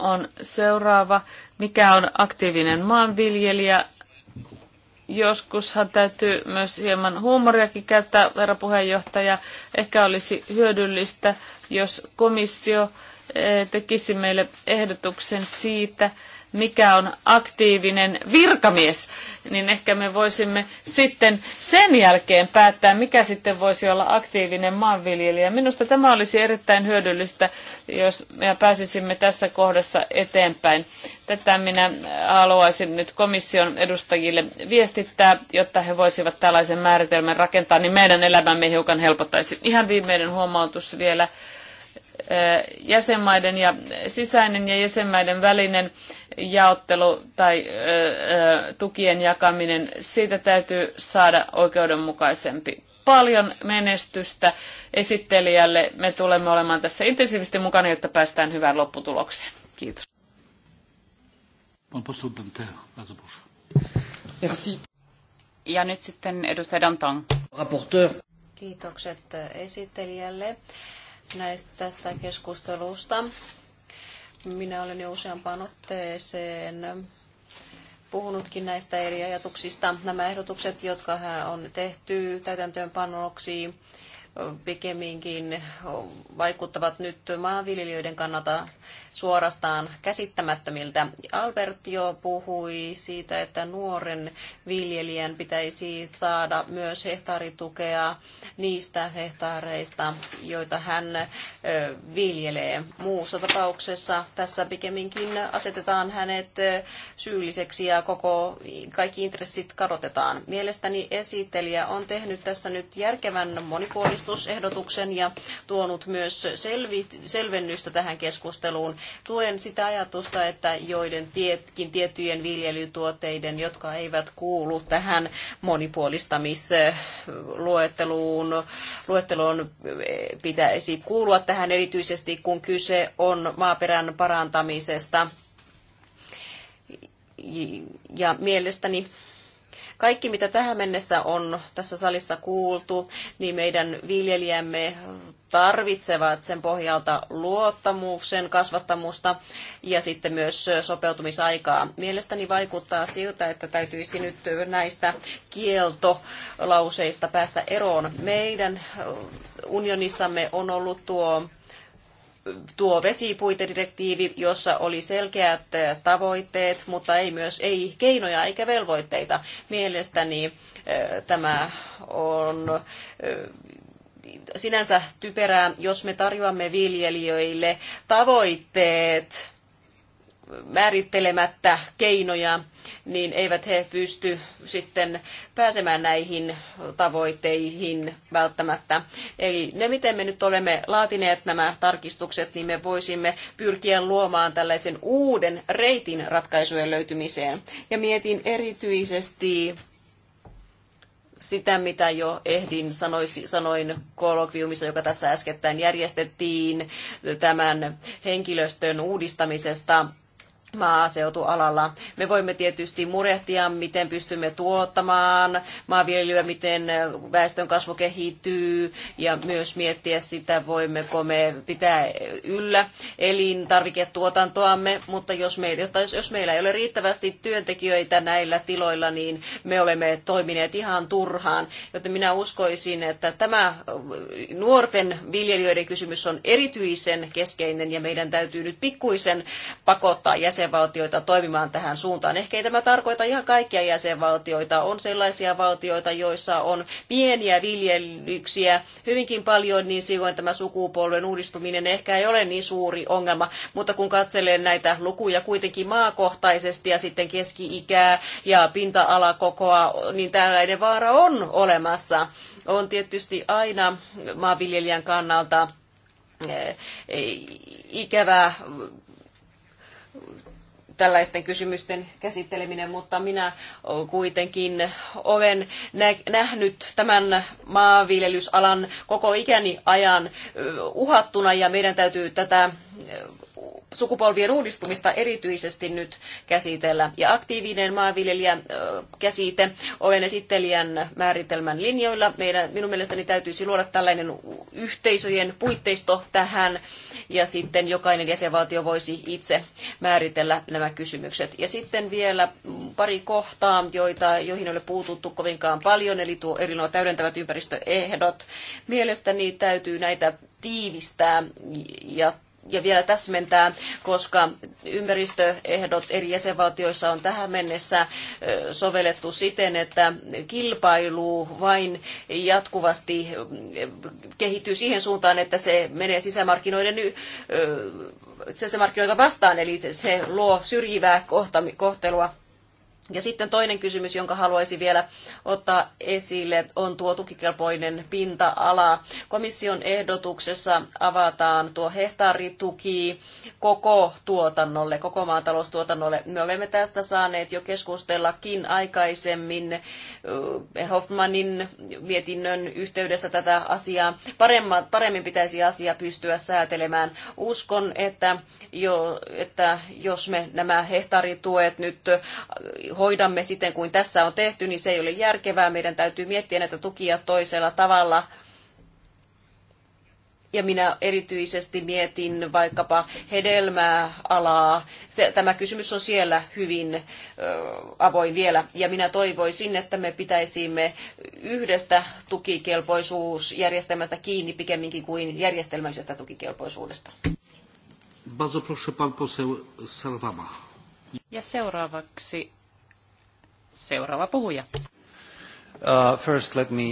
on seuraava. Mikä on aktiivinen maanviljelijä? Joskushan täytyy myös hieman huumoriakin käyttää, herra puheenjohtaja. Ehkä olisi hyödyllistä, jos komissio eh, tekisi meille ehdotuksen siitä, mikä on aktiivinen virkamies, niin ehkä me voisimme sitten sen jälkeen päättää, mikä sitten voisi olla aktiivinen maanviljelijä. Minusta tämä olisi erittäin hyödyllistä, jos me pääsisimme tässä kohdassa eteenpäin. Tätä minä haluaisin nyt komission edustajille viestittää, jotta he voisivat tällaisen määritelmän rakentaa, niin meidän elämämme hiukan helpottaisi. Ihan viimeinen huomautus vielä jäsenmaiden ja sisäinen ja jäsenmaiden välinen jaottelu tai tukien jakaminen, siitä täytyy saada oikeudenmukaisempi. Paljon menestystä esittelijälle. Me tulemme olemaan tässä intensiivisesti mukana, jotta päästään hyvään lopputulokseen. Kiitos. Ja nyt sitten edustaja Danton. Kiitokset esittelijälle näistä, tästä keskustelusta. Minä olen jo useampaan otteeseen puhunutkin näistä eri ajatuksista. Nämä ehdotukset, jotka hän on tehty täytäntöönpanoksi, pikemminkin vaikuttavat nyt maanviljelijöiden kannalta suorastaan käsittämättömiltä. Albert jo puhui siitä, että nuoren viljelijän pitäisi saada myös hehtaaritukea niistä hehtaareista, joita hän viljelee. Muussa tapauksessa tässä pikemminkin asetetaan hänet syylliseksi ja koko, kaikki intressit kadotetaan. Mielestäni esittelijä on tehnyt tässä nyt järkevän monipuolistusehdotuksen ja tuonut myös selvi, selvennystä tähän keskusteluun Tuen sitä ajatusta, että joiden tietkin tiettyjen viljelytuotteiden, jotka eivät kuulu tähän monipuolistamisluetteluun, luetteloon pitäisi kuulua tähän erityisesti, kun kyse on maaperän parantamisesta. Ja mielestäni kaikki, mitä tähän mennessä on tässä salissa kuultu, niin meidän viljelijämme tarvitsevat sen pohjalta luottamuksen kasvattamusta ja sitten myös sopeutumisaikaa. Mielestäni vaikuttaa siltä, että täytyisi nyt näistä kieltolauseista päästä eroon. Meidän unionissamme on ollut tuo tuo vesipuitedirektiivi, jossa oli selkeät eh, tavoitteet, mutta ei myös ei keinoja eikä velvoitteita. Mielestäni eh, tämä on eh, sinänsä typerää, jos me tarjoamme viljelijöille tavoitteet määrittelemättä keinoja, niin eivät he pysty sitten pääsemään näihin tavoitteihin välttämättä. Eli ne, miten me nyt olemme laatineet nämä tarkistukset, niin me voisimme pyrkiä luomaan tällaisen uuden reitin ratkaisujen löytymiseen. Ja mietin erityisesti sitä, mitä jo ehdin sanoisi, sanoin kolokviumissa, joka tässä äskettäin järjestettiin tämän henkilöstön uudistamisesta maaseutualalla. Me voimme tietysti murehtia, miten pystymme tuottamaan maanviljelyä, miten väestön kasvu kehittyy ja myös miettiä sitä, voimmeko me pitää yllä elintarviketuotantoamme, mutta jos, me, jos meillä ei ole riittävästi työntekijöitä näillä tiloilla, niin me olemme toimineet ihan turhaan. Joten minä uskoisin, että tämä nuorten viljelijöiden kysymys on erityisen keskeinen ja meidän täytyy nyt pikkuisen pakottaa jäsen jäsenvaltioita toimimaan tähän suuntaan. Ehkä ei tämä tarkoita ihan kaikkia jäsenvaltioita. On sellaisia valtioita, joissa on pieniä viljelyksiä hyvinkin paljon, niin silloin tämä sukupolven uudistuminen ehkä ei ole niin suuri ongelma. Mutta kun katselee näitä lukuja kuitenkin maakohtaisesti ja sitten keski-ikää ja pinta-alakokoa, niin tällainen vaara on olemassa. On tietysti aina maanviljelijän kannalta eh, eh, ikävää tällaisten kysymysten käsitteleminen, mutta minä kuitenkin olen nähnyt tämän maanviljelysalan koko ikäni ajan uhattuna ja meidän täytyy tätä sukupolvien uudistumista erityisesti nyt käsitellä. Ja aktiivinen maanviljelijä käsite, olen esittelijän määritelmän linjoilla. Meidän, minun mielestäni täytyisi luoda tällainen yhteisöjen puitteisto tähän, ja sitten jokainen jäsenvaltio voisi itse määritellä nämä kysymykset. Ja sitten vielä pari kohtaa, joita, joihin ei ole puututtu kovinkaan paljon, eli tuo eri nuo täydentävät ympäristöehdot. Mielestäni täytyy näitä tiivistää ja ja vielä täsmentää, koska ympäristöehdot eri jäsenvaltioissa on tähän mennessä sovellettu siten, että kilpailu vain jatkuvasti kehittyy siihen suuntaan, että se menee sisämarkkinoiden sisämarkkinoita vastaan, eli se luo syrjivää kohtelua ja sitten toinen kysymys, jonka haluaisin vielä ottaa esille, on tuo tukikelpoinen pinta-ala. Komission ehdotuksessa avataan tuo hehtaarituki koko tuotannolle, koko maataloustuotannolle. Me olemme tästä saaneet jo keskustellakin aikaisemmin Hoffmanin mietinnön yhteydessä tätä asiaa. paremmin pitäisi asia pystyä säätelemään. Uskon, että, jo, että jos me nämä hehtaarituet nyt hoidamme siten kuin tässä on tehty, niin se ei ole järkevää. Meidän täytyy miettiä näitä tukia toisella tavalla. Ja minä erityisesti mietin vaikkapa hedelmäalaa. Se, tämä kysymys on siellä hyvin ö, avoin vielä. Ja minä toivoisin, että me pitäisimme yhdestä tukikelpoisuusjärjestelmästä kiinni pikemminkin kuin järjestelmällisestä tukikelpoisuudesta. Bardzo proszę pan poseł Ja seuraavaksi Seuraava puhuja. Uh, first let me...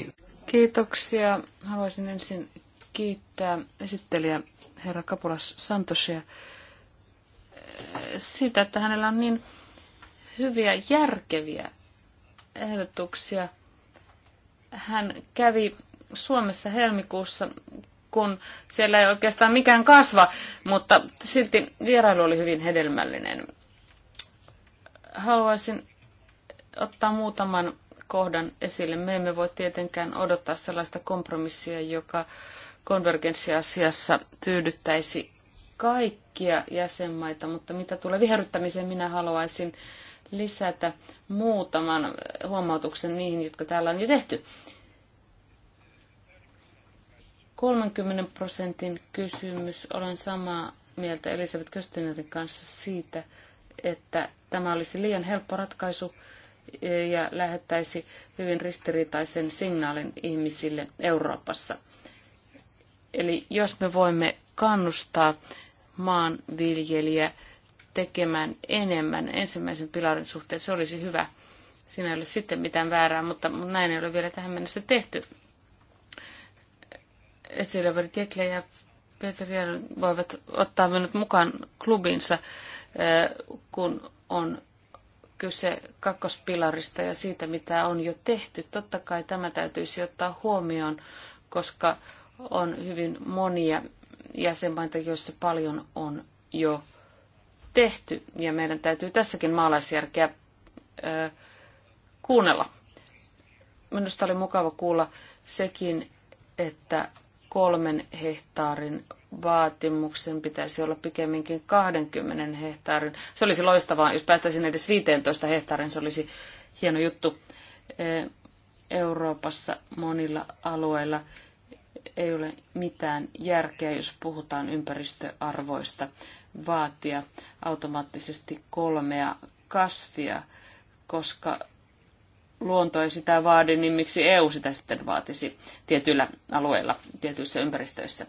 Kiitoksia. Haluaisin ensin kiittää esittelijä herra Kapulas Santosia eh, siitä, että hänellä on niin hyviä, järkeviä ehdotuksia. Hän kävi Suomessa helmikuussa, kun siellä ei oikeastaan mikään kasva, mutta silti vierailu oli hyvin hedelmällinen. Haluaisin ottaa muutaman kohdan esille. Me emme voi tietenkään odottaa sellaista kompromissia, joka konvergenssiasiassa tyydyttäisi kaikkia jäsenmaita, mutta mitä tulee viherryttämiseen, minä haluaisin lisätä muutaman huomautuksen niihin, jotka täällä on jo tehty. 30 prosentin kysymys. Olen samaa mieltä Elisabeth Köstenerin kanssa siitä, että tämä olisi liian helppo ratkaisu ja lähettäisi hyvin ristiriitaisen signaalin ihmisille Euroopassa. Eli jos me voimme kannustaa maanviljelijä tekemään enemmän ensimmäisen pilarin suhteen, se olisi hyvä. Siinä ei ole sitten mitään väärää, mutta näin ei ole vielä tähän mennessä tehty. Silver Jekle ja Peter voivat ottaa minut mukaan klubinsa, eh, kun on kyse kakkospilarista ja siitä, mitä on jo tehty. Totta kai tämä täytyisi ottaa huomioon, koska on hyvin monia jäsenmaita, joissa paljon on jo tehty. Ja meidän täytyy tässäkin maalaisjärkeä ö, kuunnella. Minusta oli mukava kuulla sekin, että kolmen hehtaarin vaatimuksen pitäisi olla pikemminkin 20 hehtaarin. Se olisi loistavaa, jos päästäisiin edes 15 hehtaarin, se olisi hieno juttu. E, Euroopassa monilla alueilla ei ole mitään järkeä, jos puhutaan ympäristöarvoista, vaatia automaattisesti kolmea kasvia, koska luonto ei sitä vaadi, niin miksi EU sitä sitten vaatisi tietyillä alueilla, tietyissä ympäristöissä?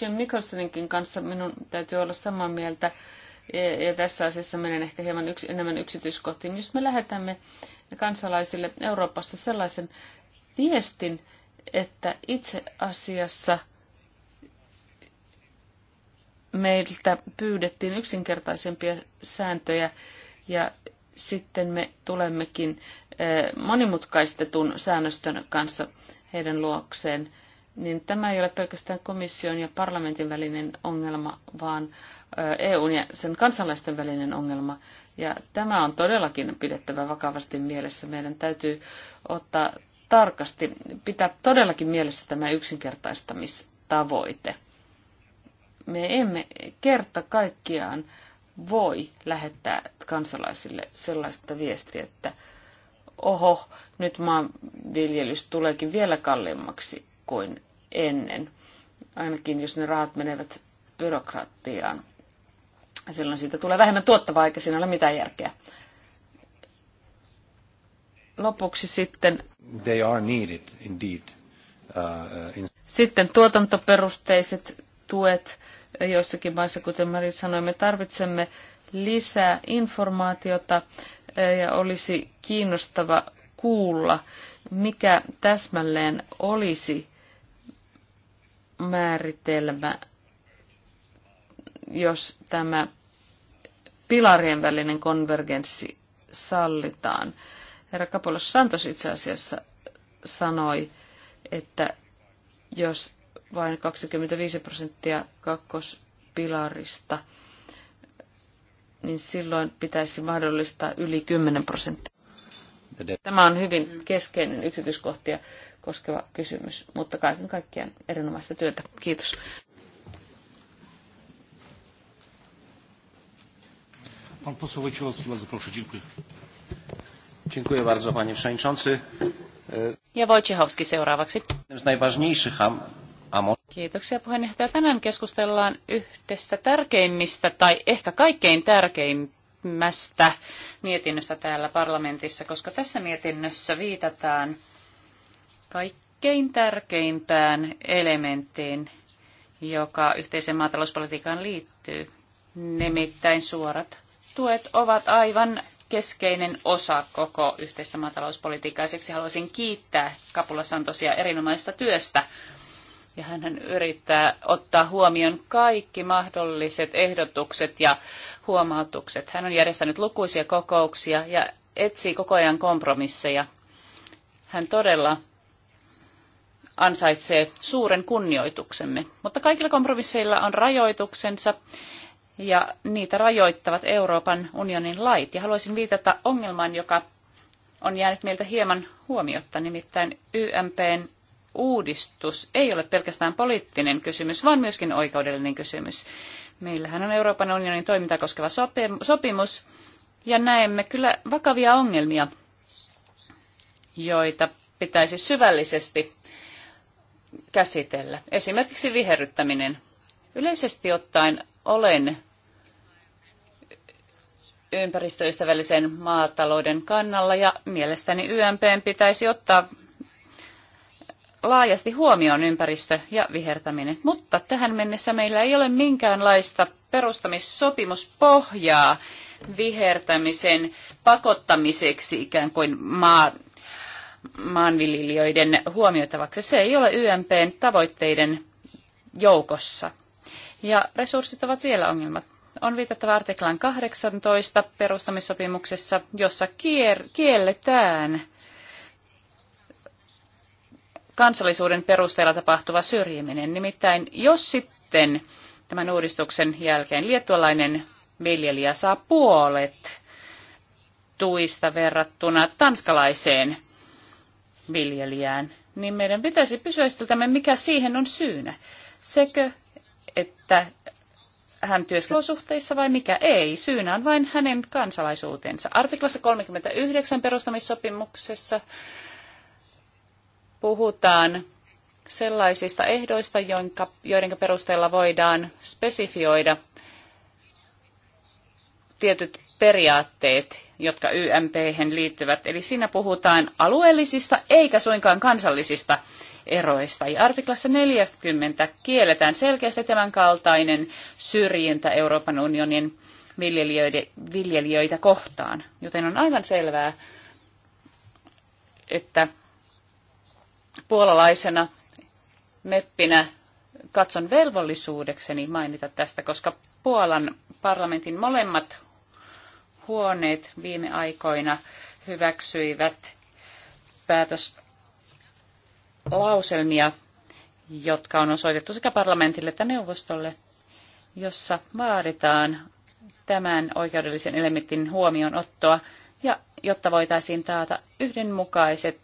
Jim Nicholsoninkin kanssa minun täytyy olla samaa mieltä, ja tässä asiassa menen ehkä hieman yks, enemmän yksityiskohtiin. Jos me lähetämme kansalaisille Euroopassa sellaisen viestin, että itse asiassa meiltä pyydettiin yksinkertaisempia sääntöjä ja sitten me tulemmekin eh, monimutkaistetun säännöstön kanssa heidän luokseen – niin tämä ei ole pelkästään komission ja parlamentin välinen ongelma, vaan EUn ja sen kansalaisten välinen ongelma. Ja tämä on todellakin pidettävä vakavasti mielessä. Meidän täytyy ottaa tarkasti, pitää todellakin mielessä tämä yksinkertaistamistavoite. Me emme kerta kaikkiaan voi lähettää kansalaisille sellaista viestiä, että oho, nyt maanviljelys tuleekin vielä kalliimmaksi kuin ennen, ainakin jos ne rahat menevät byrokratiaan. Silloin siitä tulee vähemmän tuottavaa, eikä siinä ole mitään järkeä. Lopuksi sitten... They are needed, indeed. Uh, in... Sitten tuotantoperusteiset tuet joissakin maissa, kuten Marit sanoi, me tarvitsemme lisää informaatiota eh, ja olisi kiinnostava kuulla, mikä täsmälleen olisi määritelmä, jos tämä pilarien välinen konvergenssi sallitaan. Herra Kapolos Santos itse asiassa sanoi, että jos vain 25 prosenttia kakkospilarista, niin silloin pitäisi mahdollistaa yli 10 prosenttia. Tämä on hyvin keskeinen yksityiskohtia koskeva kysymys. Mutta kaiken kaikkiaan erinomaista työtä. Kiitos. Pan poseł Wojciechowski, bardzo proszę, dziękuję. Dziękuję bardzo, panie przewodniczący. Ja Wojciechowski seuraavaksi. Jednym Z najważniejszych, a, a Kiitoksia puheenjohtaja. Tänään keskustellaan yhdestä tärkeimmistä tai ehkä kaikkein tärkeimmästä mietinnöstä täällä parlamentissa, koska tässä mietinnössä viitataan kaikkein tärkeimpään elementtiin, joka yhteisen maatalouspolitiikkaan liittyy. Nimittäin suorat tuet ovat aivan keskeinen osa koko yhteistä maatalouspolitiikkaa. Siksi haluaisin kiittää Kapula Santosia erinomaisesta työstä. Ja hän yrittää ottaa huomioon kaikki mahdolliset ehdotukset ja huomautukset. Hän on järjestänyt lukuisia kokouksia ja etsii koko ajan kompromisseja. Hän todella ansaitsee suuren kunnioituksemme. Mutta kaikilla kompromisseilla on rajoituksensa ja niitä rajoittavat Euroopan unionin lait. Ja haluaisin viitata ongelmaan, joka on jäänyt meiltä hieman huomiotta, nimittäin YMPn uudistus ei ole pelkästään poliittinen kysymys, vaan myöskin oikeudellinen kysymys. Meillähän on Euroopan unionin toimintaa koskeva sopimus, ja näemme kyllä vakavia ongelmia, joita pitäisi syvällisesti käsitellä. Esimerkiksi viherryttäminen. Yleisesti ottaen olen ympäristöystävällisen maatalouden kannalla ja mielestäni YMP pitäisi ottaa laajasti huomioon ympäristö ja vihertäminen, mutta tähän mennessä meillä ei ole minkäänlaista perustamissopimuspohjaa vihertämisen pakottamiseksi ikään kuin maan maanviljelijöiden huomioitavaksi. Se ei ole YMPn tavoitteiden joukossa. Ja resurssit ovat vielä ongelmat. On viitattava artiklan 18 perustamissopimuksessa, jossa kier- kielletään kansallisuuden perusteella tapahtuva syrjiminen. Nimittäin jos sitten tämän uudistuksen jälkeen liettualainen viljelijä saa puolet tuista verrattuna tanskalaiseen viljelijään, niin meidän pitäisi pysyä mikä siihen on syynä. Sekö, että hän työskentelee suhteissa vai mikä ei. Syynä on vain hänen kansalaisuutensa. Artiklassa 39 perustamissopimuksessa puhutaan sellaisista ehdoista, joiden perusteella voidaan spesifioida tietyt perusperiaatteet, jotka YMP liittyvät. Eli siinä puhutaan alueellisista eikä suinkaan kansallisista eroista. Ja artiklassa 40 kielletään selkeästi tämän kaltainen syrjintä Euroopan unionin viljelijöitä kohtaan. Joten on aivan selvää, että puolalaisena meppinä katson velvollisuudekseni mainita tästä, koska Puolan parlamentin molemmat huoneet viime aikoina hyväksyivät päätöslauselmia, jotka on osoitettu sekä parlamentille että neuvostolle, jossa vaaditaan tämän oikeudellisen elementin huomionottoa, ja jotta voitaisiin taata yhdenmukaiset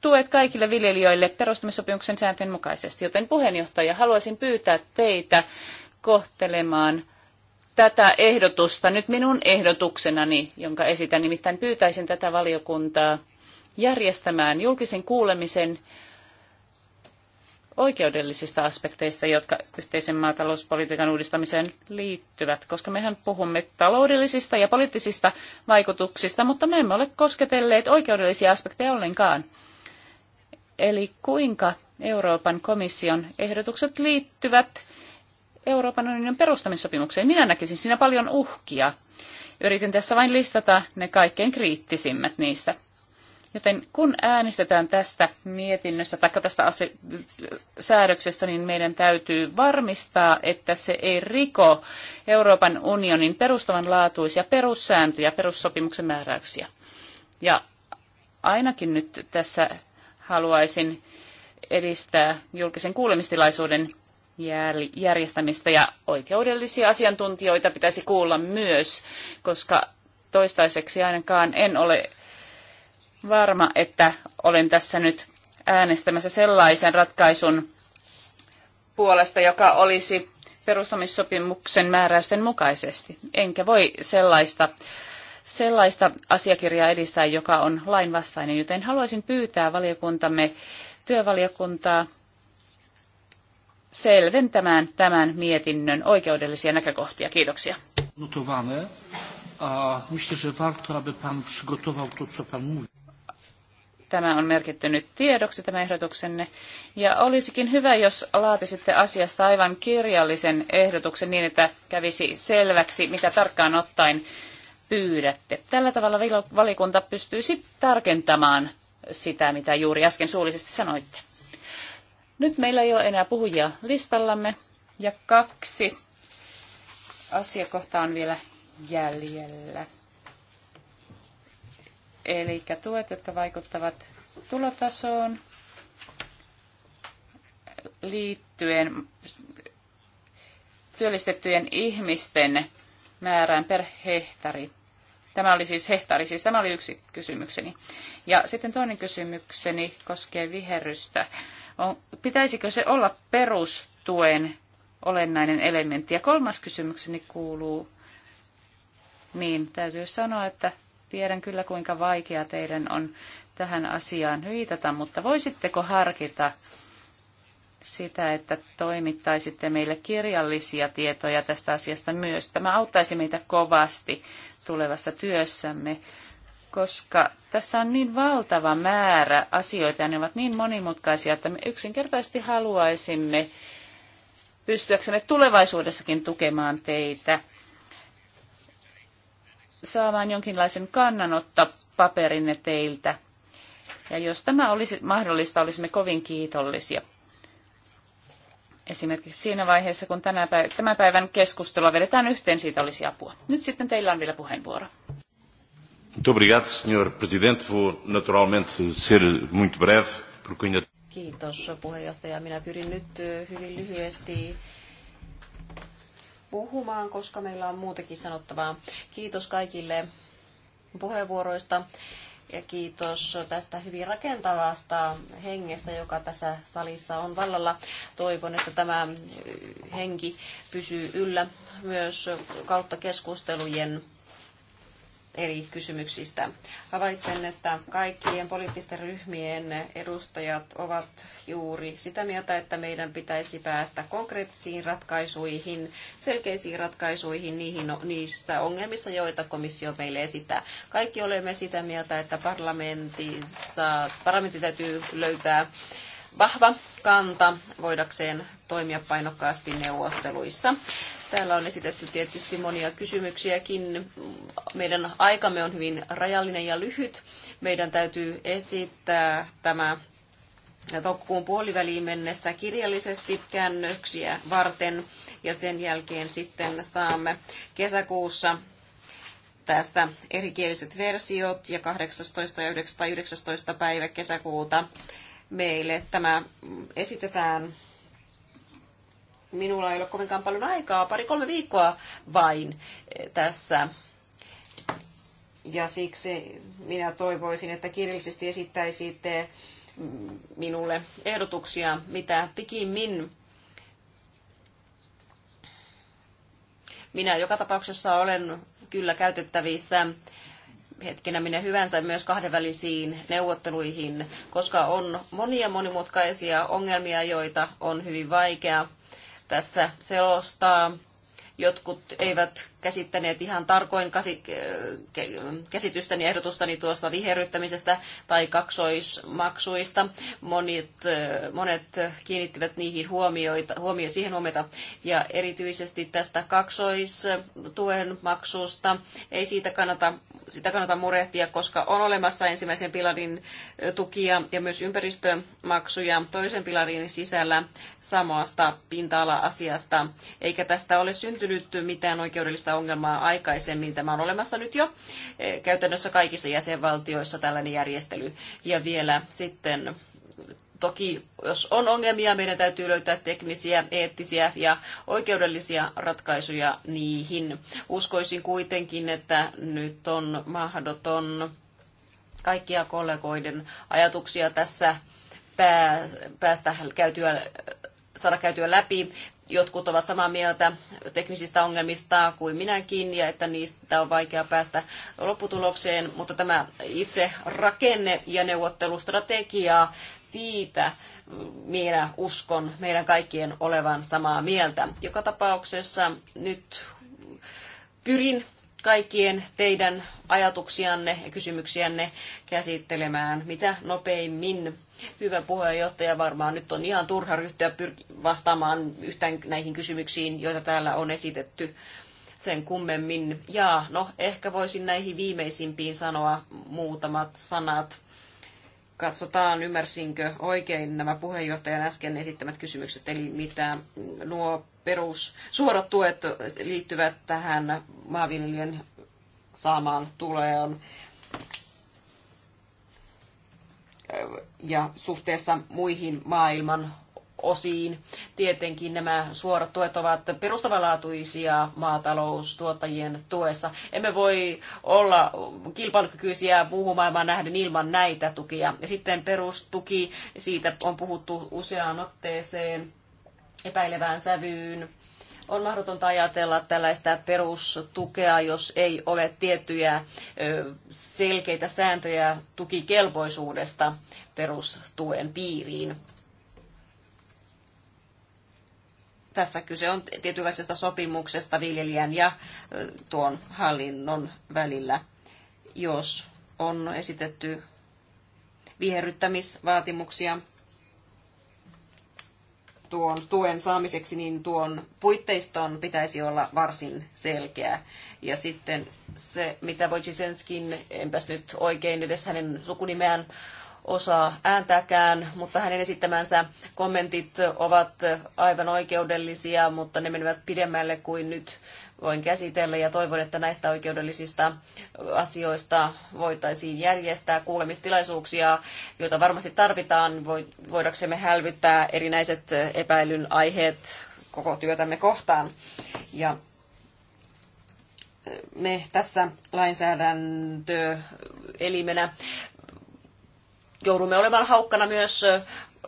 tuet kaikille viljelijöille perustamissopimuksen sääntöjen mukaisesti. Joten puheenjohtaja, haluaisin pyytää teitä kohtelemaan tätä ehdotusta nyt minun ehdotuksenani, jonka esitän. Nimittäin pyytäisin tätä valiokuntaa järjestämään julkisen kuulemisen oikeudellisista aspekteista, jotka yhteisen maatalouspolitiikan uudistamiseen liittyvät, koska mehän puhumme taloudellisista ja poliittisista vaikutuksista, mutta me emme ole kosketelleet oikeudellisia aspekteja ollenkaan. Eli kuinka Euroopan komission ehdotukset liittyvät Euroopan unionin perustamissopimukseen. Minä näkisin siinä paljon uhkia. Yritin tässä vain listata ne kaikkein kriittisimmät niistä. Joten kun äänestetään tästä mietinnöstä tai tästä ase- säädöksestä, niin meidän täytyy varmistaa, että se ei riko Euroopan unionin perustavanlaatuisia perussääntöjä, perussopimuksen määräyksiä. Ja ainakin nyt tässä haluaisin edistää julkisen kuulemistilaisuuden järjestämistä ja oikeudellisia asiantuntijoita pitäisi kuulla myös, koska toistaiseksi ainakaan en ole varma, että olen tässä nyt äänestämässä sellaisen ratkaisun puolesta, joka olisi perustamissopimuksen määräysten mukaisesti. Enkä voi sellaista, sellaista asiakirjaa edistää, joka on lainvastainen, joten haluaisin pyytää valiokuntamme työvaliokuntaa selventämään tämän mietinnön oikeudellisia näkökohtia. Kiitoksia. Notowane. A myślę, że warto, aby pan przygotował to, co pan mówi. Tämä on merkitty nyt tiedoksi, tämä ehdotuksenne. Ja olisikin hyvä, jos laatisitte asiasta aivan kirjallisen ehdotuksen niin, että kävisi selväksi, mitä tarkkaan ottaen pyydätte. Tällä tavalla valikunta pystyisi tarkentamaan sitä, mitä juuri äsken suullisesti sanoitte. Nyt meillä ei ole enää puhujia listallamme ja kaksi asiakohtaa on vielä jäljellä. Eli tuet, jotka vaikuttavat tulotasoon liittyen työllistettyjen ihmisten määrään per hehtari. Tämä oli siis hehtaari, siis tämä oli yksi kysymykseni. Ja sitten toinen kysymykseni koskee viherrystä. On, pitäisikö se olla perustuen olennainen elementti? Ja kolmas kysymykseni kuuluu, niin täytyy sanoa, että tiedän kyllä kuinka vaikea teidän on tähän asiaan viitata, mutta voisitteko harkita sitä, että toimittaisitte meille kirjallisia tietoja tästä asiasta myös. Tämä auttaisi meitä kovasti tulevassa työssämme, koska tässä on niin valtava määrä asioita ja ne ovat niin monimutkaisia, että me yksinkertaisesti haluaisimme pystyäksemme tulevaisuudessakin tukemaan teitä saamaan jonkinlaisen kannanottopaperinne teiltä. Ja jos tämä olisi mahdollista, olisimme kovin kiitollisia. Esimerkiksi siinä vaiheessa, kun tänä päivän, tämän päivän keskustelua vedetään yhteen, siitä olisi apua. Nyt sitten teillä on vielä puheenvuoro. Muito obrigado, Sr. Presidente. Vou naturalmente ser muito breve, porque ainda... Kiitos puheenjohtaja. Minä pyrin nyt eh, hyvin lyhyesti puhumaan, koska meillä on muutakin sanottavaa. Kiitos kaikille puheenvuoroista ja kiitos tästä hyvin rakentavasta hengestä, joka tässä salissa on vallalla. Toivon, että tämä eh, henki pysyy yllä myös kautta keskustelujen eri kysymyksistä. Havaitsen, että kaikkien poliittisten ryhmien edustajat ovat juuri sitä mieltä, että meidän pitäisi päästä konkreettisiin ratkaisuihin, selkeisiin ratkaisuihin niihin, niissä ongelmissa, joita komissio meille esittää. Kaikki olemme sitä mieltä, että parlamentissa, parlamentti täytyy löytää vahva kanta voidakseen toimia painokkaasti neuvotteluissa. Täällä on esitetty tietysti monia kysymyksiäkin. Meidän aikamme on hyvin rajallinen ja lyhyt. Meidän täytyy esittää tämä tokkuun puoliväliin mennessä kirjallisesti käännöksiä varten ja sen jälkeen sitten saamme kesäkuussa tästä erikieliset versiot ja 18. ja 19. päivä kesäkuuta meille tämä esitetään Minulla ei ole kovinkaan paljon aikaa, pari-kolme viikkoa vain eh, tässä. Ja siksi minä toivoisin, että kirjallisesti esittäisitte mm, minulle ehdotuksia, mitä pikimmin minä joka tapauksessa olen kyllä käytettävissä hetkenä minä hyvänsä myös kahdenvälisiin neuvotteluihin, koska on monia monimutkaisia ongelmia, joita on hyvin vaikea tässä selostaa. Jotkut eivät käsittäneet ihan tarkoin käsitystäni ja ehdotustani tuosta viheryttämisestä tai kaksoismaksuista. Monet, monet kiinnittivät niihin huomioita, huomio, siihen huomiota ja erityisesti tästä kaksoistuen maksusta. Ei siitä kannata, sitä kannata murehtia, koska on olemassa ensimmäisen pilarin tukia ja myös ympäristömaksuja toisen pilarin sisällä samasta pinta-ala-asiasta, eikä tästä ole syntynyt mitään oikeudellista ongelmaa aikaisemmin. Tämä on olemassa nyt jo eh, käytännössä kaikissa jäsenvaltioissa tällainen järjestely. Ja vielä sitten toki jos on ongelmia, meidän täytyy löytää teknisiä, eettisiä ja oikeudellisia ratkaisuja niihin. Uskoisin kuitenkin, että nyt on mahdoton kaikkia kollegoiden ajatuksia tässä päästä käytyä, saada käytyä läpi, jotkut ovat samaa mieltä teknisistä ongelmista kuin minäkin ja että niistä on vaikea päästä lopputulokseen, mutta tämä itse rakenne ja neuvottelustrategia siitä minä uskon meidän kaikkien olevan samaa mieltä. Joka tapauksessa nyt pyrin kaikkien teidän ajatuksianne ja kysymyksiänne käsittelemään mitä nopeimmin. Hyvä puheenjohtaja, varmaan nyt on ihan turha ryhtyä vastaamaan yhtään näihin kysymyksiin, joita täällä on esitetty sen kummemmin. Ja no, ehkä voisin näihin viimeisimpiin sanoa muutamat sanat. Katsotaan, ymmärsinkö oikein nämä puheenjohtajan äsken esittämät kysymykset, eli mitä nuo perus suorat tuet liittyvät tähän maanviljelijän saamaan tuleen ja suhteessa muihin maailman osiin. Tietenkin nämä suorat tuet ovat perustavanlaatuisia maataloustuottajien tuessa. Emme voi olla kilpailukykyisiä muuhun maailmaan nähden ilman näitä tukia. Ja sitten perustuki, siitä on puhuttu useaan otteeseen epäilevään sävyyn on mahdotonta ajatella tällaista perustukea, jos ei ole tiettyjä selkeitä sääntöjä tukikelpoisuudesta perustuen piiriin. Tässä kyse on tietynlaisesta sopimuksesta viljelijän ja tuon hallinnon välillä, jos on esitetty viherryttämisvaatimuksia tuon tuen saamiseksi, niin tuon puitteiston pitäisi olla varsin selkeä. Ja sitten se, mitä Wojcicenskin, enpäs nyt oikein edes hänen sukunimeään osaa ääntääkään, mutta hänen esittämänsä kommentit ovat aivan oikeudellisia, mutta ne menevät pidemmälle kuin nyt voin käsitellä ja toivon, että näistä oikeudellisista asioista voitaisiin järjestää kuulemistilaisuuksia, joita varmasti tarvitaan, voidaksemme hälvyttää erinäiset epäilyn aiheet koko työtämme kohtaan. Ja me tässä lainsäädäntöelimenä joudumme olemaan haukkana myös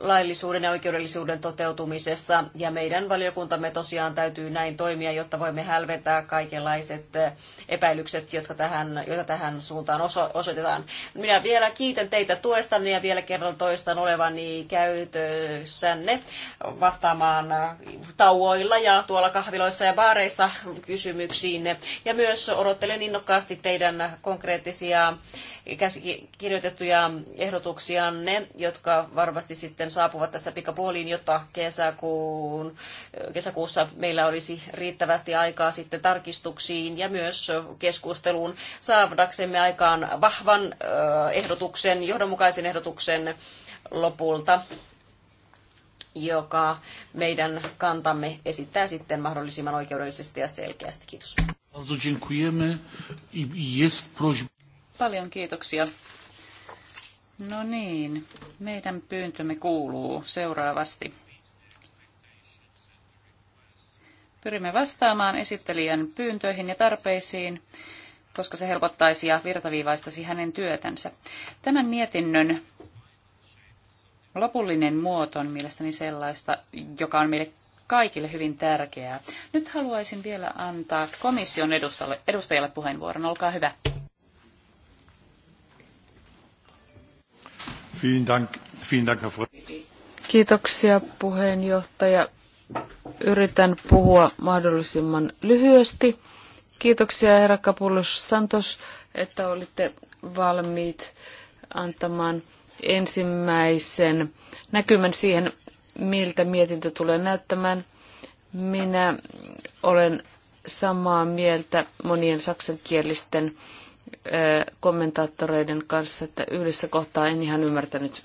laillisuuden ja oikeudellisuuden toteutumisessa. Ja meidän valiokuntamme tosiaan täytyy näin toimia, jotta voimme hälventää kaikenlaiset eh, epäilykset, jotka tähän, joita tähän suuntaan osoitetaan. Minä vielä kiitän teitä tuestanne ja vielä kerran toistan olevani käytössänne vastaamaan eh, tauoilla ja tuolla kahviloissa ja baareissa kysymyksiinne. Ja myös odottelen innokkaasti teidän konkreettisia käsikirjoitettuja ehdotuksianne, jotka varmasti sitten sitten saapuvat tässä pikapuoliin, jotta kesäkuun, kesäkuussa meillä olisi riittävästi aikaa sitten tarkistuksiin ja myös keskusteluun saavdaksemme aikaan vahvan ehdotuksen, johdonmukaisen ehdotuksen lopulta joka meidän kantamme esittää sitten mahdollisimman oikeudellisesti ja selkeästi. Kiitos. Paljon kiitoksia. No niin, meidän pyyntömme kuuluu seuraavasti. Pyrimme vastaamaan esittelijän pyyntöihin ja tarpeisiin, koska se helpottaisi ja virtaviivaistaisi hänen työtänsä. Tämän mietinnön lopullinen muoto on mielestäni sellaista, joka on meille kaikille hyvin tärkeää. Nyt haluaisin vielä antaa komission edustajalle, puheenvuoron. Olkaa hyvä. Kiitoksia puheenjohtaja. Yritän puhua mahdollisimman lyhyesti. Kiitoksia herra Kapulus Santos, että olitte valmiit antamaan ensimmäisen näkymän siihen, miltä mietintö tulee näyttämään. Minä olen samaa mieltä monien saksankielisten kommentaattoreiden kanssa, että yhdessä kohtaa en ihan ymmärtänyt,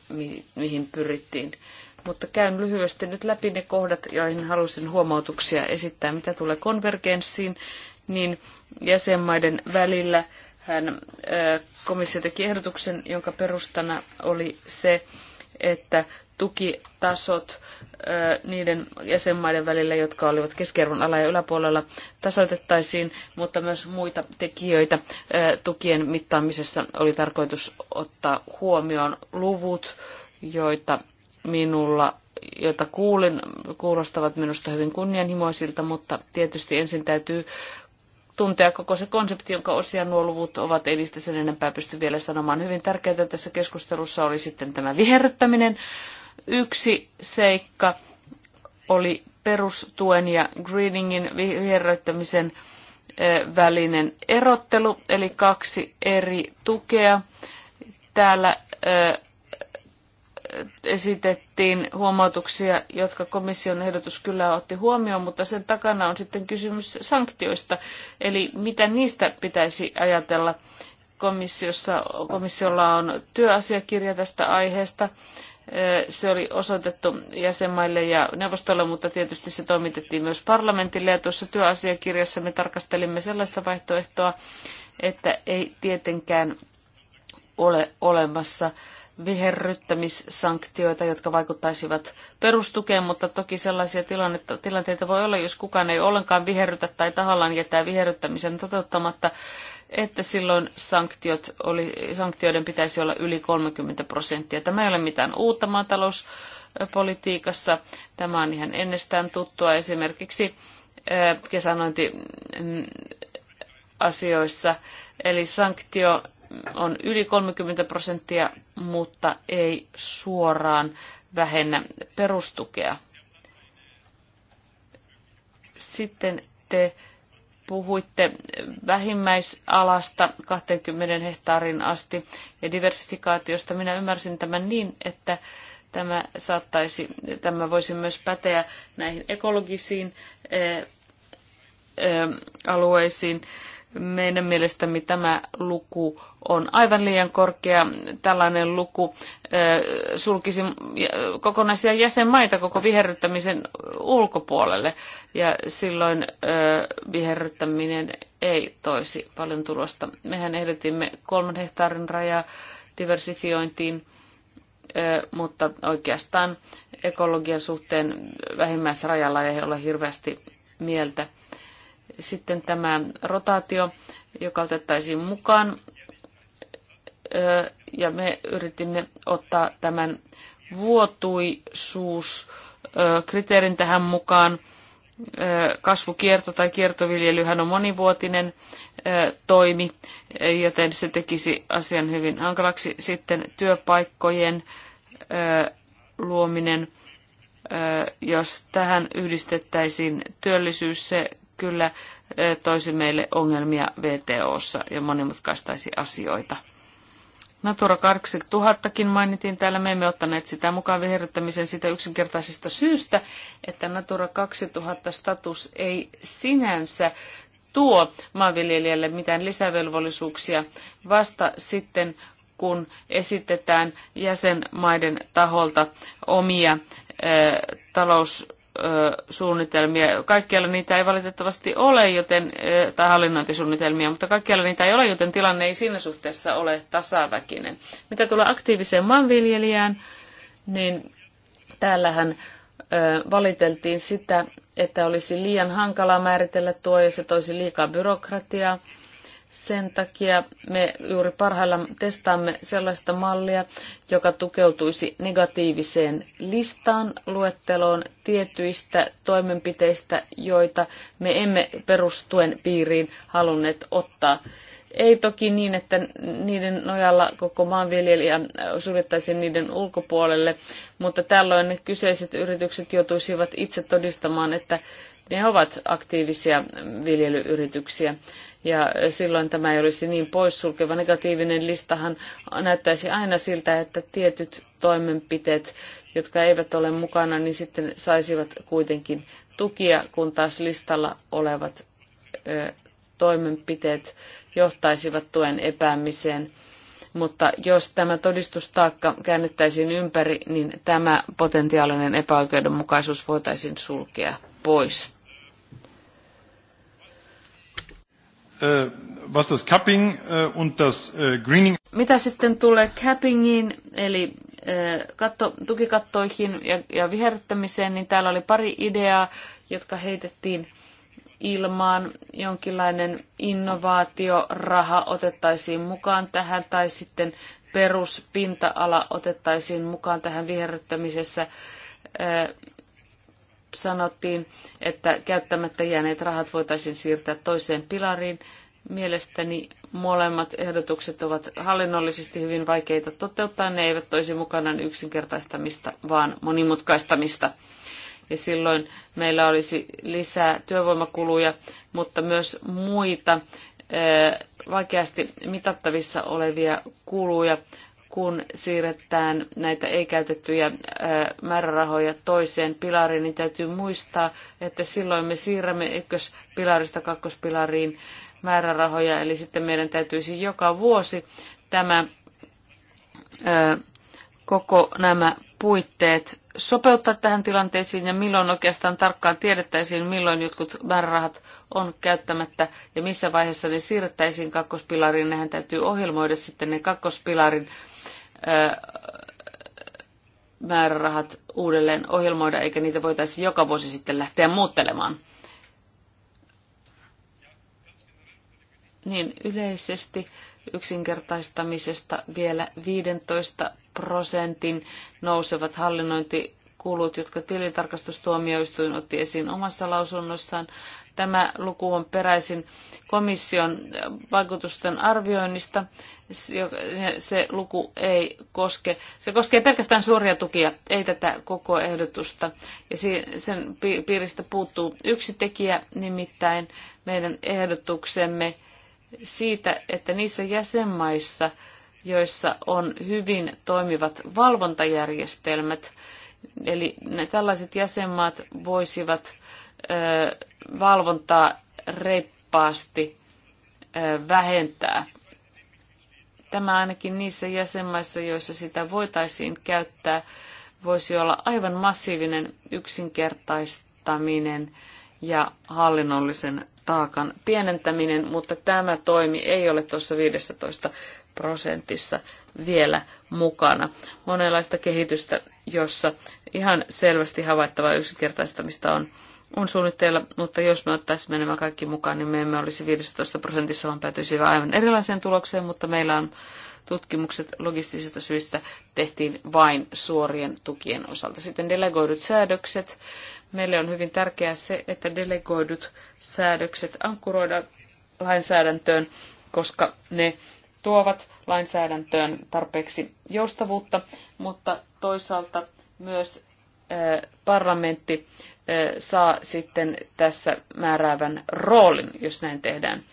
mihin pyrittiin. Mutta käyn lyhyesti nyt läpi ne kohdat, joihin halusin huomautuksia esittää. Mitä tulee konvergenssiin, niin jäsenmaiden välillä hän, komissio teki ehdotuksen, jonka perustana oli se, että tukitasot niiden jäsenmaiden välillä, jotka olivat keskiarvon ala- ja yläpuolella, tasoitettaisiin, mutta myös muita tekijöitä tukien mittaamisessa oli tarkoitus ottaa huomioon luvut, joita minulla joita kuulin, kuulostavat minusta hyvin kunnianhimoisilta, mutta tietysti ensin täytyy tuntea koko se konsepti, jonka osia nuo luvut ovat, ei sen enempää pysty vielä sanomaan. Hyvin tärkeää tässä keskustelussa oli sitten tämä viherryttäminen, Yksi seikka oli perustuen ja greeningin viheröittämisen välinen erottelu, eli kaksi eri tukea. Täällä esitettiin huomautuksia, jotka komission ehdotus kyllä otti huomioon, mutta sen takana on sitten kysymys sanktioista, eli mitä niistä pitäisi ajatella. Komissiossa, komissiolla on työasiakirja tästä aiheesta Eh, se oli osoitettu jäsenmaille ja neuvostolle, mutta tietysti se toimitettiin myös parlamentille. Ja tuossa työasiakirjassa me tarkastelimme sellaista vaihtoehtoa, että ei tietenkään ole olemassa viherryttämissanktioita, jotka vaikuttaisivat perustukeen, mutta toki sellaisia tilannetta, tilanteita voi olla, jos kukaan ei ollenkaan viherrytä tai tahallaan jättää viherryttämisen toteuttamatta että silloin sanktiot oli, sanktioiden pitäisi olla yli 30 prosenttia. Tämä ei ole mitään uutta maatalouspolitiikassa. Tämä on ihan ennestään tuttua esimerkiksi kesänointiasioissa. Mm, Eli sanktio on yli 30 prosenttia, mutta ei suoraan vähennä perustukea. Sitten te puhuitte vähimmäisalasta 20 hehtaarin asti ja diversifikaatiosta. Minä ymmärsin tämän niin, että tämä saattaisi, tämä voisi myös päteä näihin ekologisiin eh, eh, alueisiin meidän mielestämme tämä luku on aivan liian korkea. Tällainen luku sulkisi kokonaisia jäsenmaita koko viherryttämisen ulkopuolelle ja silloin viherryttäminen ei toisi paljon tulosta. Mehän ehdotimme kolmen hehtaarin rajaa diversifiointiin, mutta oikeastaan ekologian suhteen vähimmäisrajalla ei ole hirveästi mieltä sitten tämä rotaatio, joka otettaisiin mukaan. Ja me yritimme ottaa tämän vuotuisuuskriteerin tähän mukaan. Kasvukierto tai kiertoviljelyhän on monivuotinen toimi, joten se tekisi asian hyvin hankalaksi. Sitten työpaikkojen luominen, jos tähän yhdistettäisiin työllisyys, se kyllä toisi meille ongelmia VTOssa ja monimutkaistaisi asioita. Natura no, 2000kin mainitin täällä, me emme ottaneet sitä mukaan viherryttämisen sitä yksinkertaisesta syystä, että Natura 2000-status ei sinänsä tuo maanviljelijälle mitään lisävelvollisuuksia vasta sitten, kun esitetään jäsenmaiden taholta omia ö, talous suunnitelmia. Kaikkialla niitä ei valitettavasti ole, joten, tai hallinnointisuunnitelmia, mutta kaikkialla niitä ei ole, joten tilanne ei siinä suhteessa ole tasaväkinen. Mitä tulee aktiiviseen maanviljelijään, niin täällähän valiteltiin sitä, että olisi liian hankalaa määritellä tuo ja se toisi liikaa byrokratiaa. Sen takia me juuri parhaillaan testaamme sellaista mallia, joka tukeutuisi negatiiviseen listaan luetteloon tietyistä toimenpiteistä, joita me emme perustuen piiriin halunneet ottaa. Ei toki niin, että niiden nojalla koko maanviljelijä suljettaisiin niiden ulkopuolelle, mutta tällöin ne kyseiset yritykset joutuisivat itse todistamaan, että ne ovat aktiivisia viljelyyrityksiä ja silloin tämä ei olisi niin poissulkeva. Negatiivinen listahan näyttäisi aina siltä, että tietyt toimenpiteet, jotka eivät ole mukana, niin sitten saisivat kuitenkin tukia, kun taas listalla olevat ö, toimenpiteet johtaisivat tuen epäämiseen. Mutta jos tämä todistustaakka käännettäisiin ympäri, niin tämä potentiaalinen epäoikeudenmukaisuus voitaisiin sulkea pois. Äh, was das äh, und das äh, Greening. Mitä sitten tulee cappingiin, eli katto, tukikattoihin ja, ja viherryttämiseen, niin täällä oli pari ideaa, jotka heitettiin ilmaan. Jonkinlainen innovaatioraha otettaisiin mukaan tähän tai sitten peruspinta-ala otettaisiin mukaan tähän viherryttämisessä sanottiin, että käyttämättä jääneet rahat voitaisiin siirtää toiseen pilariin. Mielestäni molemmat ehdotukset ovat hallinnollisesti hyvin vaikeita toteuttaa. Ne eivät toisi mukanaan yksinkertaistamista, vaan monimutkaistamista. Ja silloin meillä olisi lisää työvoimakuluja, mutta myös muita eh, vaikeasti mitattavissa olevia kuluja kun siirretään näitä ei-käytettyjä määrärahoja toiseen pilariin, niin täytyy muistaa, että silloin me siirrämme ykköspilarista kakkospilariin määrärahoja, eli sitten meidän täytyisi joka vuosi tämä koko nämä puitteet sopeuttaa tähän tilanteeseen ja milloin oikeastaan tarkkaan tiedettäisiin, milloin jotkut määrärahat on käyttämättä ja missä vaiheessa ne siirrettäisiin kakkospilariin. Nehän täytyy ohjelmoida sitten ne kakkospilarin määrärahat uudelleen ohjelmoida, eikä niitä voitaisi joka vuosi sitten lähteä muuttelemaan. Niin yleisesti yksinkertaistamisesta vielä 15 prosentin nousevat hallinnointikulut, jotka tilintarkastustuomioistuin otti esiin omassa lausunnossaan, Tämä luku on peräisin komission vaikutusten arvioinnista. Se luku ei koske, se koskee pelkästään suoria tukia, ei tätä koko ehdotusta. Ja sen piiristä puuttuu yksi tekijä, nimittäin meidän ehdotuksemme siitä, että niissä jäsenmaissa, joissa on hyvin toimivat valvontajärjestelmät, eli ne tällaiset jäsenmaat voisivat valvontaa reippaasti vähentää. Tämä ainakin niissä jäsenmaissa, joissa sitä voitaisiin käyttää, voisi olla aivan massiivinen yksinkertaistaminen ja hallinnollisen taakan pienentäminen, mutta tämä toimi ei ole tuossa 15 prosentissa vielä mukana. Monenlaista kehitystä, jossa ihan selvästi havaittava yksinkertaistamista on on suunnitteilla, mutta jos me ottaisimme nämä kaikki mukaan, niin me emme olisi 15 prosentissa, vaan päätyisimme aivan erilaiseen tulokseen, mutta meillä on tutkimukset logistisista syistä tehtiin vain suorien tukien osalta. Sitten delegoidut säädökset. Meille on hyvin tärkeää se, että delegoidut säädökset ankkuroidaan lainsäädäntöön, koska ne tuovat lainsäädäntöön tarpeeksi joustavuutta, mutta toisaalta myös parlamentti saa sitten tässä määräävän roolin, jos näin tehdään.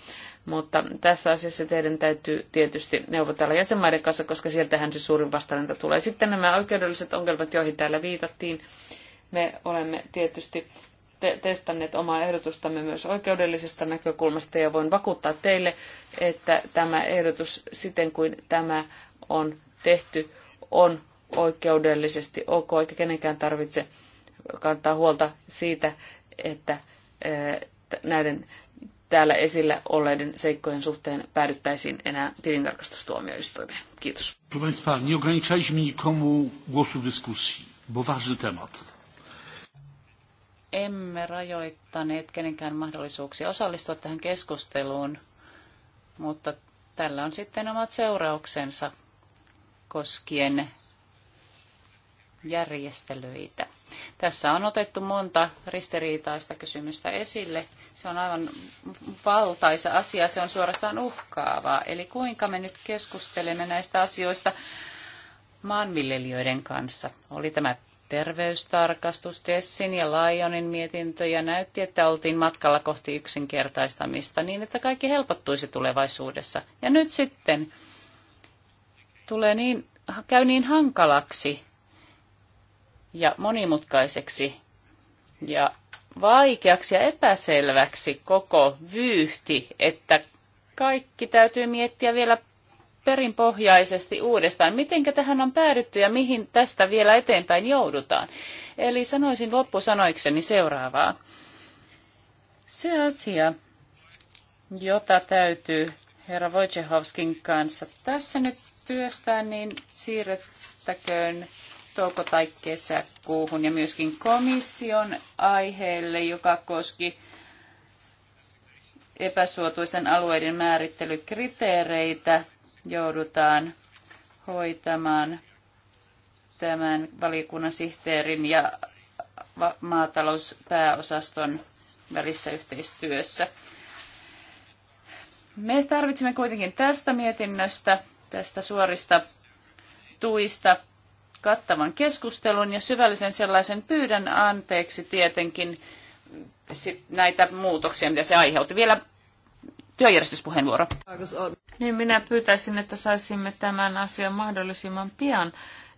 Mutta tässä asiassa teidän täytyy tietysti neuvotella jäsenmaiden kanssa, koska sieltähän se suurin vastarinta tulee. Sitten nämä oikeudelliset ongelmat, joihin täällä viitattiin. Me olemme tietysti te- testanneet omaa ehdotustamme myös oikeudellisesta näkökulmasta ja voin vakuuttaa teille, että tämä ehdotus siten kuin tämä on tehty, on oikeudellisesti ok, eikä kenenkään tarvitse kantaa huolta siitä, että näiden täällä esillä olleiden seikkojen suhteen päädyttäisiin enää tilintarkastustuomioistuimeen. Kiitos. Emme rajoittaneet kenenkään mahdollisuuksia osallistua tähän keskusteluun, mutta tällä on sitten omat seurauksensa koskien järjestelyitä. Tässä on otettu monta ristiriitaista kysymystä esille. Se on aivan valtaisa asia, se on suorastaan uhkaavaa. Eli kuinka me nyt keskustelemme näistä asioista maanviljelijöiden kanssa? Oli tämä terveystarkastus, Tessin ja Lionin mietintö ja näytti, että oltiin matkalla kohti yksinkertaistamista niin, että kaikki helpottuisi tulevaisuudessa. Ja nyt sitten tulee niin, käy niin hankalaksi ja monimutkaiseksi ja vaikeaksi ja epäselväksi koko vyyhti, että kaikki täytyy miettiä vielä perinpohjaisesti uudestaan, miten tähän on päädytty ja mihin tästä vielä eteenpäin joudutaan. Eli sanoisin loppusanoikseni seuraavaa. Se asia, jota täytyy herra Wojciechowskin kanssa tässä nyt työstää, niin siirrettäköön touko- tai kesäkuuhun ja myöskin komission aiheelle, joka koski epäsuotuisten alueiden määrittelykriteereitä joudutaan hoitamaan tämän valiokunnan sihteerin ja maatalouspääosaston välissä yhteistyössä. Me tarvitsemme kuitenkin tästä mietinnöstä, tästä suorista tuista kattavan keskustelun ja syvällisen sellaisen pyydän anteeksi tietenkin sit näitä muutoksia, mitä se aiheutti. Vielä työjärjestyspuheenvuoro. Niin minä pyytäisin, että saisimme tämän asian mahdollisimman pian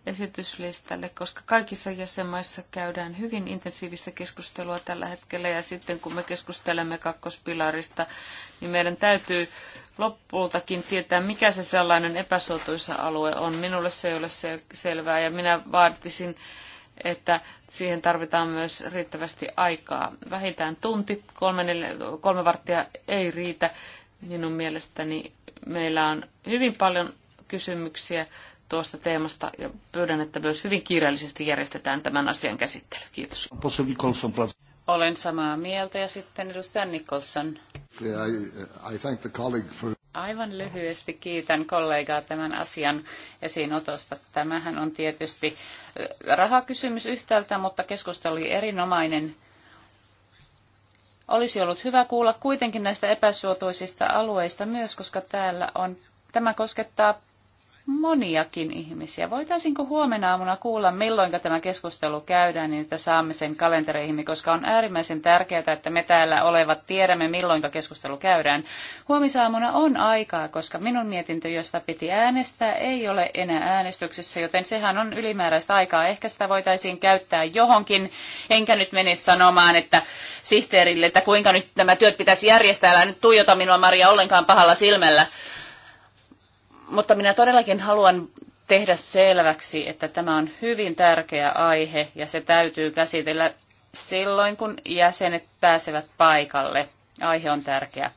esityslistalle, koska kaikissa jäsenmaissa käydään hyvin intensiivistä keskustelua tällä hetkellä ja sitten kun me keskustelemme kakkospilarista, niin meidän täytyy lopultakin tietää, mikä se sellainen epäsuotuisa alue on. Minulle se ei ole sel- selvää ja minä vaatisin, että siihen tarvitaan myös riittävästi aikaa. Vähintään tunti, kolme, neljä, kolme varttia ei riitä. Minun mielestäni meillä on hyvin paljon kysymyksiä tuosta teemasta ja pyydän, että myös hyvin kiireellisesti järjestetään tämän asian käsittely. Kiitos. Olen samaa mieltä ja sitten edustaja Nicholson. Aivan lyhyesti kiitän kollegaa tämän asian esiinotosta. Tämähän on tietysti eh, rahakysymys yhtäältä, mutta keskustelu oli erinomainen. Olisi ollut hyvä kuulla kuitenkin näistä epäsuotuisista alueista myös, koska täällä on, tämä koskettaa moniakin ihmisiä. Voitaisinko huomenna aamuna kuulla, milloin tämä keskustelu käydään, niin että saamme sen kalentereihin, koska on äärimmäisen tärkeää, että me täällä olevat tiedämme, milloin keskustelu käydään. Huomisaamuna on aikaa, koska minun mietintö, josta piti äänestää, ei ole enää äänestyksessä, joten sehän on ylimääräistä aikaa. Ehkä sitä voitaisiin käyttää johonkin. Enkä nyt mene sanomaan, että sihteerille, että kuinka nyt nämä työt pitäisi järjestää. Älä nyt tuijota minua, Maria, ollenkaan pahalla silmällä mutta minä todellakin haluan tehdä selväksi, että tämä on hyvin tärkeä aihe ja se täytyy käsitellä silloin, kun jäsenet pääsevät paikalle. Aihe on tärkeä.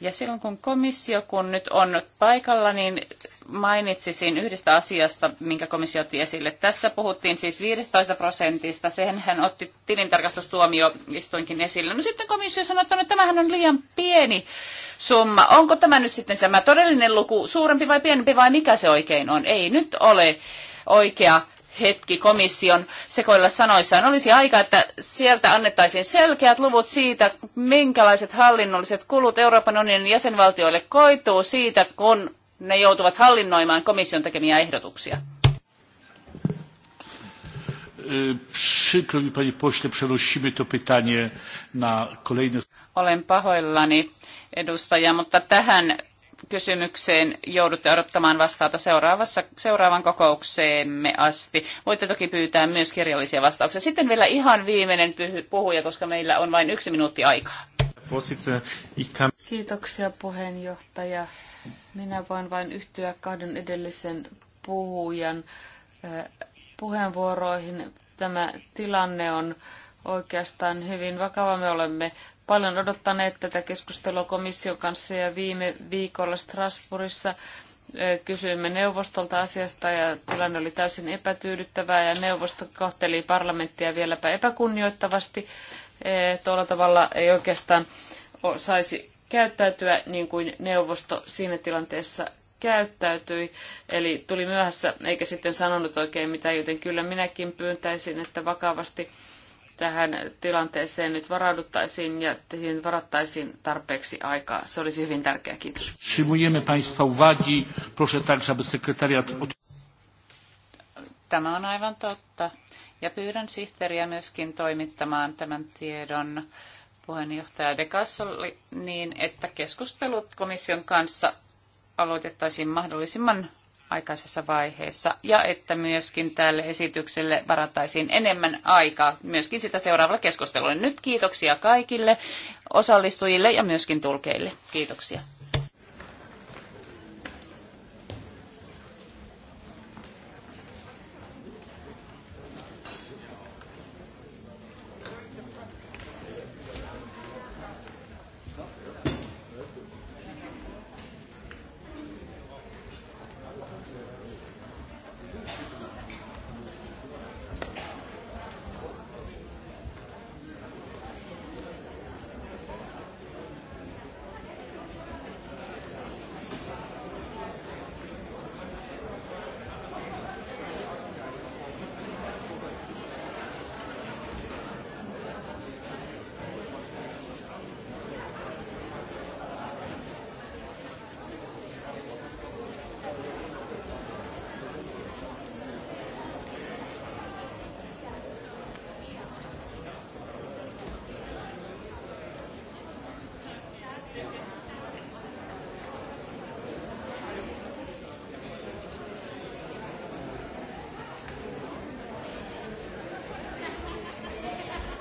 Ja silloin kun komissio, kun nyt on paikalla, niin mainitsisin yhdestä asiasta, minkä komissio otti esille. Tässä puhuttiin siis 15 prosentista. Sehän hän otti tilintarkastustuomioistuinkin esille. No sitten komissio sanoi, että no, tämähän on liian pieni summa. Onko tämä nyt sitten tämä todellinen luku suurempi vai pienempi vai mikä se oikein on? Ei nyt ole oikea hetki komission sekoilla sanoissaan. Olisi aika, että sieltä annettaisiin selkeät luvut siitä, minkälaiset hallinnolliset kulut Euroopan unionin jäsenvaltioille koituu siitä, kun ne joutuvat hallinnoimaan komission tekemiä ehdotuksia. Przykro mi, panie pośle, przenosimy to pytanie na kolejne... Olen pahoillani, edustaja, mutta tähän kysymykseen joudutte odottamaan vastausta seuraavassa, seuraavan kokoukseemme asti. Voitte toki pyytää myös kirjallisia vastauksia. Sitten vielä ihan viimeinen puhuja, koska meillä on vain yksi minuutti aikaa. Kiitoksia puheenjohtaja. Minä voin vain yhtyä kahden edellisen puhujan eh, puheenvuoroihin. Tämä tilanne on oikeastaan hyvin vakava. Me olemme paljon odottaneet tätä keskustelua komission kanssa ja viime viikolla Strasbourgissa eh, kysyimme neuvostolta asiasta ja tilanne oli täysin epätyydyttävää ja neuvosto kohteli parlamenttia vieläpä epäkunnioittavasti. Eh, tuolla tavalla ei oikeastaan saisi käyttäytyä niin kuin neuvosto siinä tilanteessa käyttäytyi, eli tuli myöhässä eikä sitten sanonut oikein mitään, joten kyllä minäkin pyyntäisin, että vakavasti tähän tilanteeseen nyt varauduttaisiin ja siihen varattaisiin tarpeeksi aikaa. Se olisi hyvin tärkeä. Kiitos. Tämä on aivan totta. Ja pyydän sihteeriä myöskin toimittamaan tämän tiedon puheenjohtaja De Kassolli niin, että keskustelut komission kanssa aloitettaisiin mahdollisimman aikaisessa vaiheessa ja että myöskin tälle esitykselle varattaisiin enemmän aikaa myöskin sitä seuraavalla keskustelulla. Nyt kiitoksia kaikille osallistujille ja myöskin tulkeille. Kiitoksia.